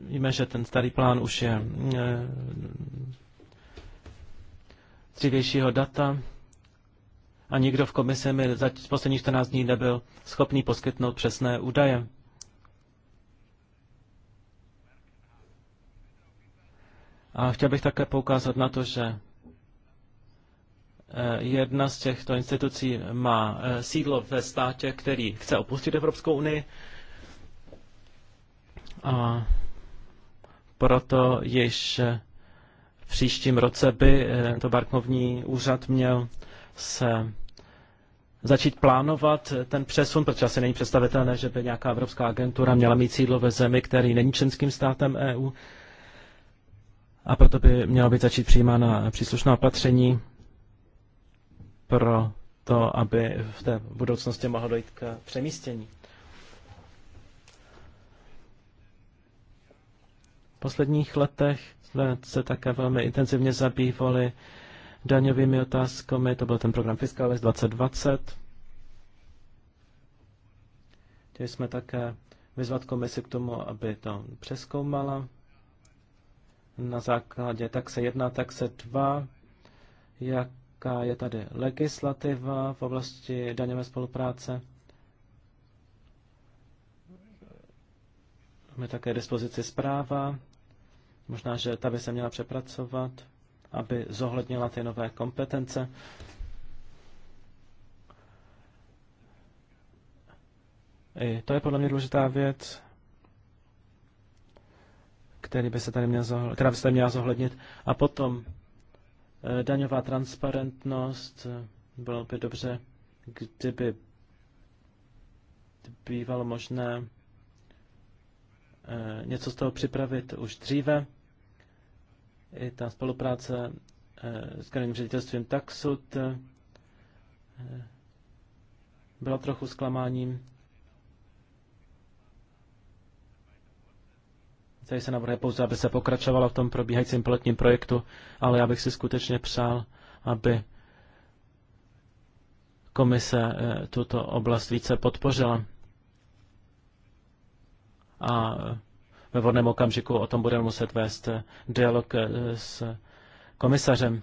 víme, že ten starý plán už je eh, dřívějšího data a nikdo v komisi mi za posledních 14 dní nebyl schopný poskytnout přesné údaje. A chtěl bych také poukázat na to, že Eh, jedna z těchto institucí má eh, sídlo ve státě, který chce opustit Evropskou unii a proto již eh, v příštím roce by to bankovní úřad měl se začít plánovat ten přesun, protože asi není představitelné, že by nějaká evropská agentura měla mít sídlo ve zemi, který není členským státem EU. A proto by měla být začít přijímána příslušná opatření pro to, aby v té budoucnosti mohlo dojít k přemístění. V posledních letech jsme se také velmi intenzivně zabývali daňovými otázkami, to byl ten program Fiskalis 2020. Chtěli jsme také vyzvat komisi k tomu, aby to přeskoumala. Na základě tak se 1, tak se dva, jak jaká je tady legislativa v oblasti daňové spolupráce. Máme také dispozici zpráva, možná, že ta by se měla přepracovat, aby zohlednila ty nové kompetence. I to je podle mě důležitá věc, který by se tady měl která by se tady měla zohlednit. A potom Eh, daňová transparentnost, eh, bylo by dobře, kdyby bývalo možné eh, něco z toho připravit už dříve. I ta spolupráce s krajním ředitelstvím Taxud byla trochu zklamáním. Tady se navrhuje pouze, aby se pokračovalo v tom probíhajícím pilotním projektu, ale já bych si skutečně přál, aby komise eh, tuto oblast více podpořila. A eh, ve vhodném okamžiku o tom budeme muset vést eh, dialog s komisařem,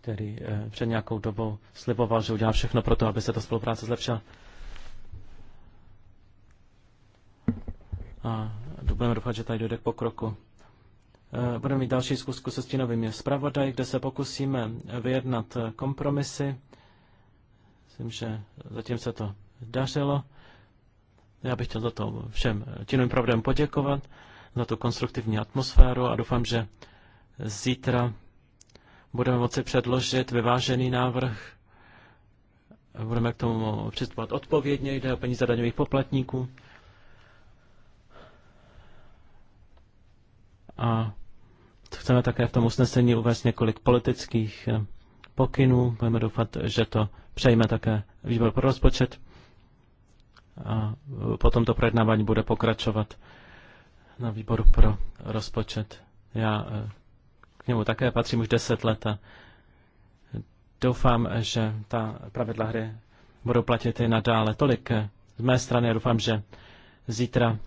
který před nějakou dobou sliboval, že udělá všechno pro to, aby se ta spolupráce zlepšila. A budeme doufat, že tady dojde k pokroku. Eh, budeme mít další zkusku se stínovými zpravodaj, kde se pokusíme vyjednat kompromisy. Myslím, že zatím se to dařilo. Já bych chtěl za to všem tínovým pravdem poděkovat, za tu konstruktivní atmosféru a doufám, že zítra budeme moci předložit vyvážený návrh. Budeme k tomu přistupovat odpovědně, jde o peníze daňových poplatníků. A chceme také v tom usnesení uvést několik politických eh, pokynů. Budeme doufat, že to přejme také výbor pro rozpočet. A eh, potom to projednávání bude pokračovat na výboru pro rozpočet. Já eh, k němu také patřím už deset let a doufám, že ta pravidla hry budou platit i nadále. Tolik z mé strany a doufám, že zítra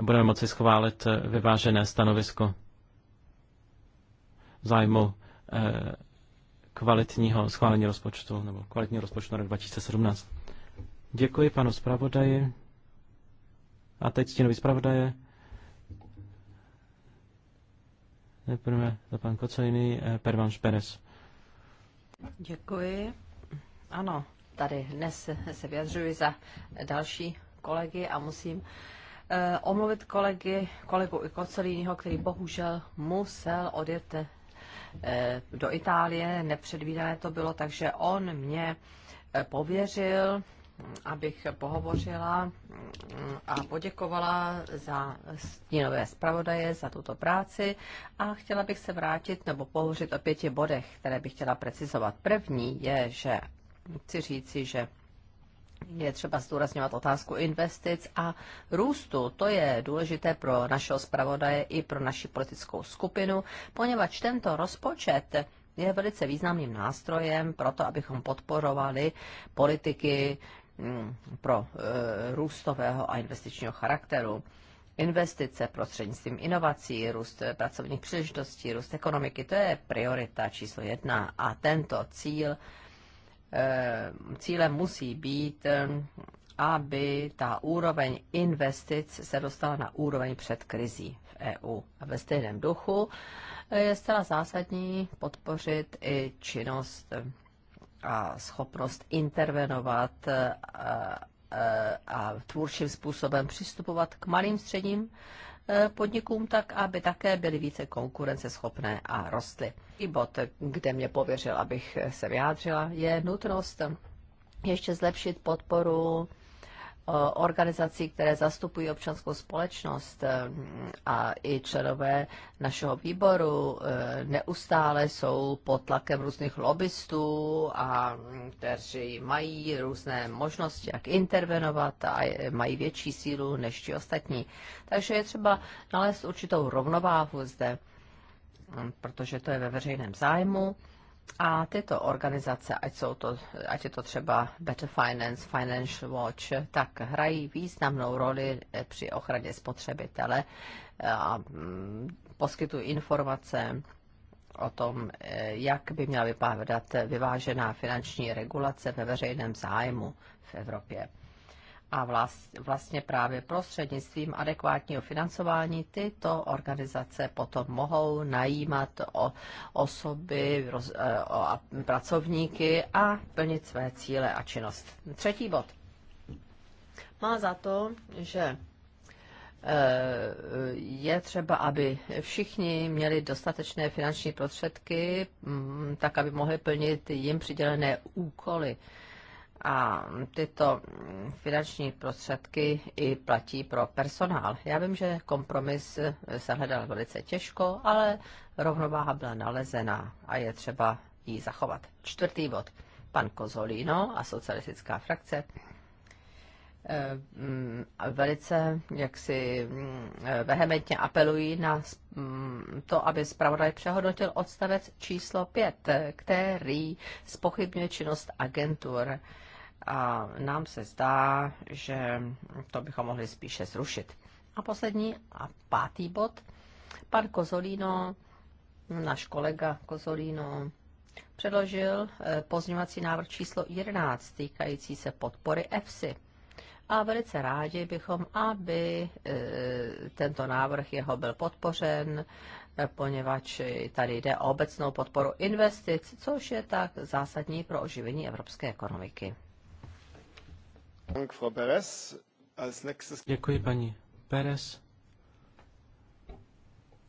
budeme moci schválit eh, vyvážené stanovisko zájmu eh, kvalitního schválení rozpočtu nebo kvalitního rozpočtu na rok 2017. Děkuji panu zpravodaji. A teď stínový zpravodaje. Nejprve za pan Kocojný, eh, Pervan Šperes. Děkuji. Ano, tady dnes se vyjadřuji za další kolegy a musím Eh, omluvit kolegy, kolegu i Kocelínyho, který bohužel musel odjet eh, do Itálie, nepředvídané to bylo, takže on mě eh, pověřil, abych pohovořila mm, a poděkovala za stínové zpravodaje, za tuto práci a chtěla bych se vrátit nebo pohovořit o pěti bodech, které bych chtěla precizovat. První je, že chci říci, že je třeba zdůrazňovat otázku investic a růstu. To je důležité pro našeho zpravodaje i pro naši politickou skupinu, poněvadž tento rozpočet je velice významným nástrojem pro to, abychom podporovali politiky mm, pro e, růstového a investičního charakteru. Investice prostřednictvím inovací, růst pracovních příležitostí, růst ekonomiky, to je priorita číslo jedna a tento cíl Eh, cílem musí být, eh, aby ta úroveň investic se dostala na úroveň před krizí v EU. A ve stejném duchu eh, je zcela zásadní podpořit i činnost a schopnost intervenovat a, a, a tvůrčím způsobem přistupovat k malým středním podnikům tak, aby také byly více konkurenceschopné a rostly. I bod, kde mě pověřil, abych se vyjádřila, je nutnost ještě zlepšit podporu Eh, organizací, které zastupují občanskou společnost eh, a i členové našeho výboru eh, neustále jsou pod tlakem různých lobbystů a mm, kteří mají různé možnosti, jak intervenovat a mají větší sílu než ti ostatní. Takže je třeba nalézt určitou rovnováhu zde, mm, protože to je ve veřejném zájmu a tyto organizace, ať, jsou to, ať je to třeba Better Finance, Financial Watch, tak hrají významnou roli při ochraně spotřebitele a mm, poskytují informace o tom, eh, jak by měla vypadat vyvážená finanční regulace ve veřejném zájmu v Evropě a vlastně právě prostřednictvím adekvátního financování tyto organizace potom mohou najímat o osoby e, a pracovníky a plnit své cíle a činnost. Třetí bod. Má za to, že e, je třeba, aby všichni měli dostatečné finanční prostředky, tak aby mohli plnit jim přidělené úkoly a tyto finanční prostředky i platí pro personál. Já vím, že kompromis se hledal velice těžko, ale rovnováha byla nalezená a je třeba ji zachovat. Čtvrtý bod. Pan Kozolino a socialistická frakce eh, mm, velice jaksi mm, vehementně apelují na mm, to, aby zpravodaj přehodnotil odstavec číslo 5, eh, který spochybňuje činnost agentur a nám se zdá, že to bychom mohli spíše zrušit. A poslední a pátý bod. Pan Kozolino, náš kolega Kozolino, předložil eh, pozněvací návrh číslo 11 týkající se podpory EFSI. A velice rádi bychom, aby eh, tento návrh jeho byl podpořen, eh, poněvadž tady jde o obecnou podporu investic, což je tak zásadní pro oživení evropské ekonomiky. Děkuji paní Pérez.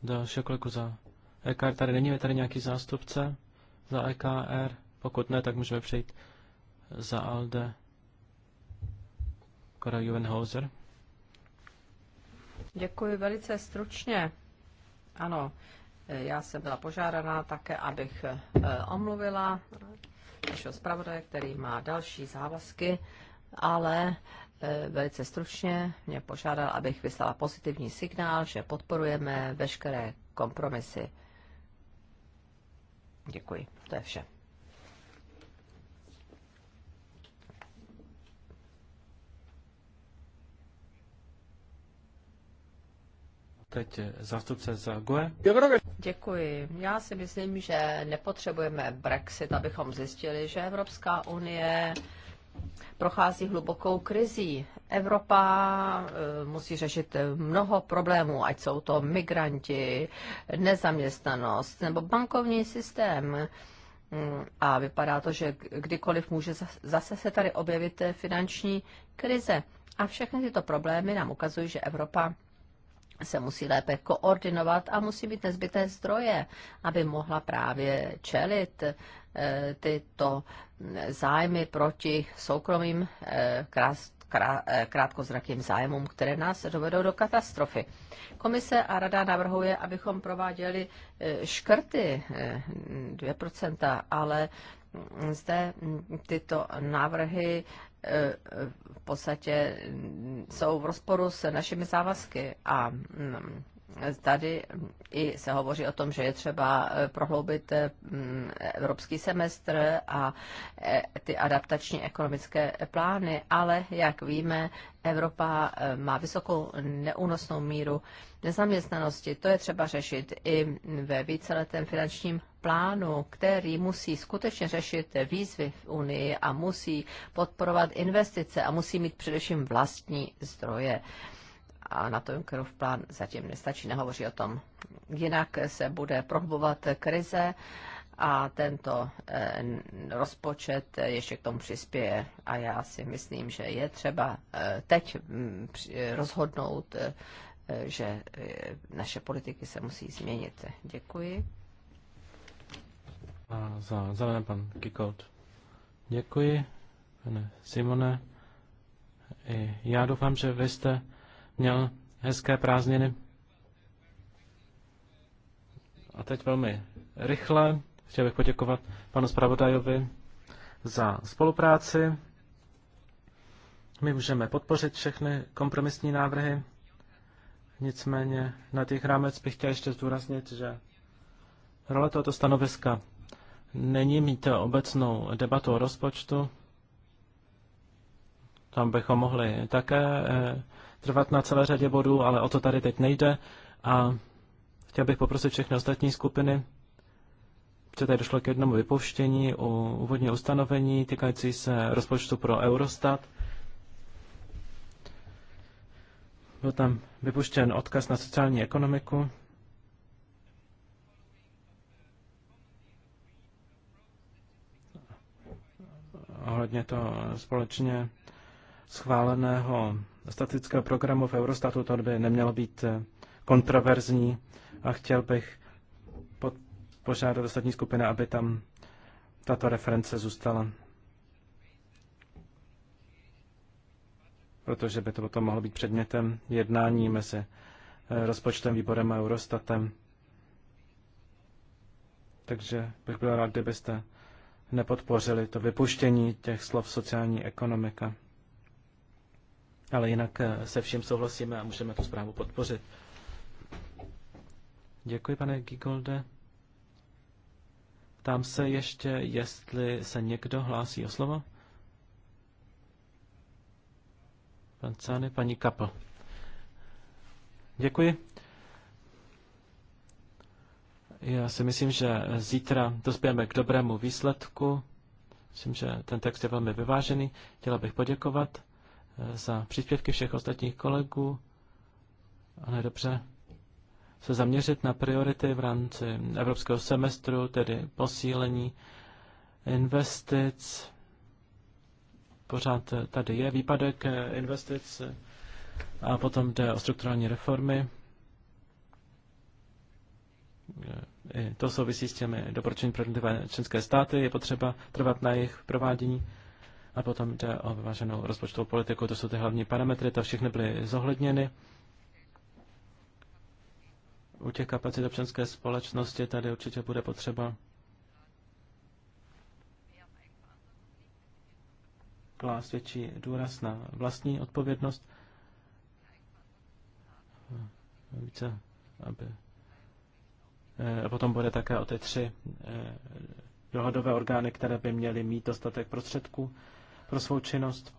Dalšího kolegu za EKR. Tady není je tady nějaký zástupce za EKR? Pokud ne, tak můžeme přejít za ALDE. Kora Juvenhauser. Děkuji velice stručně. Ano, já jsem byla požádaná také, abych eh, omluvila našeho zpravodaje, který má další závazky ale e, velice stručně mě požádal, abych vyslala pozitivní signál, že podporujeme veškeré kompromisy. Děkuji, to je vše. Teď e, zástupce za GUE. Děkuji. Já si myslím, že nepotřebujeme Brexit, abychom zjistili, že Evropská unie prochází hlubokou krizí. Evropa eh, musí řešit mnoho problémů, ať jsou to migranti, nezaměstnanost nebo bankovní systém. Mm, a vypadá to, že kdykoliv může zase se tady objevit finanční krize. A všechny tyto problémy nám ukazují, že Evropa se musí lépe koordinovat a musí být nezbytné zdroje, aby mohla právě čelit eh, tyto zájmy proti soukromým eh, eh, krátkozrakým zájmům, které nás dovedou do katastrofy. Komise a rada navrhuje, abychom prováděli škrty 2%, ale mm, zde mm, tyto návrhy v podstatě jsou v rozporu s našimi závazky a mm, tady i se hovoří o tom, že je třeba eh, prohloubit eh, mm, evropský semestr a eh, ty adaptační ekonomické plány, ale jak víme, Evropa má vysokou neúnosnou míru nezaměstnanosti. To je třeba řešit i ve víceletém finančním plánu, který musí skutečně řešit výzvy v Unii a musí podporovat investice a musí mít především vlastní zdroje a na to Junckerův plán zatím nestačí, nehovoří o tom. Jinak se bude prohlubovat krize a tento eh, rozpočet ještě k tomu přispěje. A já si myslím, že je třeba eh, teď mm, rozhodnout, eh, že naše politiky se musí změnit. Děkuji. A za zelené pan Kikold. Děkuji, pane Simone. I já doufám, že vy jste měl hezké prázdniny. A teď velmi rychle. Chtěl bych poděkovat panu zpravodajovi za spolupráci. My můžeme podpořit všechny kompromisní návrhy. Nicméně na těch rámec bych chtěl ještě zdůraznit, že role tohoto stanoviska není mít obecnou debatu o rozpočtu. Tam bychom mohli také eh, trvat na celé řadě bodů, ale o to tady teď nejde. A chtěl bych poprosit všechny ostatní skupiny, protože tady došlo k jednomu vypouštění u úvodního ustanovení týkající se rozpočtu pro Eurostat. Byl tam vypuštěn odkaz na sociální ekonomiku. Ohledně to společně schváleného statického programu v Eurostatu, to by nemělo být eh, kontroverzní a chtěl bych požádat ostatní skupiny, aby tam tato reference zůstala. Protože by to potom mohlo být předmětem jednání mezi eh, rozpočtem, výborem a Eurostatem. Takže bych byl rád, kdybyste nepodpořili to vypuštění těch slov sociální ekonomika. Ale jinak eh, se vším souhlasíme a můžeme tu zprávu podpořit. Děkuji, pane Gigolde. Tam se ještě, jestli se někdo hlásí o slovo. Pan Cány, paní Kapl. Děkuji. Já si myslím, že zítra dospějeme k dobrému výsledku. Myslím, že ten text je velmi vyvážený. Chtěla bych poděkovat Eh, za příspěvky všech ostatních kolegů. Ale dobře, se zaměřit na priority v rámci evropského semestru, tedy posílení investic. Pořád tady je výpadek investic a potom jde o strukturální reformy. I to souvisí s těmi doporučení pro členské státy. Je potřeba trvat na jejich provádění. A potom jde o vyváženou rozpočtovou politiku, to jsou ty hlavní parametry, to všechny byly zohledněny. U těch kapacit občanské společnosti tady určitě bude potřeba klást větší důraz na vlastní odpovědnost, více, aby a potom bude také o ty tři eh, dohodové orgány, které by měly mít dostatek prostředků pro svou činnost.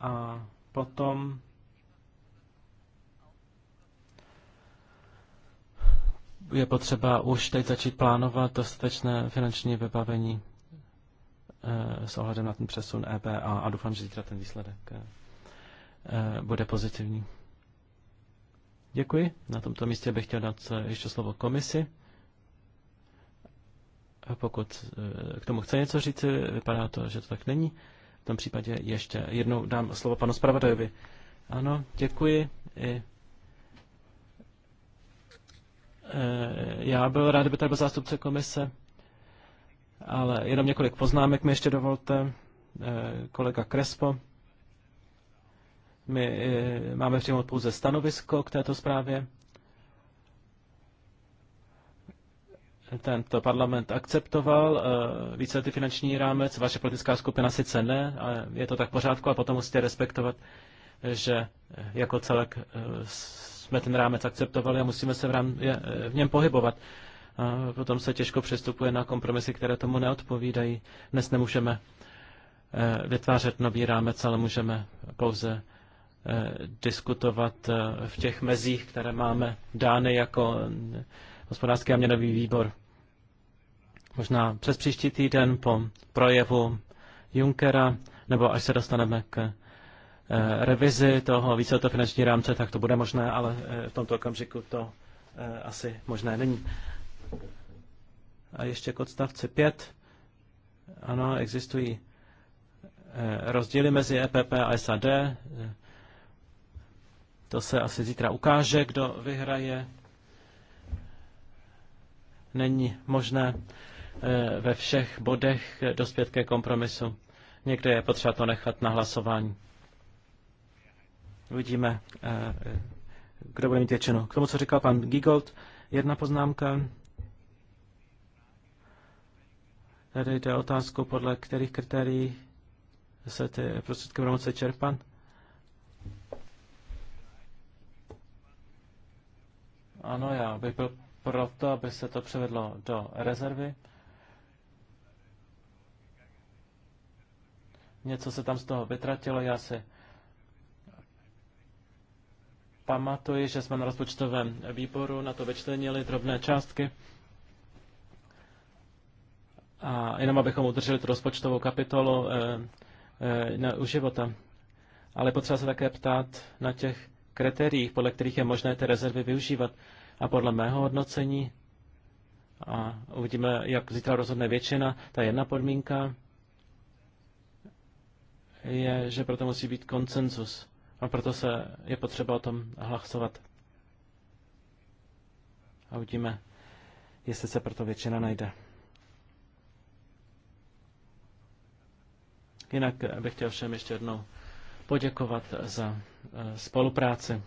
A potom je potřeba už teď začít plánovat dostatečné finanční vybavení eh, s ohledem na ten přesun e a, a doufám, že zítra ten výsledek eh, eh, bude pozitivní. Děkuji. Na tomto místě bych chtěl dát ještě slovo komisi. A pokud eh, k tomu chce něco říct, vypadá to, že to tak není. V tom případě ještě jednou dám slovo panu zpravodajovi. Ano, děkuji. I eh, já byl rád, kdyby tady byl zástupce komise, ale jenom několik poznámek mi ještě dovolte. Eh, kolega Krespo. My máme přijmout pouze stanovisko k této zprávě. tento parlament akceptoval eh, víceletý finanční rámec, vaše politická skupina sice ne, ale je to tak pořádku a potom musíte respektovat, eh, že eh, jako celek jsme ten rámec akceptovali a musíme se v, rám, v něm pohybovat. A potom se těžko přistupuje na kompromisy, které tomu neodpovídají. Dnes nemůžeme vytvářet nový rámec, ale můžeme pouze diskutovat v těch mezích, které máme dány jako hospodářský a měnový výbor. Možná přes příští týden po projevu Junkera nebo až se dostaneme k eh, revizi toho víceletého finanční rámce, tak to bude možné, ale eh, v tomto okamžiku to eh, asi možné není. A ještě k odstavci 5. Ano, existují rozdíly mezi EPP a SAD. To se asi zítra ukáže, kdo vyhraje není možné eh, ve všech bodech eh, dospět ke kompromisu. Někde je potřeba to nechat na hlasování. Uvidíme, eh, kdo bude mít většinu. K tomu, co říkal pan Gigold, jedna poznámka. Tady jde otázku, podle kterých kritérií se ty prostředky budou moci čerpat. Ano, já bych byl proto, aby se to převedlo do rezervy. Něco se tam z toho vytratilo, já si pamatuji, že jsme na rozpočtovém výboru na to vyčlenili drobné částky. A jenom abychom udrželi tu rozpočtovou kapitolu e, e, na, u života. Ale potřeba se také ptát na těch kritériích, podle kterých je možné ty rezervy využívat a podle mého hodnocení a uvidíme, jak zítra rozhodne většina. Ta jedna podmínka je, že proto musí být koncenzus a proto se je potřeba o tom hlasovat. A uvidíme, jestli se proto většina najde. Jinak bych chtěl všem ještě jednou poděkovat za eh, spolupráci.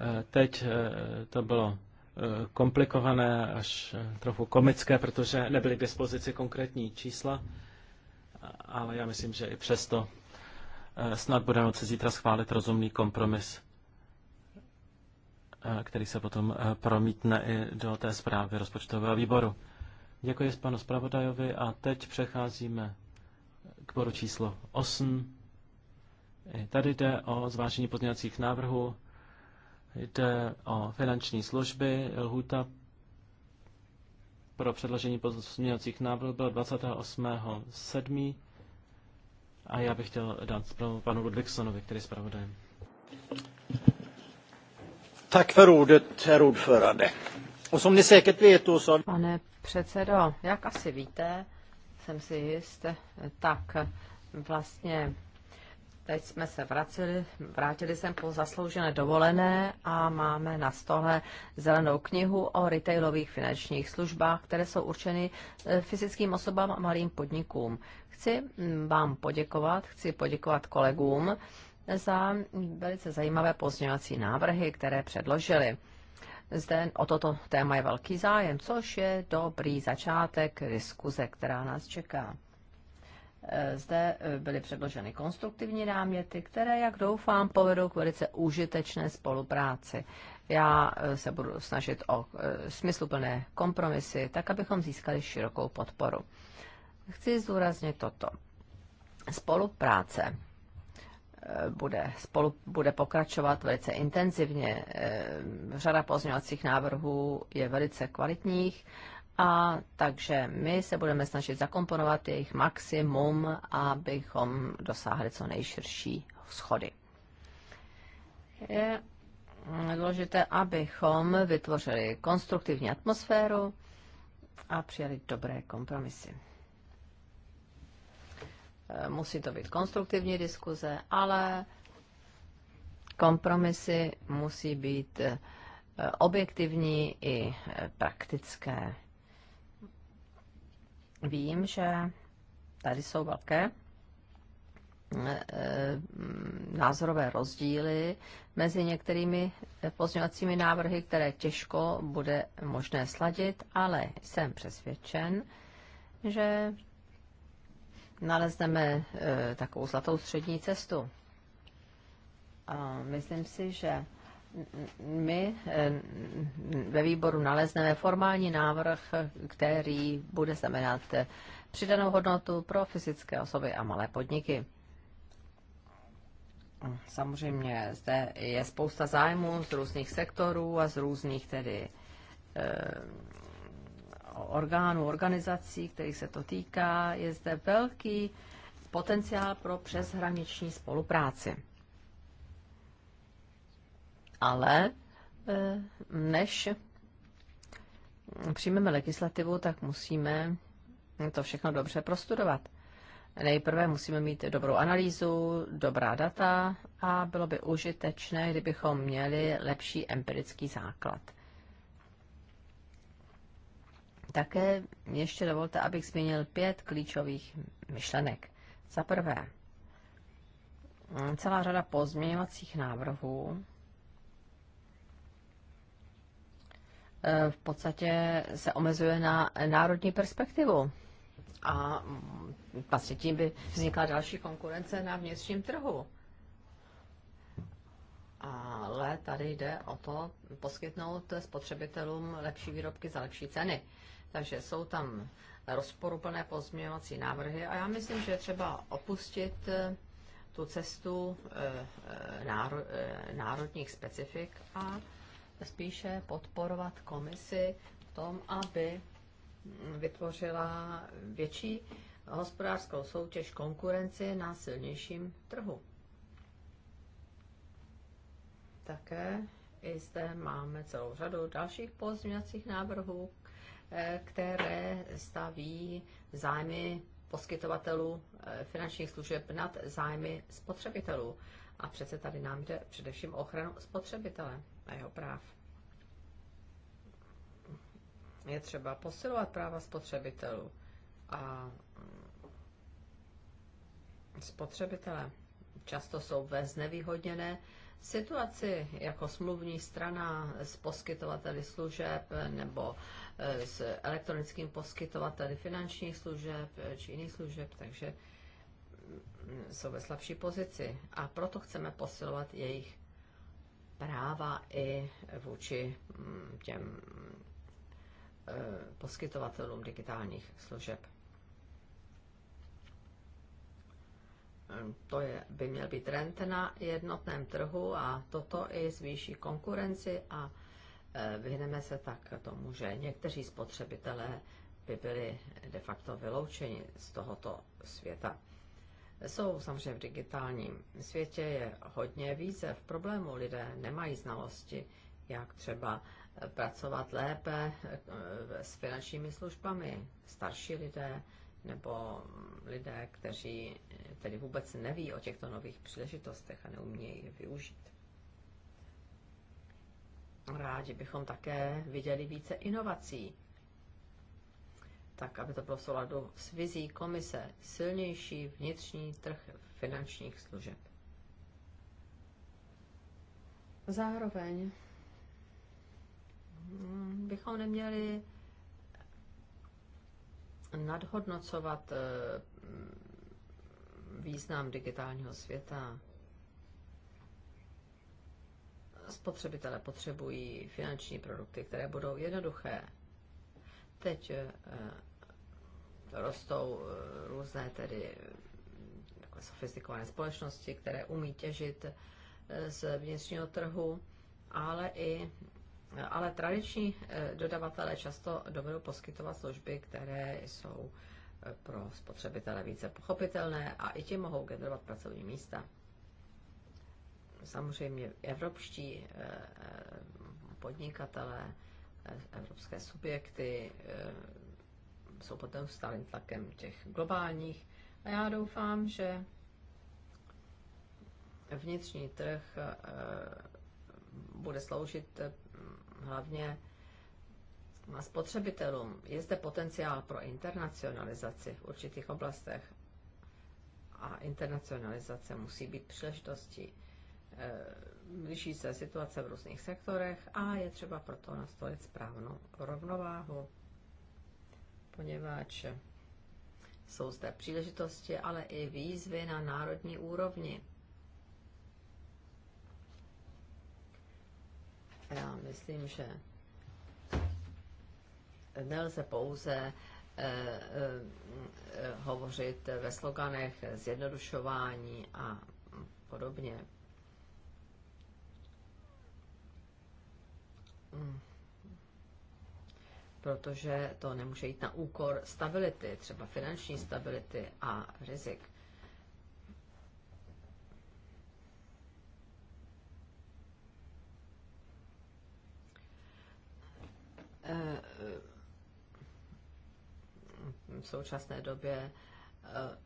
Eh, teď eh, to bylo eh, komplikované, až trochu komické, protože nebyly k dispozici konkrétní čísla, ale já myslím, že i přesto snad budeme moci zítra schválit rozumný kompromis, který se potom promítne i do té zprávy rozpočtového výboru. Děkuji panu zpravodajovi a teď přecházíme k bodu číslo 8. Tady jde o zvážení pozměňovacích návrhů Jde o finanční služby. Lhuta pro předložení pozměňovacích návrhů byl 28.7. A já bych chtěl dát zprávu panu Ludvíksonovi, který je zpravodajem. Tak för ordet, herr Pane předsedo, jak asi víte, jsem si jist, tak vlastně Teď jsme se vraceli, vrátili jsem po zasloužené dovolené a máme na stole zelenou knihu o retailových finančních službách, které jsou určeny eh, fyzickým osobám a malým podnikům. Chci mm, vám poděkovat, chci poděkovat kolegům za velice zajímavé pozměňovací návrhy, které předložili. Zde o toto téma je velký zájem, což je dobrý začátek diskuze, která nás čeká. Eh, zde eh, byly předloženy konstruktivní náměty, které, jak doufám, povedou k velice užitečné spolupráci. Já eh, se budu snažit o smysluplné kompromisy, tak abychom získali širokou podporu. Chci zdůraznit toto. Spolupráce bude, spolu, bude pokračovat velice intenzivně. Řada pozměňovacích návrhů je velice kvalitních a takže my se budeme snažit zakomponovat jejich maximum, abychom dosáhli co nejširší schody. Je důležité, abychom vytvořili konstruktivní atmosféru a přijali dobré kompromisy. E, musí to být konstruktivní diskuze, ale kompromisy musí být e, objektivní i e, praktické vím, že tady jsou velké eh, eh, názorové rozdíly mezi některými pozměňovacími návrhy, které těžko bude možné sladit, ale jsem přesvědčen, že nalezneme eh, takovou zlatou střední cestu. A myslím si, že my eh, ve výboru nalezneme formální návrh, který bude znamenat eh, přidanou hodnotu pro fyzické osoby a malé podniky. Samozřejmě zde je spousta zájmů z různých sektorů a z různých tedy eh, orgánů, organizací, kterých se to týká. Je zde velký potenciál pro přeshraniční spolupráci ale eh, než přijmeme legislativu, tak musíme to všechno dobře prostudovat. Nejprve musíme mít dobrou analýzu, dobrá data a bylo by užitečné, kdybychom měli lepší empirický základ. Také ještě dovolte, abych zmínil pět klíčových myšlenek. Za prvé, celá řada pozměňovacích návrhů Eh, v podstatě se omezuje na národní perspektivu. A vlastně tím by vznikla další konkurence na vnitřním trhu. Ale tady jde o to poskytnout spotřebitelům lepší výrobky za lepší ceny. Takže jsou tam rozporuplné pozměňovací návrhy a já myslím, že třeba opustit eh, tu cestu eh, národních specifik a spíše podporovat komisi v tom, aby vytvořila větší hospodářskou soutěž konkurenci na silnějším trhu. Také i zde máme celou řadu dalších pozměňovacích návrhů, eh, které staví zájmy poskytovatelů eh, finančních služeb nad zájmy spotřebitelů. A přece tady nám jde především o ochranu spotřebitele a jeho práv. Je třeba posilovat práva spotřebitelů a mm, spotřebitele často jsou ve znevýhodněné situaci jako smluvní strana s poskytovateli služeb nebo e, s elektronickým poskytovateli finančních služeb e, či jiných služeb, takže jsou ve slabší pozici a proto chceme posilovat jejich práva i vůči mm, těm eh, poskytovatelům digitálních služeb. To je, by měl být trend na jednotném trhu a toto i zvýší konkurenci a eh, vyhneme se tak tomu, že někteří spotřebitelé by byli de facto vyloučeni z tohoto světa jsou samozřejmě v digitálním světě, je hodně více v problému lidé nemají znalosti, jak třeba pracovat lépe eh, s finančními službami, starší lidé nebo lidé, kteří tedy vůbec neví o těchto nových příležitostech a neumějí je využít. Rádi bychom také viděli více inovací tak aby to bylo v souladu s vizí komise silnější vnitřní trh finančních služeb. Zároveň bychom neměli nadhodnocovat eh, význam digitálního světa. Spotřebitelé potřebují finanční produkty, které budou jednoduché. Teď eh, rostou eh, různé tedy jako sofistikované společnosti, které umí těžit eh, z vnitřního trhu, ale i ale tradiční dodavatelé často dovedou poskytovat služby, které jsou pro spotřebitele více pochopitelné a i ti mohou generovat pracovní místa. Samozřejmě evropští podnikatelé, evropské subjekty jsou potom stálým tlakem těch globálních. A já doufám, že vnitřní trh eh, bude sloužit eh, hlavně spotřebitelům. Je zde potenciál pro internacionalizaci v určitých oblastech a internacionalizace musí být příležitostí. Eh, Liší se situace v různých sektorech a je třeba proto nastolit správnou rovnováhu poněvadž jsou zde příležitosti, ale i výzvy na národní úrovni. Já myslím, že nelze pouze eh, eh, hovořit ve sloganech zjednodušování a podobně. Mm protože to nemůže jít na úkor stability, třeba finanční stability a rizik. Eh, v současné době eh,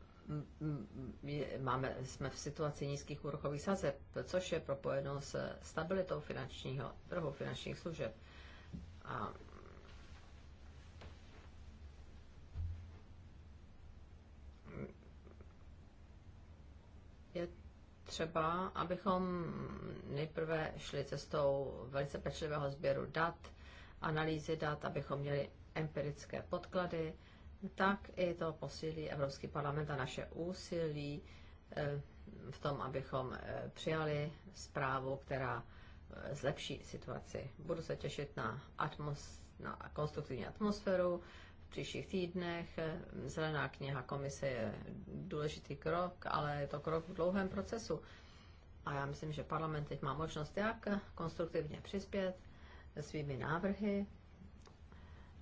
máme, jsme v situaci nízkých úrokových sazeb, což je propojeno s stabilitou finančního trhu, finančních služeb. A je třeba, abychom nejprve šli cestou velice pečlivého sběru dat, analýzy dat, abychom měli empirické podklady, tak i to posílí Evropský parlament a naše úsilí eh, v tom, abychom eh, přijali zprávu, která eh, zlepší situaci. Budu se těšit na, atmos, na konstruktivní atmosféru příštích týdnech. Zelená kniha komise je důležitý krok, ale je to krok v dlouhém procesu. A já myslím, že parlament teď má možnost, jak konstruktivně přispět svými návrhy.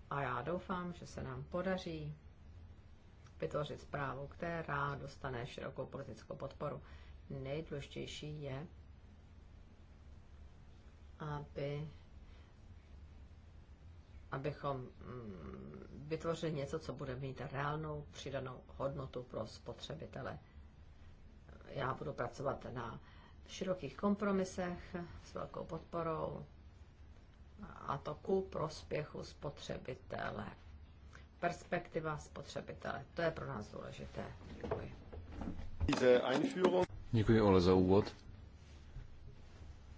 A já doufám, že se nám podaří vytvořit zprávu, která dostane širokou politickou podporu. Nejdůležitější je, aby abychom mm, vytvořili něco, co bude mít reálnou přidanou hodnotu pro spotřebitele. Já budu pracovat na širokých kompromisech s velkou podporou a to ku prospěchu spotřebitele. Perspektiva spotřebitele, to je pro nás důležité. Děkuji. Děkuji Ole za úvod.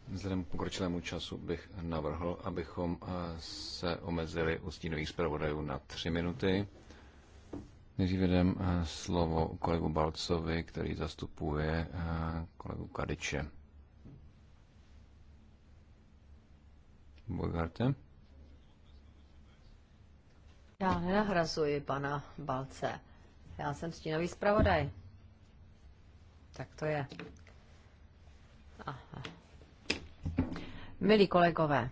Vzhledem k pokročilému času bych navrhl, abychom eh, se omezili u stínových zpravodajů na tři minuty. Nejdřív vedem eh, slovo kolegu Balcovi, který zastupuje eh, kolegu Kadiče. Bogarte? Já nenahrazuji pana Balce. Já jsem stínový zpravodaj. Tak to je. Aha. Milí kolegové,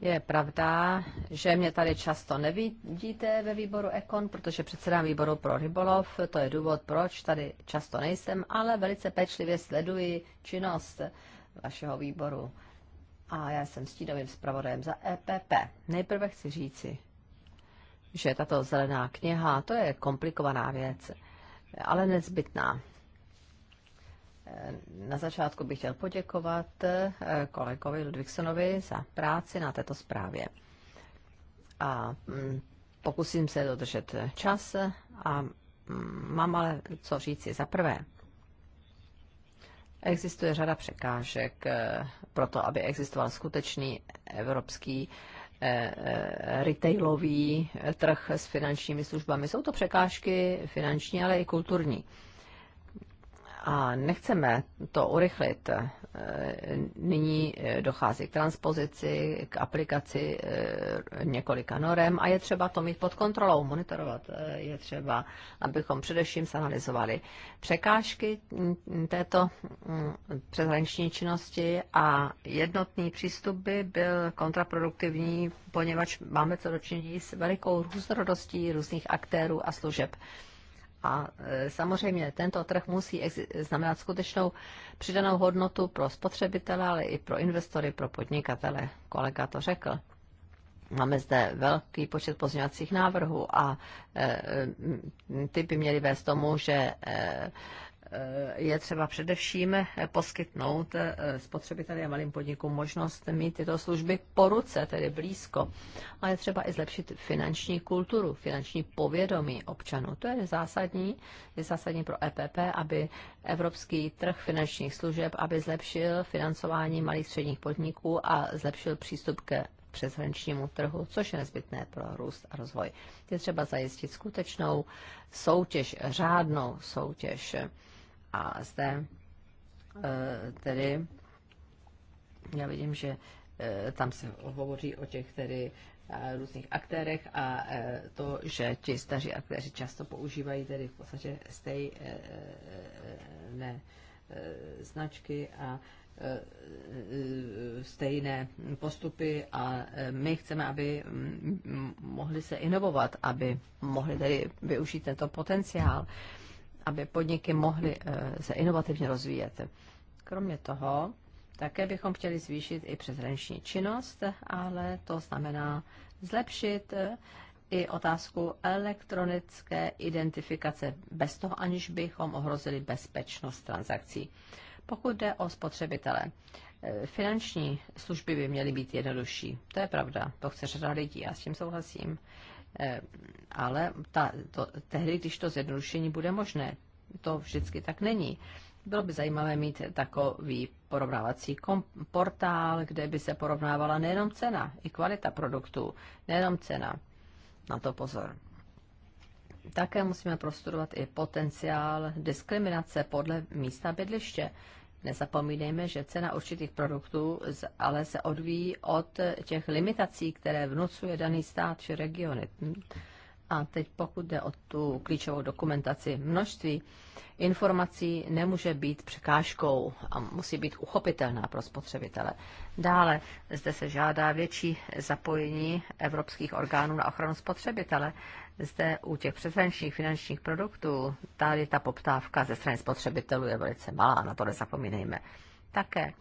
je pravda, že mě tady často nevidíte ve výboru Ekon, protože předsedám výboru pro rybolov, to je důvod, proč tady často nejsem, ale velice pečlivě sleduji činnost vašeho výboru. A já jsem stínovým zpravodajem za EPP. Nejprve chci říci, že tato zelená kniha, to je komplikovaná věc, ale nezbytná na začátku bych chtěl poděkovat eh, kolegovi Ludvíksonovi za práci na této zprávě. A mm, pokusím se dodržet čas a mm, mám ale co říci. Za prvé, existuje řada překážek eh, pro to, aby existoval skutečný evropský eh, retailový trh s finančními službami. Jsou to překážky finanční, ale i kulturní a nechceme to urychlit, e, nyní e, dochází k transpozici, k aplikaci e, několika norem a je třeba to mít pod kontrolou, monitorovat. Je třeba, abychom především zanalizovali překážky této přeshraniční činnosti a jednotný přístup by byl kontraproduktivní, poněvadž máme co dočinit s velikou různorodostí různých aktérů a služeb. A e, samozřejmě tento trh musí znamenat skutečnou přidanou hodnotu pro spotřebitele, ale i pro investory, pro podnikatele. Kolega to řekl. Máme zde velký počet pozměňovacích návrhů a e, ty by měly vést tomu, že e, Eh, je třeba především poskytnout eh, spotřebiteli a malým podnikům možnost mít tyto služby po ruce, tedy blízko. A je třeba i zlepšit finanční kulturu, finanční povědomí občanů. To je zásadní, je zásadní pro EPP, aby evropský trh finančních služeb, aby zlepšil financování malých středních podniků a zlepšil přístup ke přeshraničnímu trhu, což je nezbytné pro růst a rozvoj. Je třeba zajistit skutečnou soutěž, řádnou soutěž a zde e, tedy já vidím, že e, tam se hovoří o těch tedy e, různých aktérech a to, že ti staří aktéři často používají tedy v podstatě stejné značky a stejné postupy a my chceme, aby mohli se inovovat, aby mohli tedy využít tento potenciál aby podniky mohly eh, se inovativně rozvíjet. Kromě toho, také bychom chtěli zvýšit i přeshraniční činnost, ale to znamená zlepšit eh, i otázku elektronické identifikace bez toho, aniž bychom ohrozili bezpečnost transakcí. Pokud jde o spotřebitele, eh, finanční služby by měly být jednodušší. To je pravda, to chce řada lidí, já s tím souhlasím. Eh, ale ta, to, tehdy, když to zjednodušení bude možné, to vždycky tak není. Bylo by zajímavé mít takový porovnávací portál, kde by se porovnávala nejenom cena, i kvalita produktů, nejenom cena. Na to pozor. Také musíme prostudovat i potenciál diskriminace podle místa bydliště. Nezapomínejme, že cena určitých produktů ale se odvíjí od těch limitací, které vnucuje daný stát či regiony. A teď pokud jde o tu klíčovou dokumentaci, množství informací nemůže být překážkou a musí být uchopitelná pro spotřebitele. Dále zde se žádá větší zapojení evropských orgánů na ochranu spotřebitele zde u těch přeshraničních finančních produktů, tady ta poptávka ze strany spotřebitelů je velice malá, na to nezapomínejme. Také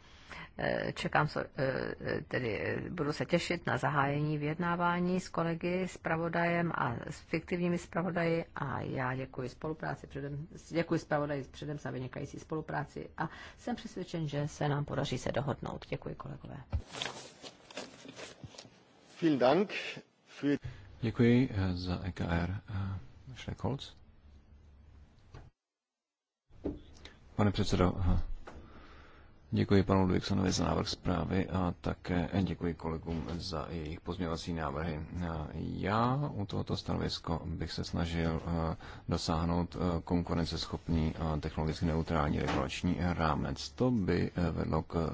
e, čekám, e, e, tedy budu se těšit na zahájení vyjednávání s kolegy, s pravodajem a s fiktivními zpravodaji a já děkuji spolupráci předem, děkuji zpravodaji předem za vynikající spolupráci a jsem přesvědčen, že se nám podaří se dohodnout. Děkuji kolegové. Vielen Dank für Děkuji eh, za EKR. Šrekolc? Eh, Pane předsedo, eh, děkuji panu Ludvíksonovi za návrh zprávy a také děkuji kolegům za jejich pozměňovací návrhy. Já u tohoto stanovisko bych se snažil dosáhnout konkurenceschopný a technologicky neutrální regulační rámec. To by vedlo k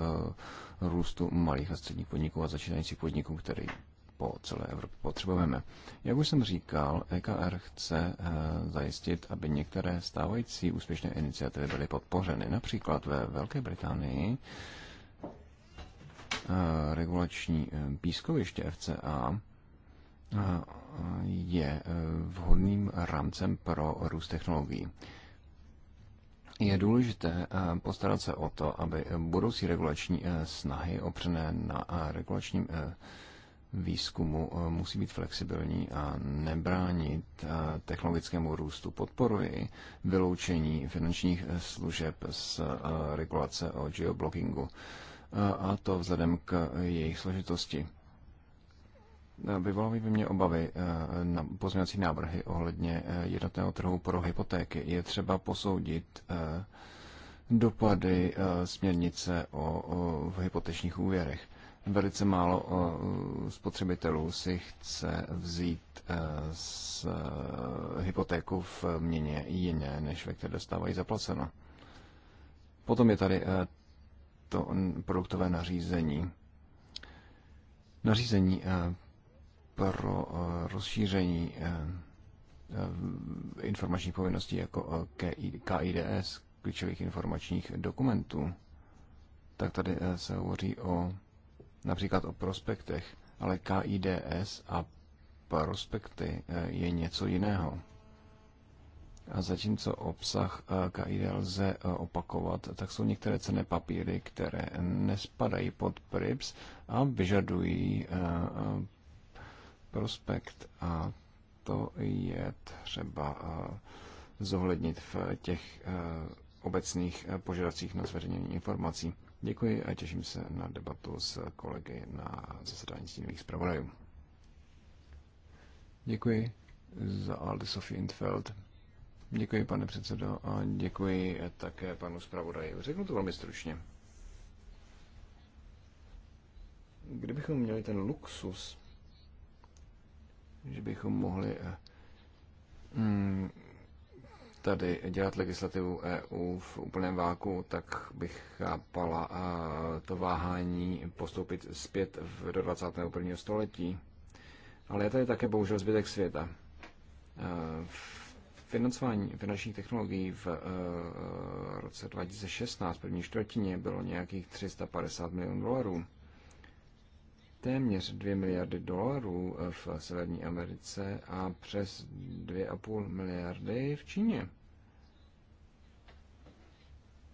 růstu malých a středních podniků a začínajících podniků, který po celé Evropě potřebujeme. Jak už jsem říkal, EKR chce eh, zajistit, aby některé stávající úspěšné iniciativy byly podpořeny. Například ve Velké Británii eh, regulační eh, pískoviště FCA je vhodným rámcem pro růst technologií. Je důležité postarat se o to, aby budoucí regulační snahy opřené na regulačním výzkumu eh, musí být flexibilní a nebránit eh, technologickému růstu. Podporuji vyloučení finančních služeb z eh, regulace o geoblockingu a to vzhledem k jejich složitosti. Vyvolávají by mě obavy na pozměňovací návrhy ohledně jednotného trhu pro hypotéky. Je třeba posoudit dopady směrnice o, o v hypotečních úvěrech velice málo eh, spotřebitelů si chce vzít eh, s eh, hypotéku v měně jiné, než ve které dostávají zaplaceno. Potom je tady to produktové nařízení. Nařízení pro rozšíření informačních povinností jako KIDS, klíčových informačních dokumentů, tak tady se hovoří o například o prospektech, ale KIDS a prospekty eh, je něco jiného. A zatímco obsah eh, KID lze eh, opakovat, tak jsou některé cené papíry, které nespadají pod PRIPS a vyžadují prospekt. A to je třeba zohlednit v těch obecných požadavcích na zveřejnění informací. Děkuji a těším se na debatu s kolegy na zasedání stínových zpravodajů. Děkuji za Aldi Sofie Intfeld. Děkuji, pane předsedo, a děkuji také panu zpravodaji. Řeknu to velmi stručně. Kdybychom měli ten luxus, že bychom mohli eh, mm, tady dělat legislativu EU v úplném váku, tak bych chápala to váhání postoupit zpět do 21. století. Ale je tady také bohužel zbytek světa. Financování finančních technologií v e, roce 2016 první čtvrtině bylo nějakých 350 milionů dolarů téměř 2 miliardy dolarů eh, v Severní Americe a přes 2,5 miliardy v Číně.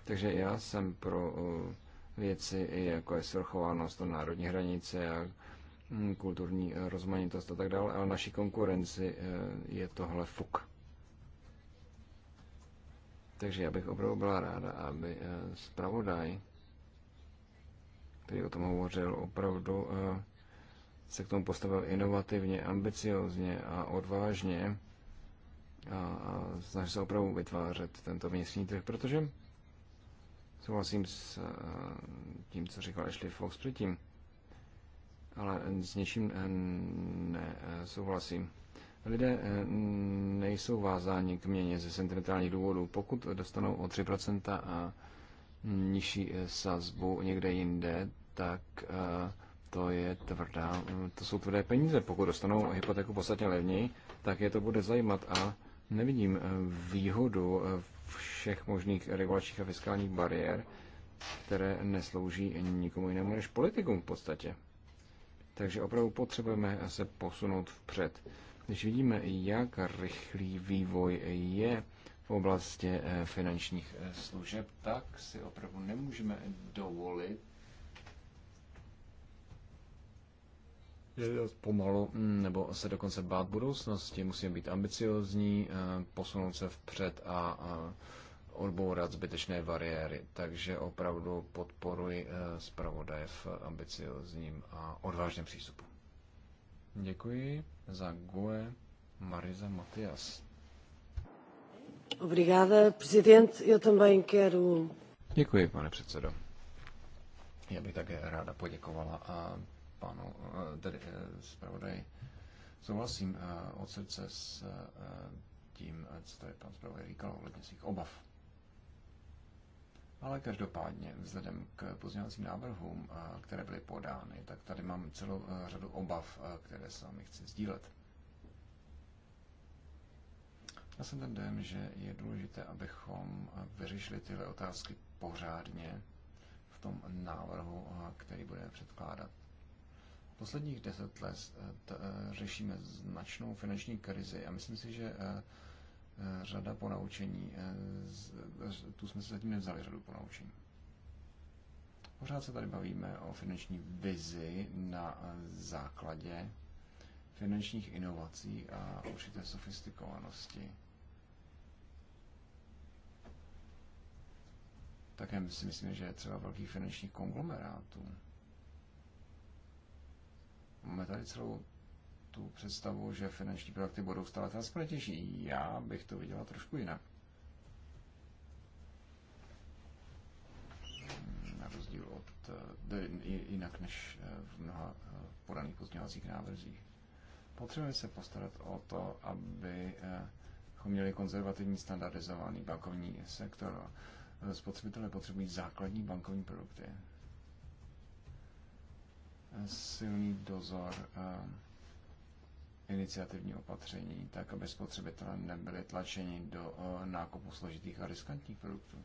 Takže já jsem pro eh, věci, jako je svrchovanost na národní hranice a hm, kulturní eh, rozmanitost a tak dále, ale naší konkurenci je tohle fuk. Takže já bych opravdu byla ráda, aby zpravodaj který o tom hovořil, opravdu eh, se k tomu postavil inovativně, ambiciozně a odvážně a snaží se opravdu vytvářet tento vnitřní trh, protože souhlasím s eh, tím, co říkal Ashley Fox předtím, ale s něčím eh, nesouhlasím. Lidé nejsou vázáni k měně ze sentimentálních důvodů. Pokud dostanou o 3% a nižší eh, sazbu někde jinde, tak eh, to je tvrdá, eh, to jsou tvrdé peníze. Pokud dostanou hypotéku podstatně levněji, tak je to bude zajímat a nevidím výhodu všech možných regulačních a fiskálních bariér, které neslouží nikomu jinému než politikům v podstatě. Takže opravdu potřebujeme se posunout vpřed. Když vidíme, jak rychlý vývoj je v oblasti eh, finančních eh, služeb, tak si opravdu nemůžeme dovolit pomalu mm, nebo se dokonce bát budoucnosti. Musíme být ambiciozní, eh, posunout se vpřed a odbourat zbytečné bariéry. Takže opravdu podporuji zpravodaje v ambiciozním a odvážném přístupu. Děkuji za GUE Mariza Matias. Děkuji, pane předsedo. Já bych také ráda poděkovala a panu, tedy eh, zpravodaj. Souhlasím eh, od srdce s eh, tím, co tady pan zpravodaj říkal ohledně svých obav. Ale každopádně, vzhledem k pozměňovacím návrhům, které byly podány, tak tady mám celou řadu obav, které s vámi chci sdílet. Já jsem ten dojem, že je důležité, abychom vyřešili tyhle otázky pořádně v tom návrhu, eh, který budeme předkládat. Posledních deset let eh, eh, řešíme značnou finanční krizi a myslím si, že řada ponaučení, tu jsme se zatím nevzali řadu ponaučení. Pořád se tady bavíme o finanční vizi na základě finančních inovací a určité sofistikovanosti. Také si myslím, že třeba velký finanční konglomerátů. Máme tady celou tu představu, že finanční projekty budou stále transparentnější. Já bych to viděla trošku jinak. Na rozdíl od eh, jinak než eh, v mnoha eh, podaných pozměňovacích návrzích. Potřebujeme se postarat o to, aby měli konzervativní standardizovaný bankovní sektor Eh, spotřebitelé potřebují základní bankovní produkty, eh, silný dozor eh, iniciativní opatření, tak aby spotřebitelé nebyli tlačeni do nákupu složitých a riskantních produktů.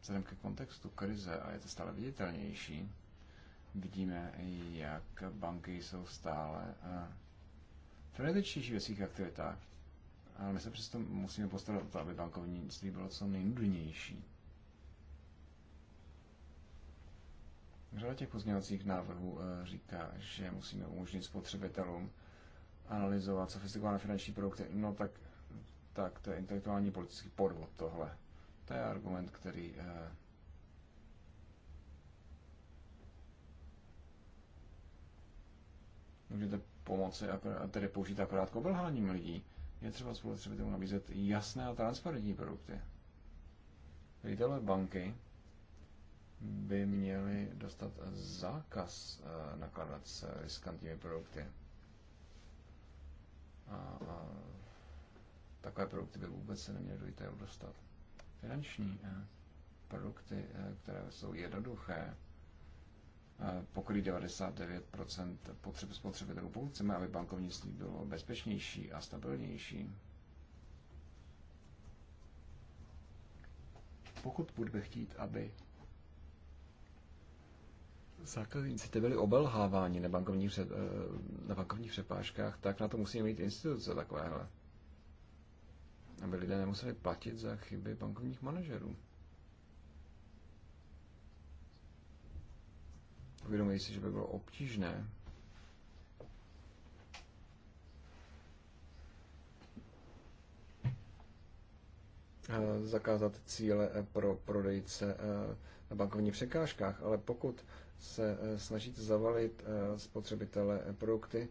Vzhledem ke kontextu krize, a je to stále viditelnější, vidíme, jak banky jsou stále v tradičnějších věcích aktivitách. Ale my se přesto musíme postarat o to, aby bankovnictví bylo co nejnudnější. Řada těch pozměňovacích návrhů eh, říká, že musíme umožnit spotřebitelům analyzovat sofistikované finanční produkty. No tak, tak to je intelektuální politický podvod tohle. To je argument, který eh, můžete pomoci, tedy použít akorát k obelháním lidí. Je třeba spotřebitelům nabízet jasné a transparentní produkty. Retailové banky by měly dostat zákaz eh, nakladat s riskantními produkty. A, a takové produkty by vůbec se neměly do dostat. Finanční eh, produkty, eh, které jsou jednoduché, Eh, pokrýt 99 potřeb spotřebitelů. Pokud chceme, aby bankovnictví bylo bezpečnější a stabilnější, pokud budeme chtít, aby zákazníci byli obelháváni na bankovních, před, eh, na bankovních přepážkách, tak na to musíme mít instituce takovéhle. Aby lidé nemuseli platit za chyby bankovních manažerů. Uvědomuji si, že by bylo obtížné eh, zakázat cíle eh, pro prodejce eh, na bankovních překážkách, ale pokud se snažíte zavalit spotřebitele produkty,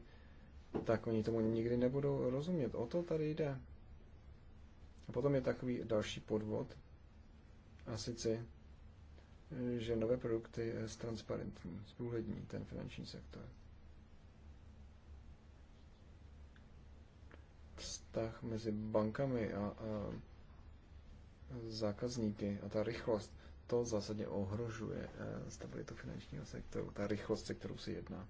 tak oni tomu nikdy nebudou rozumět. O to tady jde. A potom je takový další podvod, a sice že nové produkty z eh, transparentní, zprůhlední ten finanční sektor. Vztah mezi bankami a, a zákazníky a ta rychlost, to zásadně ohrožuje eh, stabilitu finančního sektoru, ta rychlost, se kterou se jedná.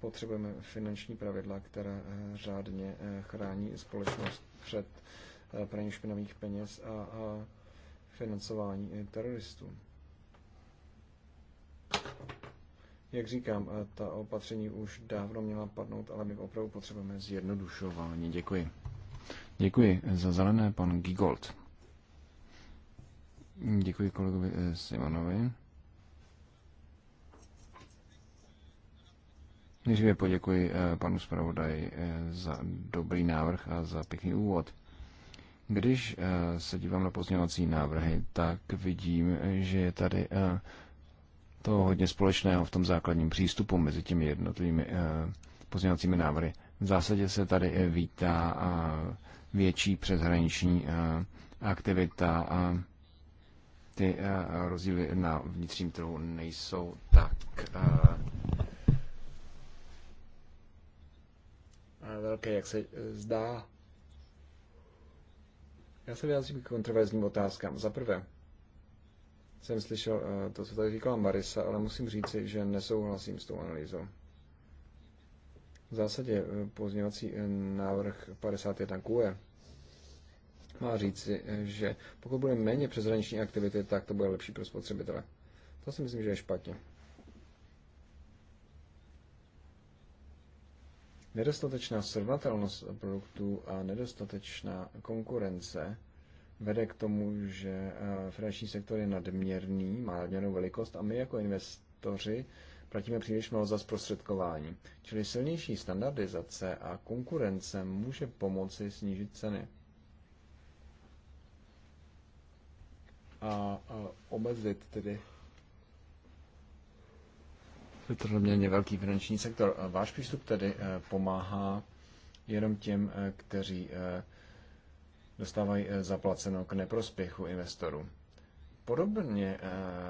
Potřebujeme finanční pravidla, která eh, řádně chrání společnost před praní špinavých peněz a, a financování teroristů. Jak říkám, ta opatření už dávno měla padnout, ale my opravdu potřebujeme zjednodušování. Děkuji. Děkuji za zelené, pan Gigold. Děkuji kolegovi eh, Simonovi. Nejdříve poděkuji eh, panu zpravodaji eh, za dobrý návrh a za pěkný úvod. Když eh, se dívám na pozměňovací návrhy, tak vidím, že je tady eh, to hodně společného v tom základním přístupu mezi těmi jednotlivými eh, pozměňovacími návrhy. V zásadě se tady vítá větší přeshraniční aktivita a ty rozdíly na vnitřním trhu nejsou tak velké, jak se zdá. Já se vyjádřím k kontroverzním otázkám. Za prvé, jsem slyšel eh, to, co tady říkala Marisa, ale musím říci, že nesouhlasím s tou analýzou. V zásadě eh, pozměňovací eh, návrh 51 QE má říci, že pokud bude méně přeshraniční aktivity, tak to bude lepší pro spotřebitele. To si myslím, že je špatně. Nedostatečná srovnatelnost produktů a nedostatečná konkurence vede k tomu, že eh, finanční sektor je nadměrný, má nadměrnou velikost a my jako investoři platíme příliš mnoho za zprostředkování. Čili silnější standardizace a konkurence může pomoci snížit ceny. A, a omezit tedy je to poměrně velký finanční sektor. Váš přístup tedy eh, pomáhá jenom těm, eh, kteří eh, dostávají zaplaceno k neprospěchu investorů. Podobně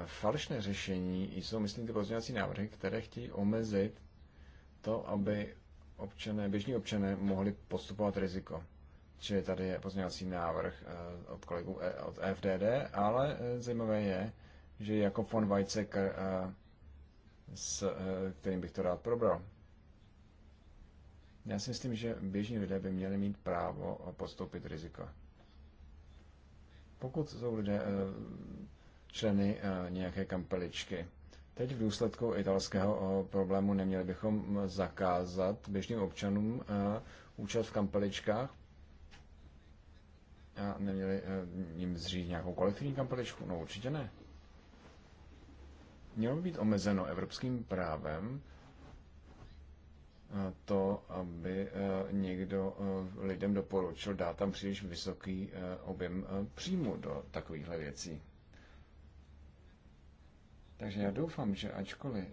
falešné řešení jsou, myslím, ty pozměňovací návrhy, které chtějí omezit to, aby občané, běžní občané mohli postupovat riziko. Čili tady je pozměňovací návrh od kolegů od FDD, ale zajímavé je, že jako von Weizsäcker s eh, kterým bych to rád probral. Já si myslím, že běžní lidé by měli mít právo podstoupit riziko. Pokud jsou lidé eh, členy eh, nějaké kampeličky, teď v důsledku italského problému neměli bychom zakázat běžným občanům účast v kampeličkách a neměli jim zřídit nějakou kolektivní kampeličku? No určitě ne mělo být omezeno evropským právem eh, to, aby eh, někdo eh, lidem doporučil dát tam příliš vysoký objem příjmu do takovýchhle věcí. Takže já doufám, že ačkoliv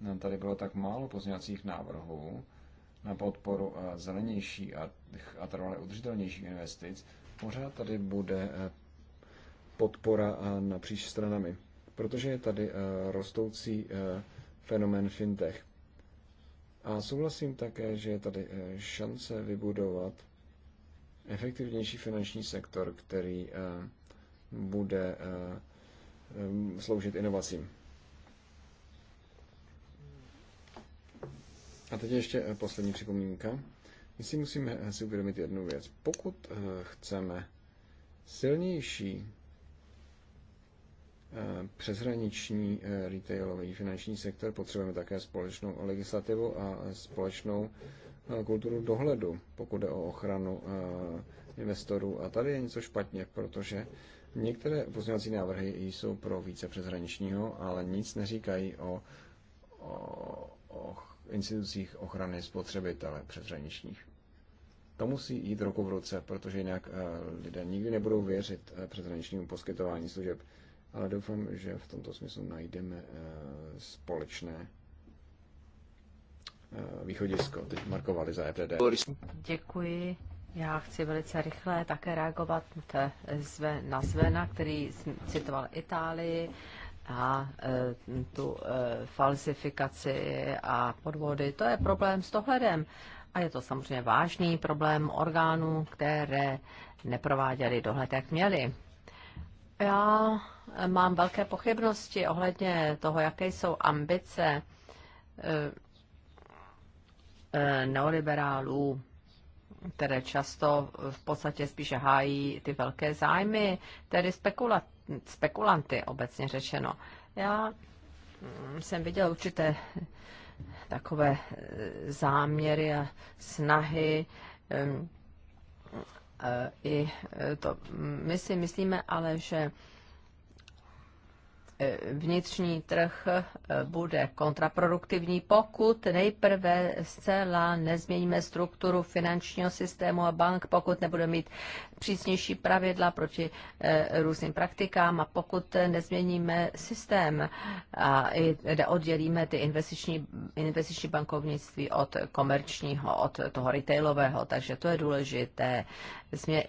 nám tady bylo tak málo pozměňovacích návrhů na podporu zelenější a, a trvale udržitelnějších investic, pořád tady bude podpora napříč stranami protože je tady eh, rostoucí eh, fenomén fintech. A souhlasím také, že je tady eh, šance vybudovat efektivnější finanční sektor, který bude sloužit inovacím. A teď ještě poslední připomínka. My si musíme si uvědomit jednu věc. Pokud chceme silnější Eh, přeshraniční eh, retailový finanční sektor, potřebujeme také společnou legislativu a společnou eh, kulturu dohledu, pokud jde o ochranu investorů. A tady je něco špatně, protože některé pozměňovací návrhy jsou pro více přeshraničního, ale nic neříkají o, o, o institucích ochrany spotřebitele přeshraničních. To musí jít ruku v ruce, protože jinak lidé nikdy nebudou věřit přeshraničnímu poskytování služeb ale doufám, že v tomto smyslu najdeme eh, společné eh, východisko. Teď markovali za EPD. Děkuji. Já chci velice rychle také reagovat na Svena, který citoval Itálii a eh, tu falsifikaci a podvody. To je problém s dohledem. A je to samozřejmě vážný problém orgánů, které neprováděly dohled, jak měly. Já mám velké pochybnosti ohledně toho, jaké jsou ambice eh, eh, neoliberálů, které často v podstatě spíše hájí ty velké zájmy, tedy spekula- spekulanty obecně řečeno. Já mm, jsem viděl určité takové eh, záměry a snahy Eh, i eh, to, mm, my si myslíme ale, že Eh, vnitřní trh eh, bude kontraproduktivní, pokud nejprve zcela nezměníme strukturu finančního systému a bank, pokud nebude mít přísnější pravidla proti eh, různým praktikám a pokud nezměníme systém a oddělíme ty investiční, investiční bankovnictví od komerčního, od toho retailového. Takže to je důležité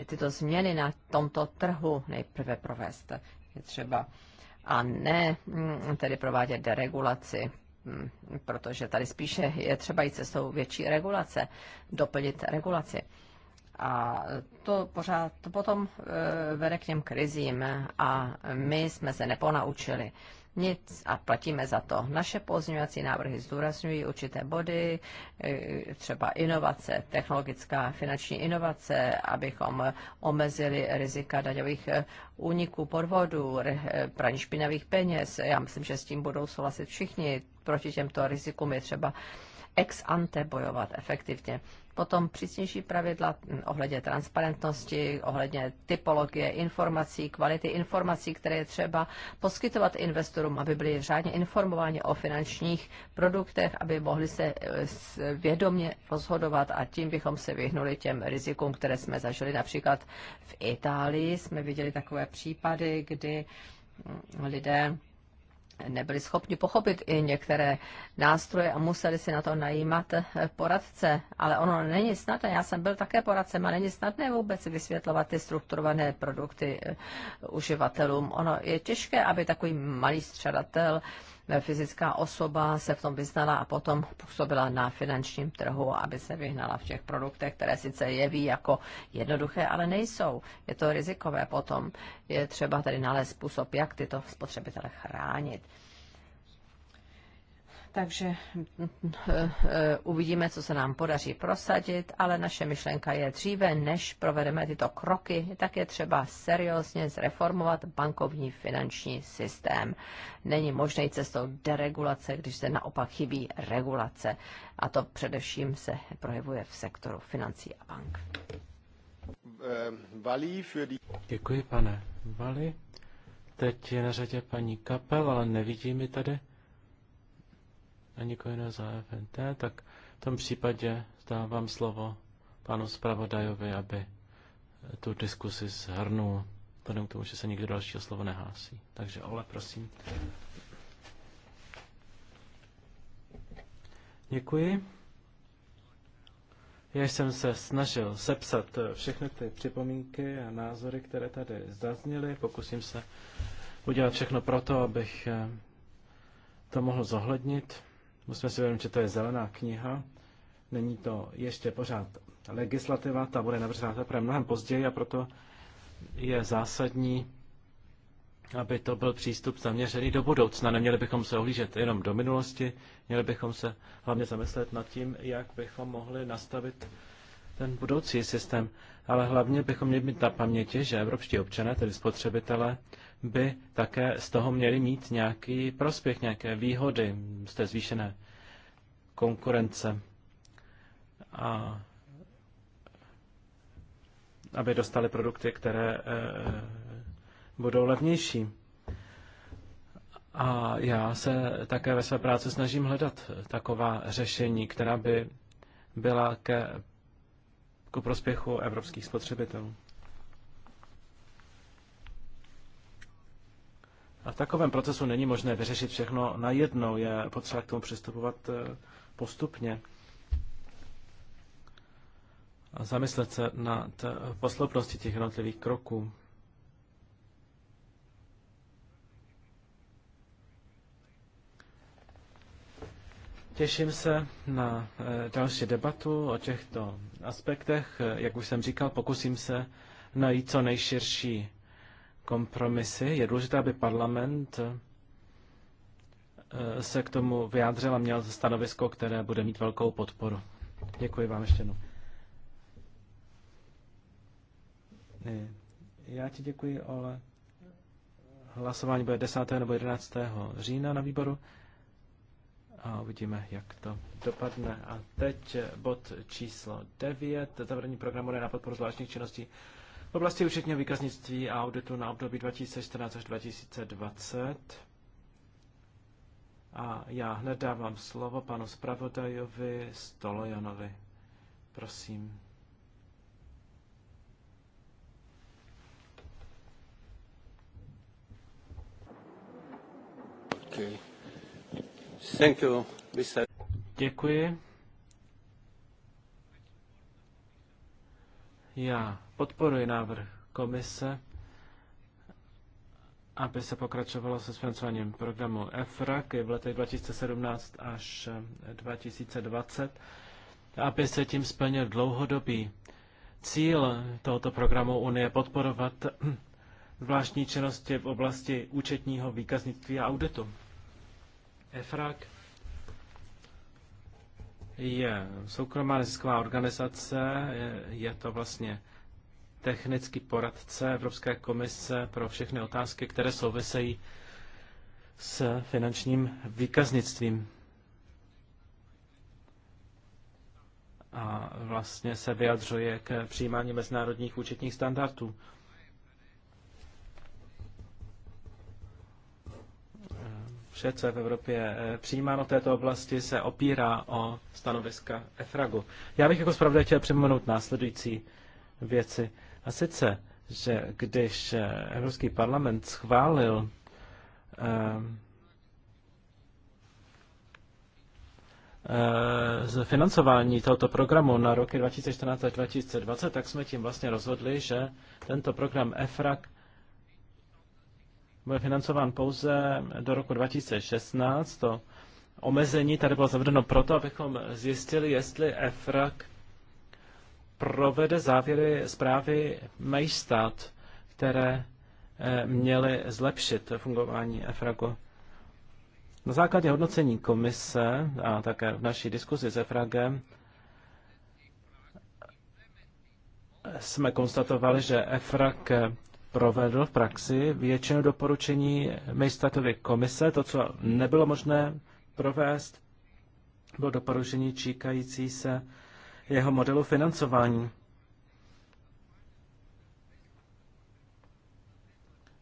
tyto změny na tomto trhu nejprve provést. Je třeba a ne mm, tedy provádět deregulaci, mm, protože tady spíše je třeba jít cestou větší regulace, doplnit regulaci. A to pořád to potom eh, vede k těm krizím a my jsme se neponaučili nic a platíme za to. Naše pozměňovací návrhy zdůrazňují určité body, e, třeba inovace, technologická finanční inovace, abychom omezili rizika daňových e, úniků, podvodů, e, praní špinavých peněz. Já myslím, že s tím budou souhlasit všichni. Proti těmto rizikům je třeba ex ante bojovat efektivně. Potom přísnější pravidla ohledně transparentnosti, ohledně typologie informací, kvality informací, které je třeba poskytovat investorům, aby byli řádně informováni o finančních produktech, aby mohli se eh, vědomě rozhodovat a tím bychom se vyhnuli těm rizikům, které jsme zažili. Například v Itálii jsme viděli takové případy, kdy mm, lidé nebyli schopni pochopit i některé nástroje a museli si na to najímat eh, poradce. Ale ono není snadné, já jsem byl také poradcem a není snadné vůbec vysvětlovat ty strukturované produkty eh, uživatelům. Ono je těžké, aby takový malý střadatel Eh, fyzická osoba se v tom vyznala a potom působila na finančním trhu, aby se vyhnala v těch produktech, které sice jeví jako jednoduché, ale nejsou. Je to rizikové potom. Je třeba tedy nalézt způsob, jak tyto spotřebitele chránit. Takže eh, uvidíme, co se nám podaří prosadit, ale naše myšlenka je dříve, než provedeme tyto kroky, tak je třeba seriózně zreformovat bankovní finanční systém. Není možné cestou deregulace, když se naopak chybí regulace. A to především se projevuje v sektoru financí a bank. Eh, Děkuji, pane Vali. Teď je na řadě paní Kapel, ale nevidím ji tady a nikoho jiného za FNT, tak v tom případě dávám slovo panu zpravodajovi, aby tu diskusi zhrnul, vzhledem k tomu, že se nikdo dalšího slovo nehlásí. Takže Ole, prosím. Děkuji. Já jsem se snažil sepsat všechny ty připomínky a názory, které tady zazněly. Pokusím se udělat všechno pro to, abych to mohl zohlednit. Musíme si vědomit, že to je zelená kniha. Není to ještě pořád legislativa, ta bude navržena teprve mnohem později a proto je zásadní, aby to byl přístup zaměřený do budoucna. Neměli bychom se ohlížet jenom do minulosti, měli bychom se hlavně zamyslet nad tím, jak bychom mohli nastavit ten budoucí systém. Ale hlavně bychom měli mít na paměti, že evropští občané, tedy spotřebitelé, by také z toho měli mít nějaký prospěch, nějaké výhody z té zvýšené konkurence. A aby dostali produkty, které eh, budou levnější. A já se také ve své práci snažím hledat taková řešení, která by byla ke, ku prospěchu evropských spotřebitelů. A v takovém procesu není možné vyřešit všechno najednou, je potřeba k tomu přistupovat eh, postupně. A zamyslet se nad eh, posloupností těch jednotlivých kroků. Těším se na eh, další debatu o těchto aspektech. Jak už jsem říkal, pokusím se najít co nejširší kompromisy. Je důležité, aby parlament eh, se k tomu vyjádřil a měl stanovisko, které bude mít velkou podporu. Děkuji vám ještě jednou. Já ti děkuji, ale hlasování bude 10. nebo 11. října na výboru a uvidíme, jak to dopadne. A teď bod číslo 9, zavedení programu na podporu zvláštních činností oblasti účetního výkaznictví a auditu na období 2014 až 2020 a já hned dávám slovo panu zpravodajovi Stolojanovi. Prosím. Okay. Thank you, Mr. Děkuji. Já podporuji návrh komise, aby se pokračovalo se financováním programu EFRAK v letech 2017 až 2020, aby se tím splnil dlouhodobý cíl tohoto programu Unie podporovat zvláštní činnosti v oblasti účetního výkaznictví a auditu. EFRAG je soukromá nezisková organizace, je, je to vlastně technický poradce Evropské komise pro všechny otázky, které souvisejí s finančním výkaznictvím. A vlastně se vyjadřuje k přijímání mezinárodních účetních standardů. Vše, co je v Evropě eh, přijímáno v této oblasti, se opírá o stanoviska EFRAGu. Já bych jako zpravodaj chtěl připomenout následující věci. A sice, že když eh, Evropský parlament schválil eh, eh, z financování tohoto programu na roky 2014 až 2020, tak jsme tím vlastně rozhodli, že tento program EFRAG bude financován pouze do roku 2016. To omezení tady bylo zavedeno proto, abychom zjistili, jestli EFRAG provede závěry zprávy Mejstát, které eh, měly zlepšit fungování EFRAGu. Na základě hodnocení komise a také v naší diskuzi s EFRAGem jsme konstatovali, že EFRAG provedl v praxi většinu doporučení Mejstatovy komise. To, co nebylo možné provést, bylo doporučení číkající se jeho modelu financování.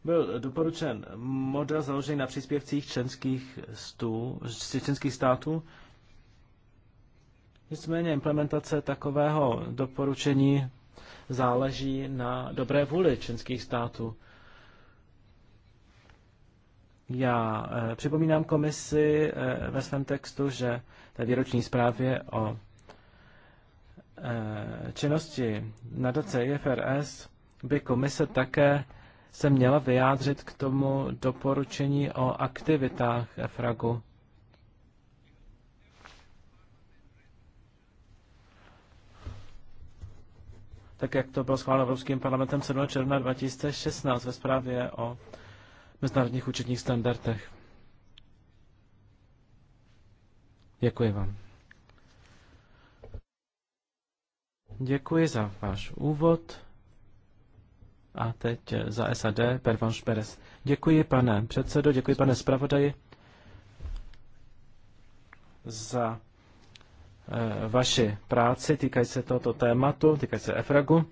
Byl doporučen model založený na příspěvcích členských, stů, členských států. Nicméně implementace takového doporučení záleží na dobré vůli členských států. Já eh, připomínám komisi eh, ve svém textu, že ta výroční zprávě o Eh, činnosti nadace IFRS by komise také se měla vyjádřit k tomu doporučení o aktivitách EFRAGu. Tak jak to bylo schváleno Evropským parlamentem 7. června 2016 ve zprávě o mezinárodních účetních standardech. Děkuji vám. Děkuji za váš úvod. A teď za SAD, Pervanš Šperes. Děkuji, pane předsedo, děkuji, pane zpravodaji, za e, vaši práci týkající se tohoto tématu, týkající se EFRAGu.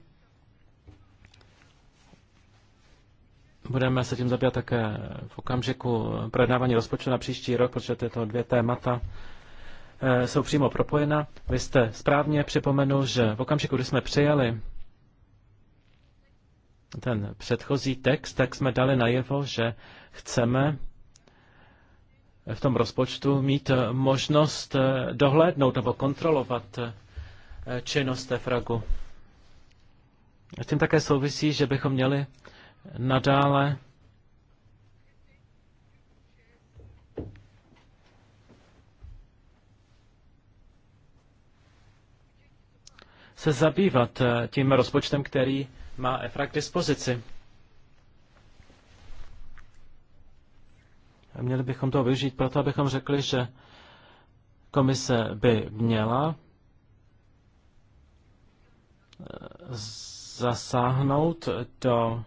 Budeme se tím zabývat také v okamžiku projednávání rozpočtu na příští rok, protože tyto dvě témata Eh, jsou přímo propojena. Vy jste správně připomenul, že v okamžiku, kdy jsme přijali ten předchozí text, tak jsme dali najevo, že chceme v tom rozpočtu mít možnost eh, dohlédnout nebo kontrolovat eh, činnost EFRAGu. S tím také souvisí, že bychom měli nadále se zabývat eh, tím rozpočtem, který má EFRA k dispozici. A měli bychom to využít proto, abychom řekli, že komise by měla eh, zasáhnout do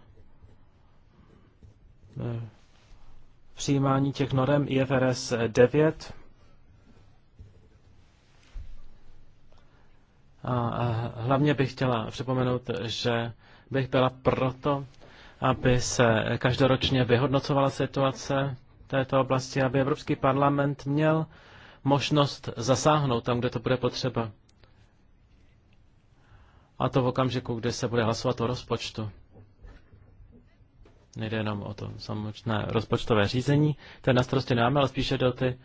eh, přijímání těch norem IFRS 9 A hlavně bych chtěla připomenout, že bych byla proto, aby se každoročně vyhodnocovala situace této oblasti, aby Evropský parlament měl možnost zasáhnout tam, kde to bude potřeba. A to v okamžiku, kdy se bude hlasovat o rozpočtu. Nejde jenom o to samotné rozpočtové řízení, to je na starosti nám, ale spíše do ty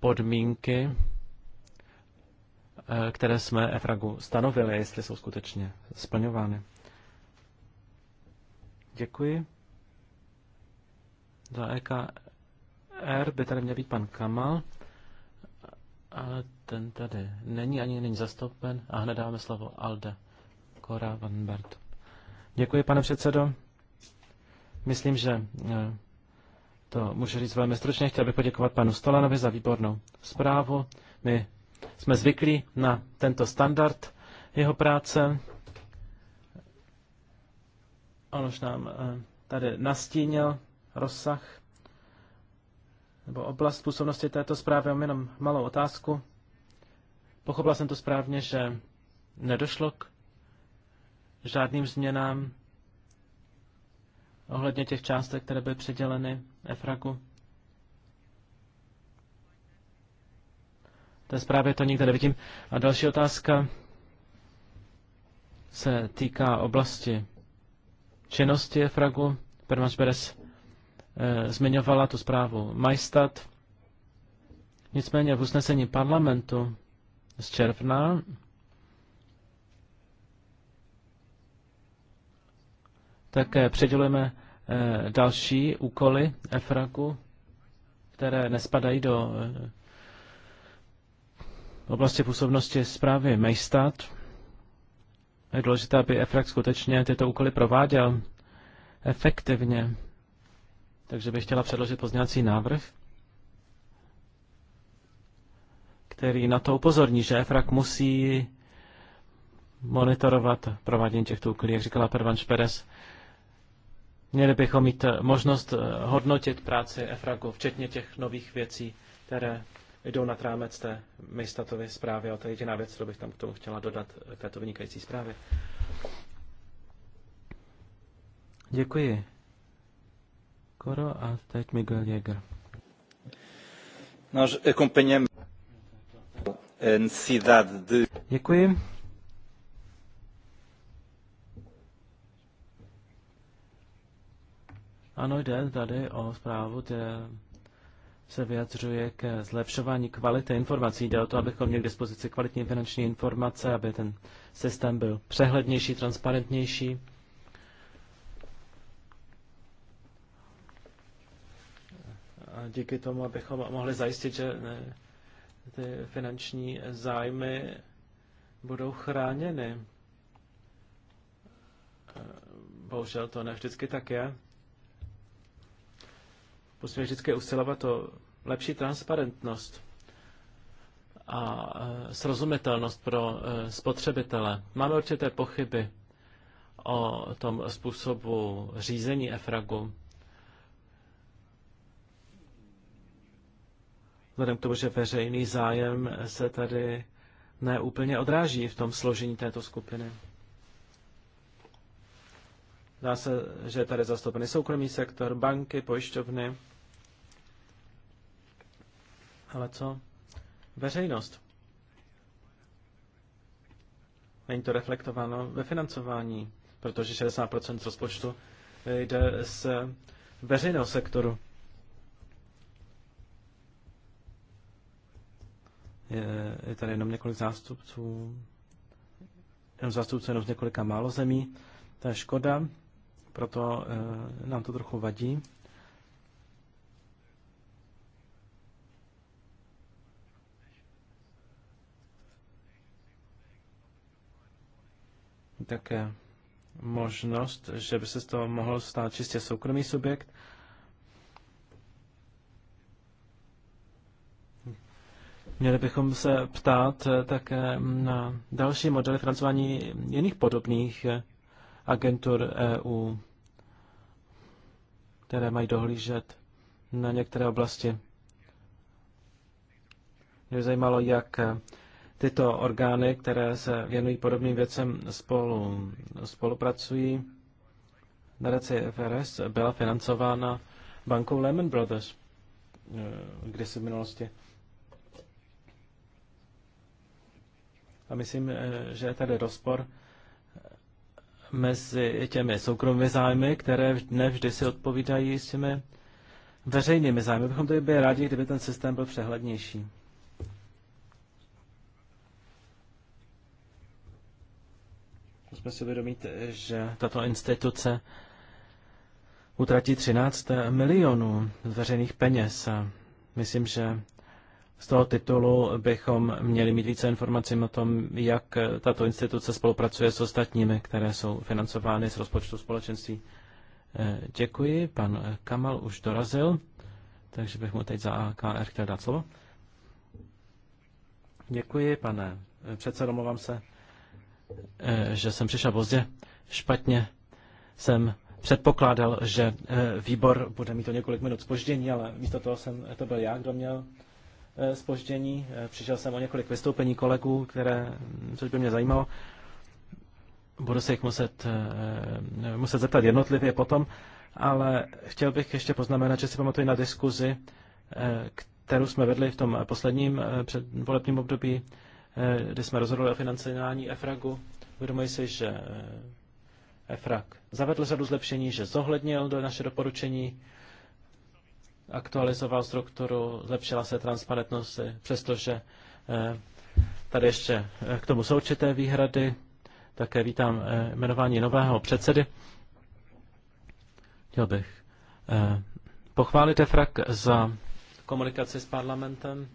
podmínky, Eh, které jsme EFRAGu stanovili, jestli jsou skutečně splňovány. Děkuji. Za EKR by tady měl být pan Kamal, ale ten tady není ani není zastoupen a hned dáme slovo Alde Kora van Bert. Děkuji, pane předsedo. Myslím, že eh, to můžu říct velmi stručně. Chtěl bych poděkovat panu Stolanovi za výbornou zprávu. My jsme zvyklí na tento standard jeho práce. On už nám eh, tady nastínil rozsah nebo oblast působnosti této zprávy. Mám jenom malou otázku. Pochopila jsem to správně, že nedošlo k žádným změnám ohledně těch částek, které byly předěleny EFRAGu. té zprávě to nikde nevidím. A další otázka se týká oblasti činnosti Fragu. Permač Beres e, zmiňovala tu zprávu Majstat. Nicméně v usnesení parlamentu z června také předělujeme e, další úkoly EFRAGu, které nespadají do e, v oblasti působnosti zprávy Mejstat. Je důležité, aby EFRAG skutečně tyto úkoly prováděl efektivně. Takže bych chtěla předložit pozněvací návrh, který na to upozorní, že EFRAG musí monitorovat provádění těchto úkolů, jak říkala Pervan Šperes. Měli bychom mít možnost hodnotit práci EFRAGu, včetně těch nových věcí, které jdou nad rámec té Mejstatovy zprávy. A to je jediná věc, kterou bych tam k tomu chtěla dodat k této vynikající zprávě. Děkuji. Koro a teď Miguel Jäger. Nós acompanhamos Děkuji. Ano, jde tady o zprávu, kde se vyjadřuje k zlepšování kvality informací. Jde o to, abychom měli k dispozici kvalitní finanční informace, aby ten systém byl přehlednější, transparentnější. A díky tomu, abychom mohli zajistit, že eh, ty finanční zájmy budou chráněny. Eh, bohužel to ne vždycky tak je. Musíme vždycky usilovat o lepší transparentnost a e, srozumitelnost pro e, spotřebitele. Máme určité pochyby o tom způsobu řízení EFRAGu. Vzhledem k tomu, že veřejný zájem se tady neúplně odráží v tom složení této skupiny. Dá se, že tady zastoupený soukromý sektor, banky, pojišťovny. Ale co? Veřejnost. Není to reflektováno ve financování, protože 60% z rozpočtu jde z veřejného sektoru. Je, je tady jenom několik zástupců, jenom zástupců jenom z několika málo zemí. To je škoda, proto e, nám to trochu vadí. také možnost, že by se z toho mohl stát čistě soukromý subjekt. Měli bychom se ptát také na další modely financování jiných podobných agentur EU, které mají dohlížet na některé oblasti. Mě zajímalo, jak tyto orgány, které se věnují podobným věcem, spolu, spolupracují. Nadace FRS byla financována bankou Lehman Brothers eh, kdysi v minulosti. A myslím, eh, že je tady rozpor eh, mezi těmi soukromými zájmy, které nevždy si odpovídají s těmi veřejnými zájmy. Bychom tedy byli rádi, kdyby ten systém byl přehlednější. Musíme si uvědomit, že tato instituce utratí 13 milionů z veřejných peněz. Myslím, že z toho titulu bychom měli mít více informací o tom, jak tato instituce spolupracuje s ostatními, které jsou financovány z rozpočtu společenství. Eh, děkuji, pan Kamal už dorazil, takže bych mu teď za AKR chtěl dát slovo. Děkuji, pane předsedo, omlouvám se Eh, že jsem přišel pozdě. Špatně jsem předpokládal, že eh, výbor bude mít o několik minut spoždění, ale místo toho jsem, eh, to byl já, kdo měl spoždění. Přišel jsem o několik vystoupení kolegů, které, hm, což by mě zajímalo. Budu se jich muset, muset zeptat jednotlivě potom, ale chtěl bych ještě poznamenat, že si pamatuju na diskuzi, kterou jsme vedli v tom posledním předvolebním období Eh, kdy jsme rozhodli o financování EFRAGu. Uvědomuji si, že eh, EFRAG zavedl řadu zlepšení, že zohlednil do naše doporučení, aktualizoval strukturu, zlepšila se transparentnost, přestože eh, tady ještě k tomu jsou určité výhrady. Také vítám jmenování nového předsedy. Chtěl bych pochválit EFRAG za komunikaci s parlamentem.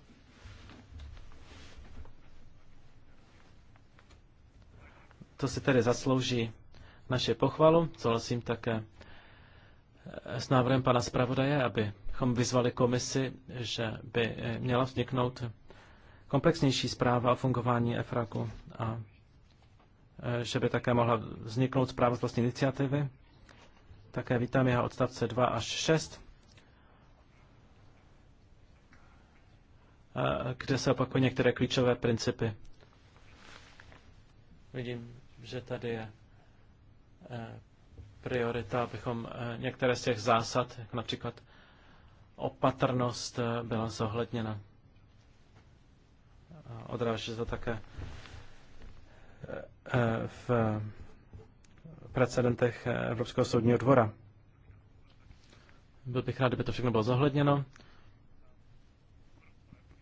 To si tedy zaslouží naše pochvalu. Souhlasím také eh, s návrhem pana zpravodaje, abychom vyzvali komisi, že by eh, měla vzniknout komplexnější zpráva o fungování EFRAKu a eh, že by také mohla vzniknout zpráva z vlastní iniciativy. Také vítám jeho odstavce 2 až 6, kde se opakují některé klíčové principy. Vidím, že tady je eh, priorita, abychom eh, některé z těch zásad, jak například opatrnost, eh, byla zohledněna. Odráží to také v precedentech Evropského soudního dvora. Byl bych rád, kdyby to všechno bylo zohledněno.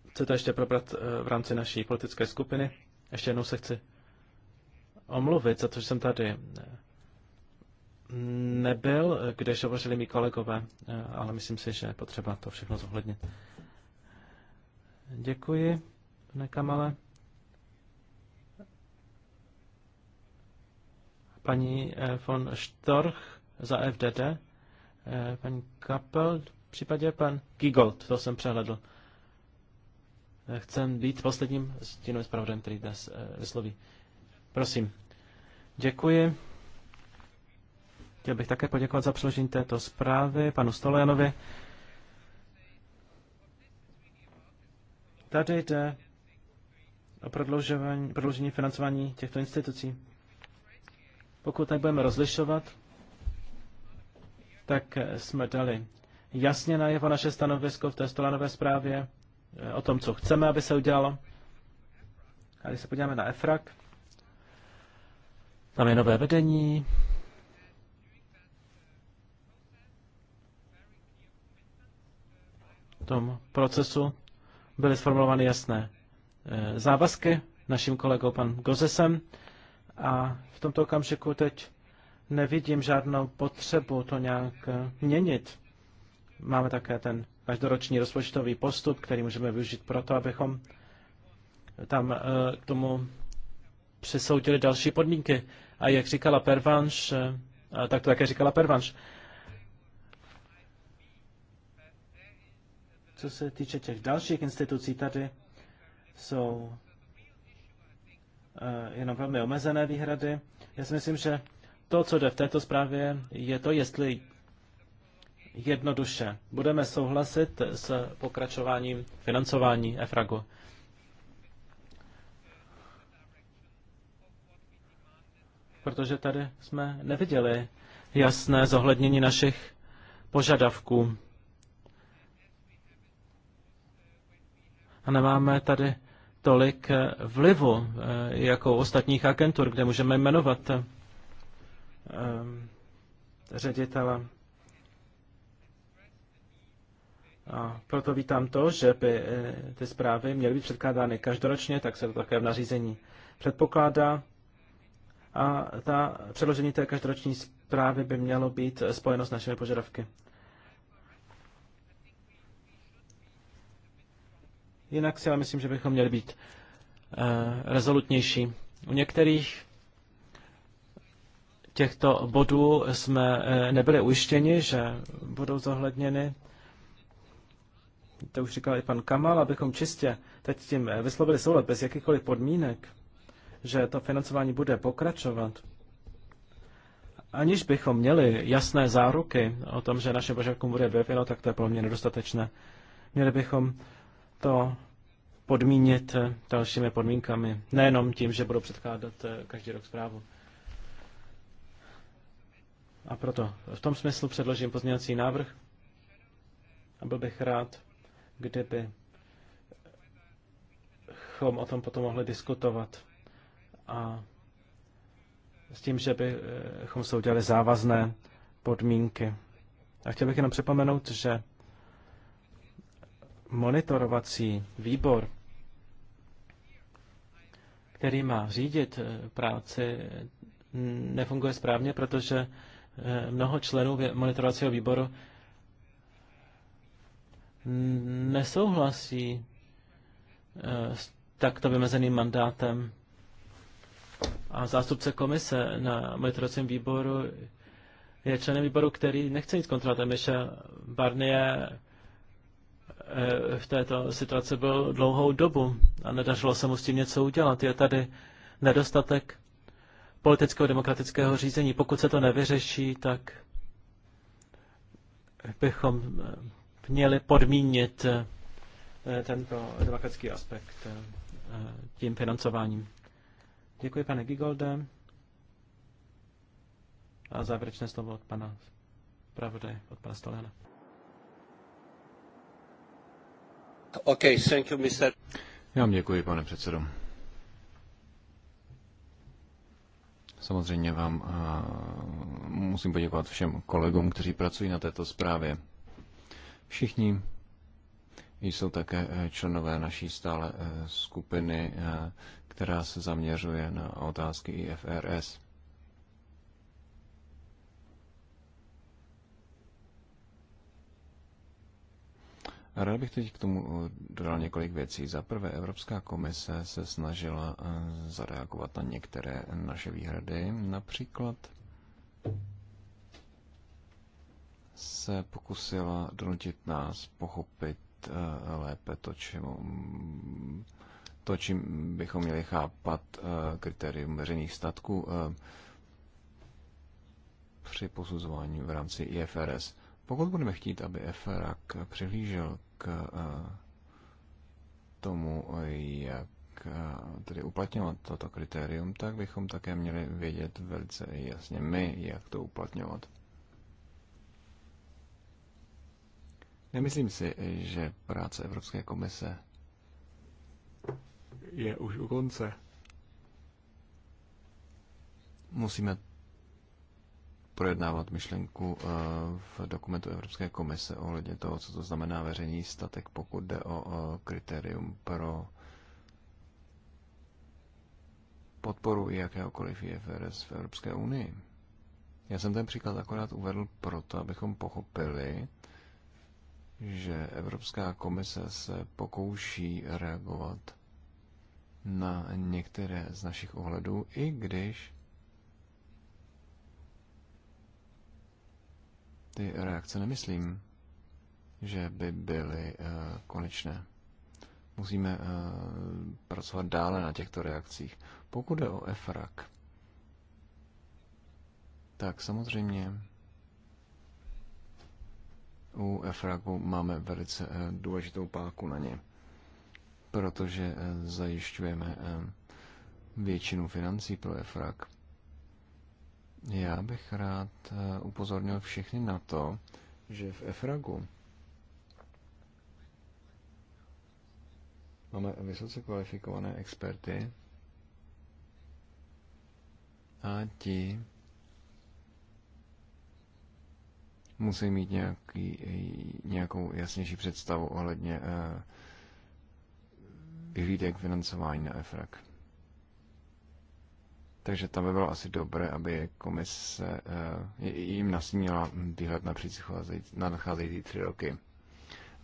Chci to ještě probrat v rámci naší politické skupiny. Ještě jednou se chci omluvit za to, že jsem tady nebyl, když hovořili mý kolegové, eh, ale myslím si, že je potřeba to všechno zohlednit. Děkuji, pane Kamale. Paní eh, von Storch za FDD, eh, paní Kapel, v případě pan Gigold, to jsem přehledl. Chcem být posledním stínovým zpravodajem, který dnes vysloví. Prosím. Děkuji. Chtěl bych také poděkovat za přeložení této zprávy panu Stolojanovi. Tady jde o prodloužení, prodloužení financování těchto institucí. Pokud tak budeme rozlišovat, tak jsme dali jasně najevo naše stanovisko v té Stolanové zprávě eh, o tom, co chceme, aby se udělalo. A když se podíváme na EFRAK, tam je nové vedení. V tom procesu byly sformulovány jasné eh, závazky naším kolegou pan Gozesem a v tomto okamžiku teď nevidím žádnou potřebu to nějak eh, měnit. Máme také ten každoroční rozpočtový postup, který můžeme využít proto, abychom tam eh, k tomu přesoudili další podmínky. A jak říkala Pervanš, eh, tak to také říkala Pervanš. Co se týče těch dalších institucí tady, jsou eh, jenom velmi omezené výhrady. Já si myslím, že to, co jde v této zprávě, je to, jestli jednoduše budeme souhlasit s pokračováním financování EFRAGu. protože tady jsme neviděli jasné zohlednění našich požadavků. A nemáme tady tolik eh, vlivu eh, jako u ostatních agentur, kde můžeme jmenovat eh, ředitele. A proto vítám to, že by ty zprávy měly být předkládány každoročně, tak se to také v nařízení předpokládá a ta předložení té každoroční zprávy by mělo být spojeno s našimi požadavky. Jinak si ale myslím, že bychom měli být uh, rezolutnější. U některých těchto bodů jsme uh, nebyli ujištěni, že budou zohledněny. To už říkal i pan Kamal, abychom čistě teď tím eh, vyslovili soulad bez jakýchkoliv podmínek že to financování bude pokračovat, aniž bychom měli jasné záruky o tom, že naše požadavkům bude vyvěno, tak to je pro mě nedostatečné. Měli bychom to podmínit dalšími podmínkami. Nejenom tím, že budou předkládat eh, každý rok zprávu. A proto v tom smyslu předložím pozměňovací návrh a byl bych rád, kdyby chom o tom potom mohli diskutovat a s tím, že bychom se udělali závazné podmínky. A chtěl bych jenom připomenout, že monitorovací výbor, který má řídit eh, práci, nefunguje správně, protože eh, mnoho členů monitorovacího výboru nesouhlasí eh, s takto vymezeným mandátem a zástupce komise na monitorovacím výboru je členem výboru, který nechce nic kontrolovat. Michel Barnier eh, v této situaci byl dlouhou dobu a nedařilo se mu s tím něco udělat. Je tady nedostatek politického demokratického řízení. Pokud se to nevyřeší, tak bychom eh, měli podmínit eh, tento demokratický aspekt tím financováním. Děkuji, pane Gigolde. A závěrečné slovo od pana Pravde, od pana Stolena. OK, thank you, Mr. Já vám děkuji, pane předsedo. Samozřejmě vám uh, musím poděkovat všem kolegům, kteří pracují na této zprávě. Všichni jsou také e, členové naší stále e, skupiny, e, která se zaměřuje na otázky IFRS. A rád bych teď k tomu eh, dodal několik věcí. Za prvé, Evropská komise se snažila eh, zareagovat na některé naše výhrady. Například se pokusila donutit nás pochopit eh, lépe to, čemu to, čím bychom měli chápat eh, kritérium veřejných statků eh, při posuzování v rámci IFRS. Pokud budeme chtít, aby FRAK přihlížel k eh, tomu, jak tedy uplatňovat toto kritérium, tak bychom také měli vědět velice jasně my, jak to uplatňovat. Nemyslím si, že práce Evropské komise je už u konce. Musíme projednávat myšlenku eh, v dokumentu Evropské komise ohledně toho, co to znamená veřejný statek, pokud jde o eh, kritérium pro podporu jakéhokoliv IFRS v Evropské unii. Já jsem ten příklad akorát uvedl proto, abychom pochopili, že Evropská komise se pokouší reagovat na některé z našich ohledů, i když ty reakce nemyslím, že by byly eh, konečné. Musíme eh, pracovat dále na těchto reakcích. Pokud je o EFRAK, tak samozřejmě u EFRAKu máme velice eh, důležitou páku na ně protože eh, zajišťujeme eh, většinu financí pro EFRAG. Já bych rád eh, upozornil všechny na to, že v EFRAGu máme vysoce kvalifikované experty a ti musí mít nějaký, nějakou jasnější představu ohledně eh, vyhlídek financování na EFRAG. Takže tam by bylo asi dobré, aby komise eh, jim nasnila výhled na, na nadcházející tři roky.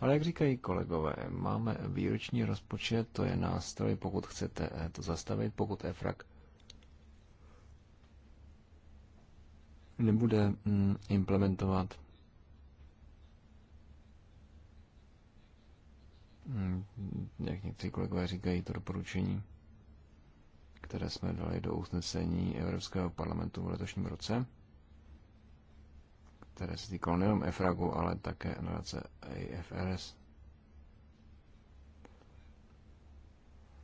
Ale jak říkají kolegové, máme výroční rozpočet, to je nástroj, pokud chcete eh, to zastavit, pokud EFRAG nebude mm, implementovat Hmm, jak někteří kolegové říkají, to doporučení, které jsme dali do usnesení Evropského parlamentu v letošním roce, které se týkalo nejenom EFRAGu, ale také nadace AFRS.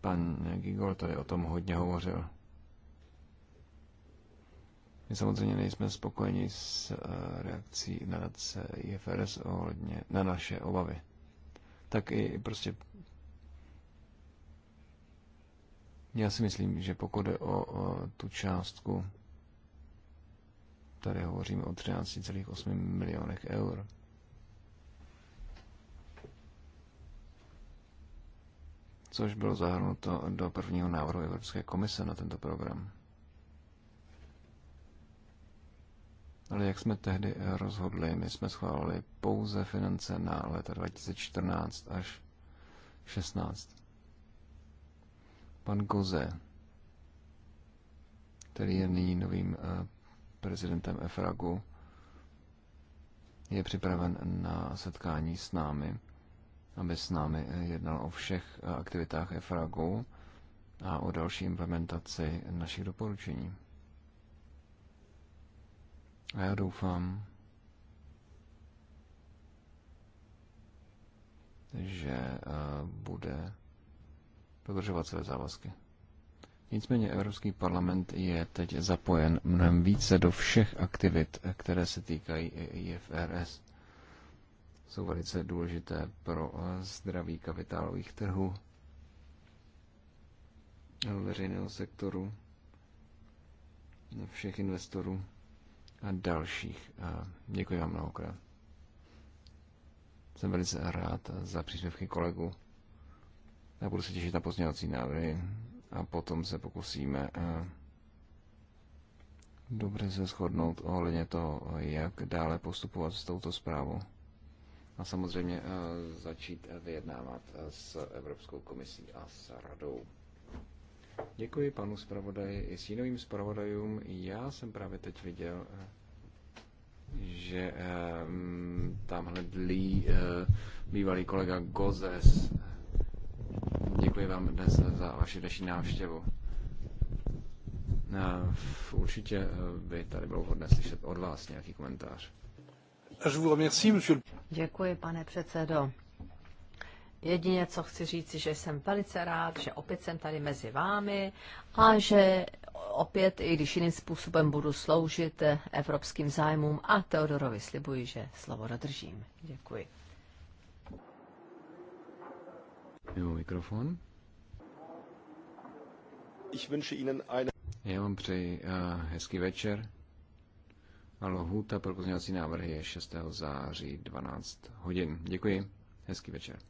Pan Gigol tady o tom hodně hovořil. My samozřejmě nejsme spokojeni s eh, reakcí nadace IFRS ohledně na naše obavy tak i prostě já si myslím, že pokud jde o, o tu částku, tady hovoříme o 13,8 milionech eur. což bylo zahrnuto do prvního návrhu Evropské komise na tento program. Ale jak jsme tehdy rozhodli, my jsme schválili pouze finance na leta 2014 až 16. Pan Goze, který je nyní novým eh, prezidentem EFRAGu, je připraven na setkání s námi, aby s námi eh, jednal o všech eh, aktivitách EFRAGu a o další implementaci našich doporučení. A já doufám, že eh, bude dodržovat své závazky. Nicméně Evropský parlament je teď zapojen mnohem více do všech aktivit, eh, které se týkají IFRS. Jsou velice důležité pro eh, zdraví kapitálových trhů, veřejného sektoru, všech investorů a dalších. A děkuji vám mnohokrát. Jsem velice rád za příspěvky kolegu. Já budu se těšit na pozdějovací návrhy a potom se pokusíme eh, dobře se shodnout ohledně toho, jak dále postupovat s touto zprávou. A samozřejmě eh, začít vyjednávat s Evropskou komisí a s radou. Děkuji panu zpravodaji i jinovým zpravodajům. Já jsem právě teď viděl, že tam eh, tamhle dlí eh, bývalý kolega Gozes. Děkuji vám dnes za vaši dnešní návštěvu. Eh, určitě by tady bylo vhodné slyšet od vás nějaký komentář. Děkuji, pane předsedo. Jedině, co chci říct, že jsem velice rád, že opět jsem tady mezi vámi a že opět, i když jiným způsobem budu sloužit evropským zájmům a Teodorovi slibuji, že slovo dodržím. Děkuji. Mimo mikrofon. Ich wünsche Ihnen eine... Já vám přeji uh, hezký večer. A hůta pro pozměňovací návrhy je 6. září 12 hodin. Děkuji. Hezký večer.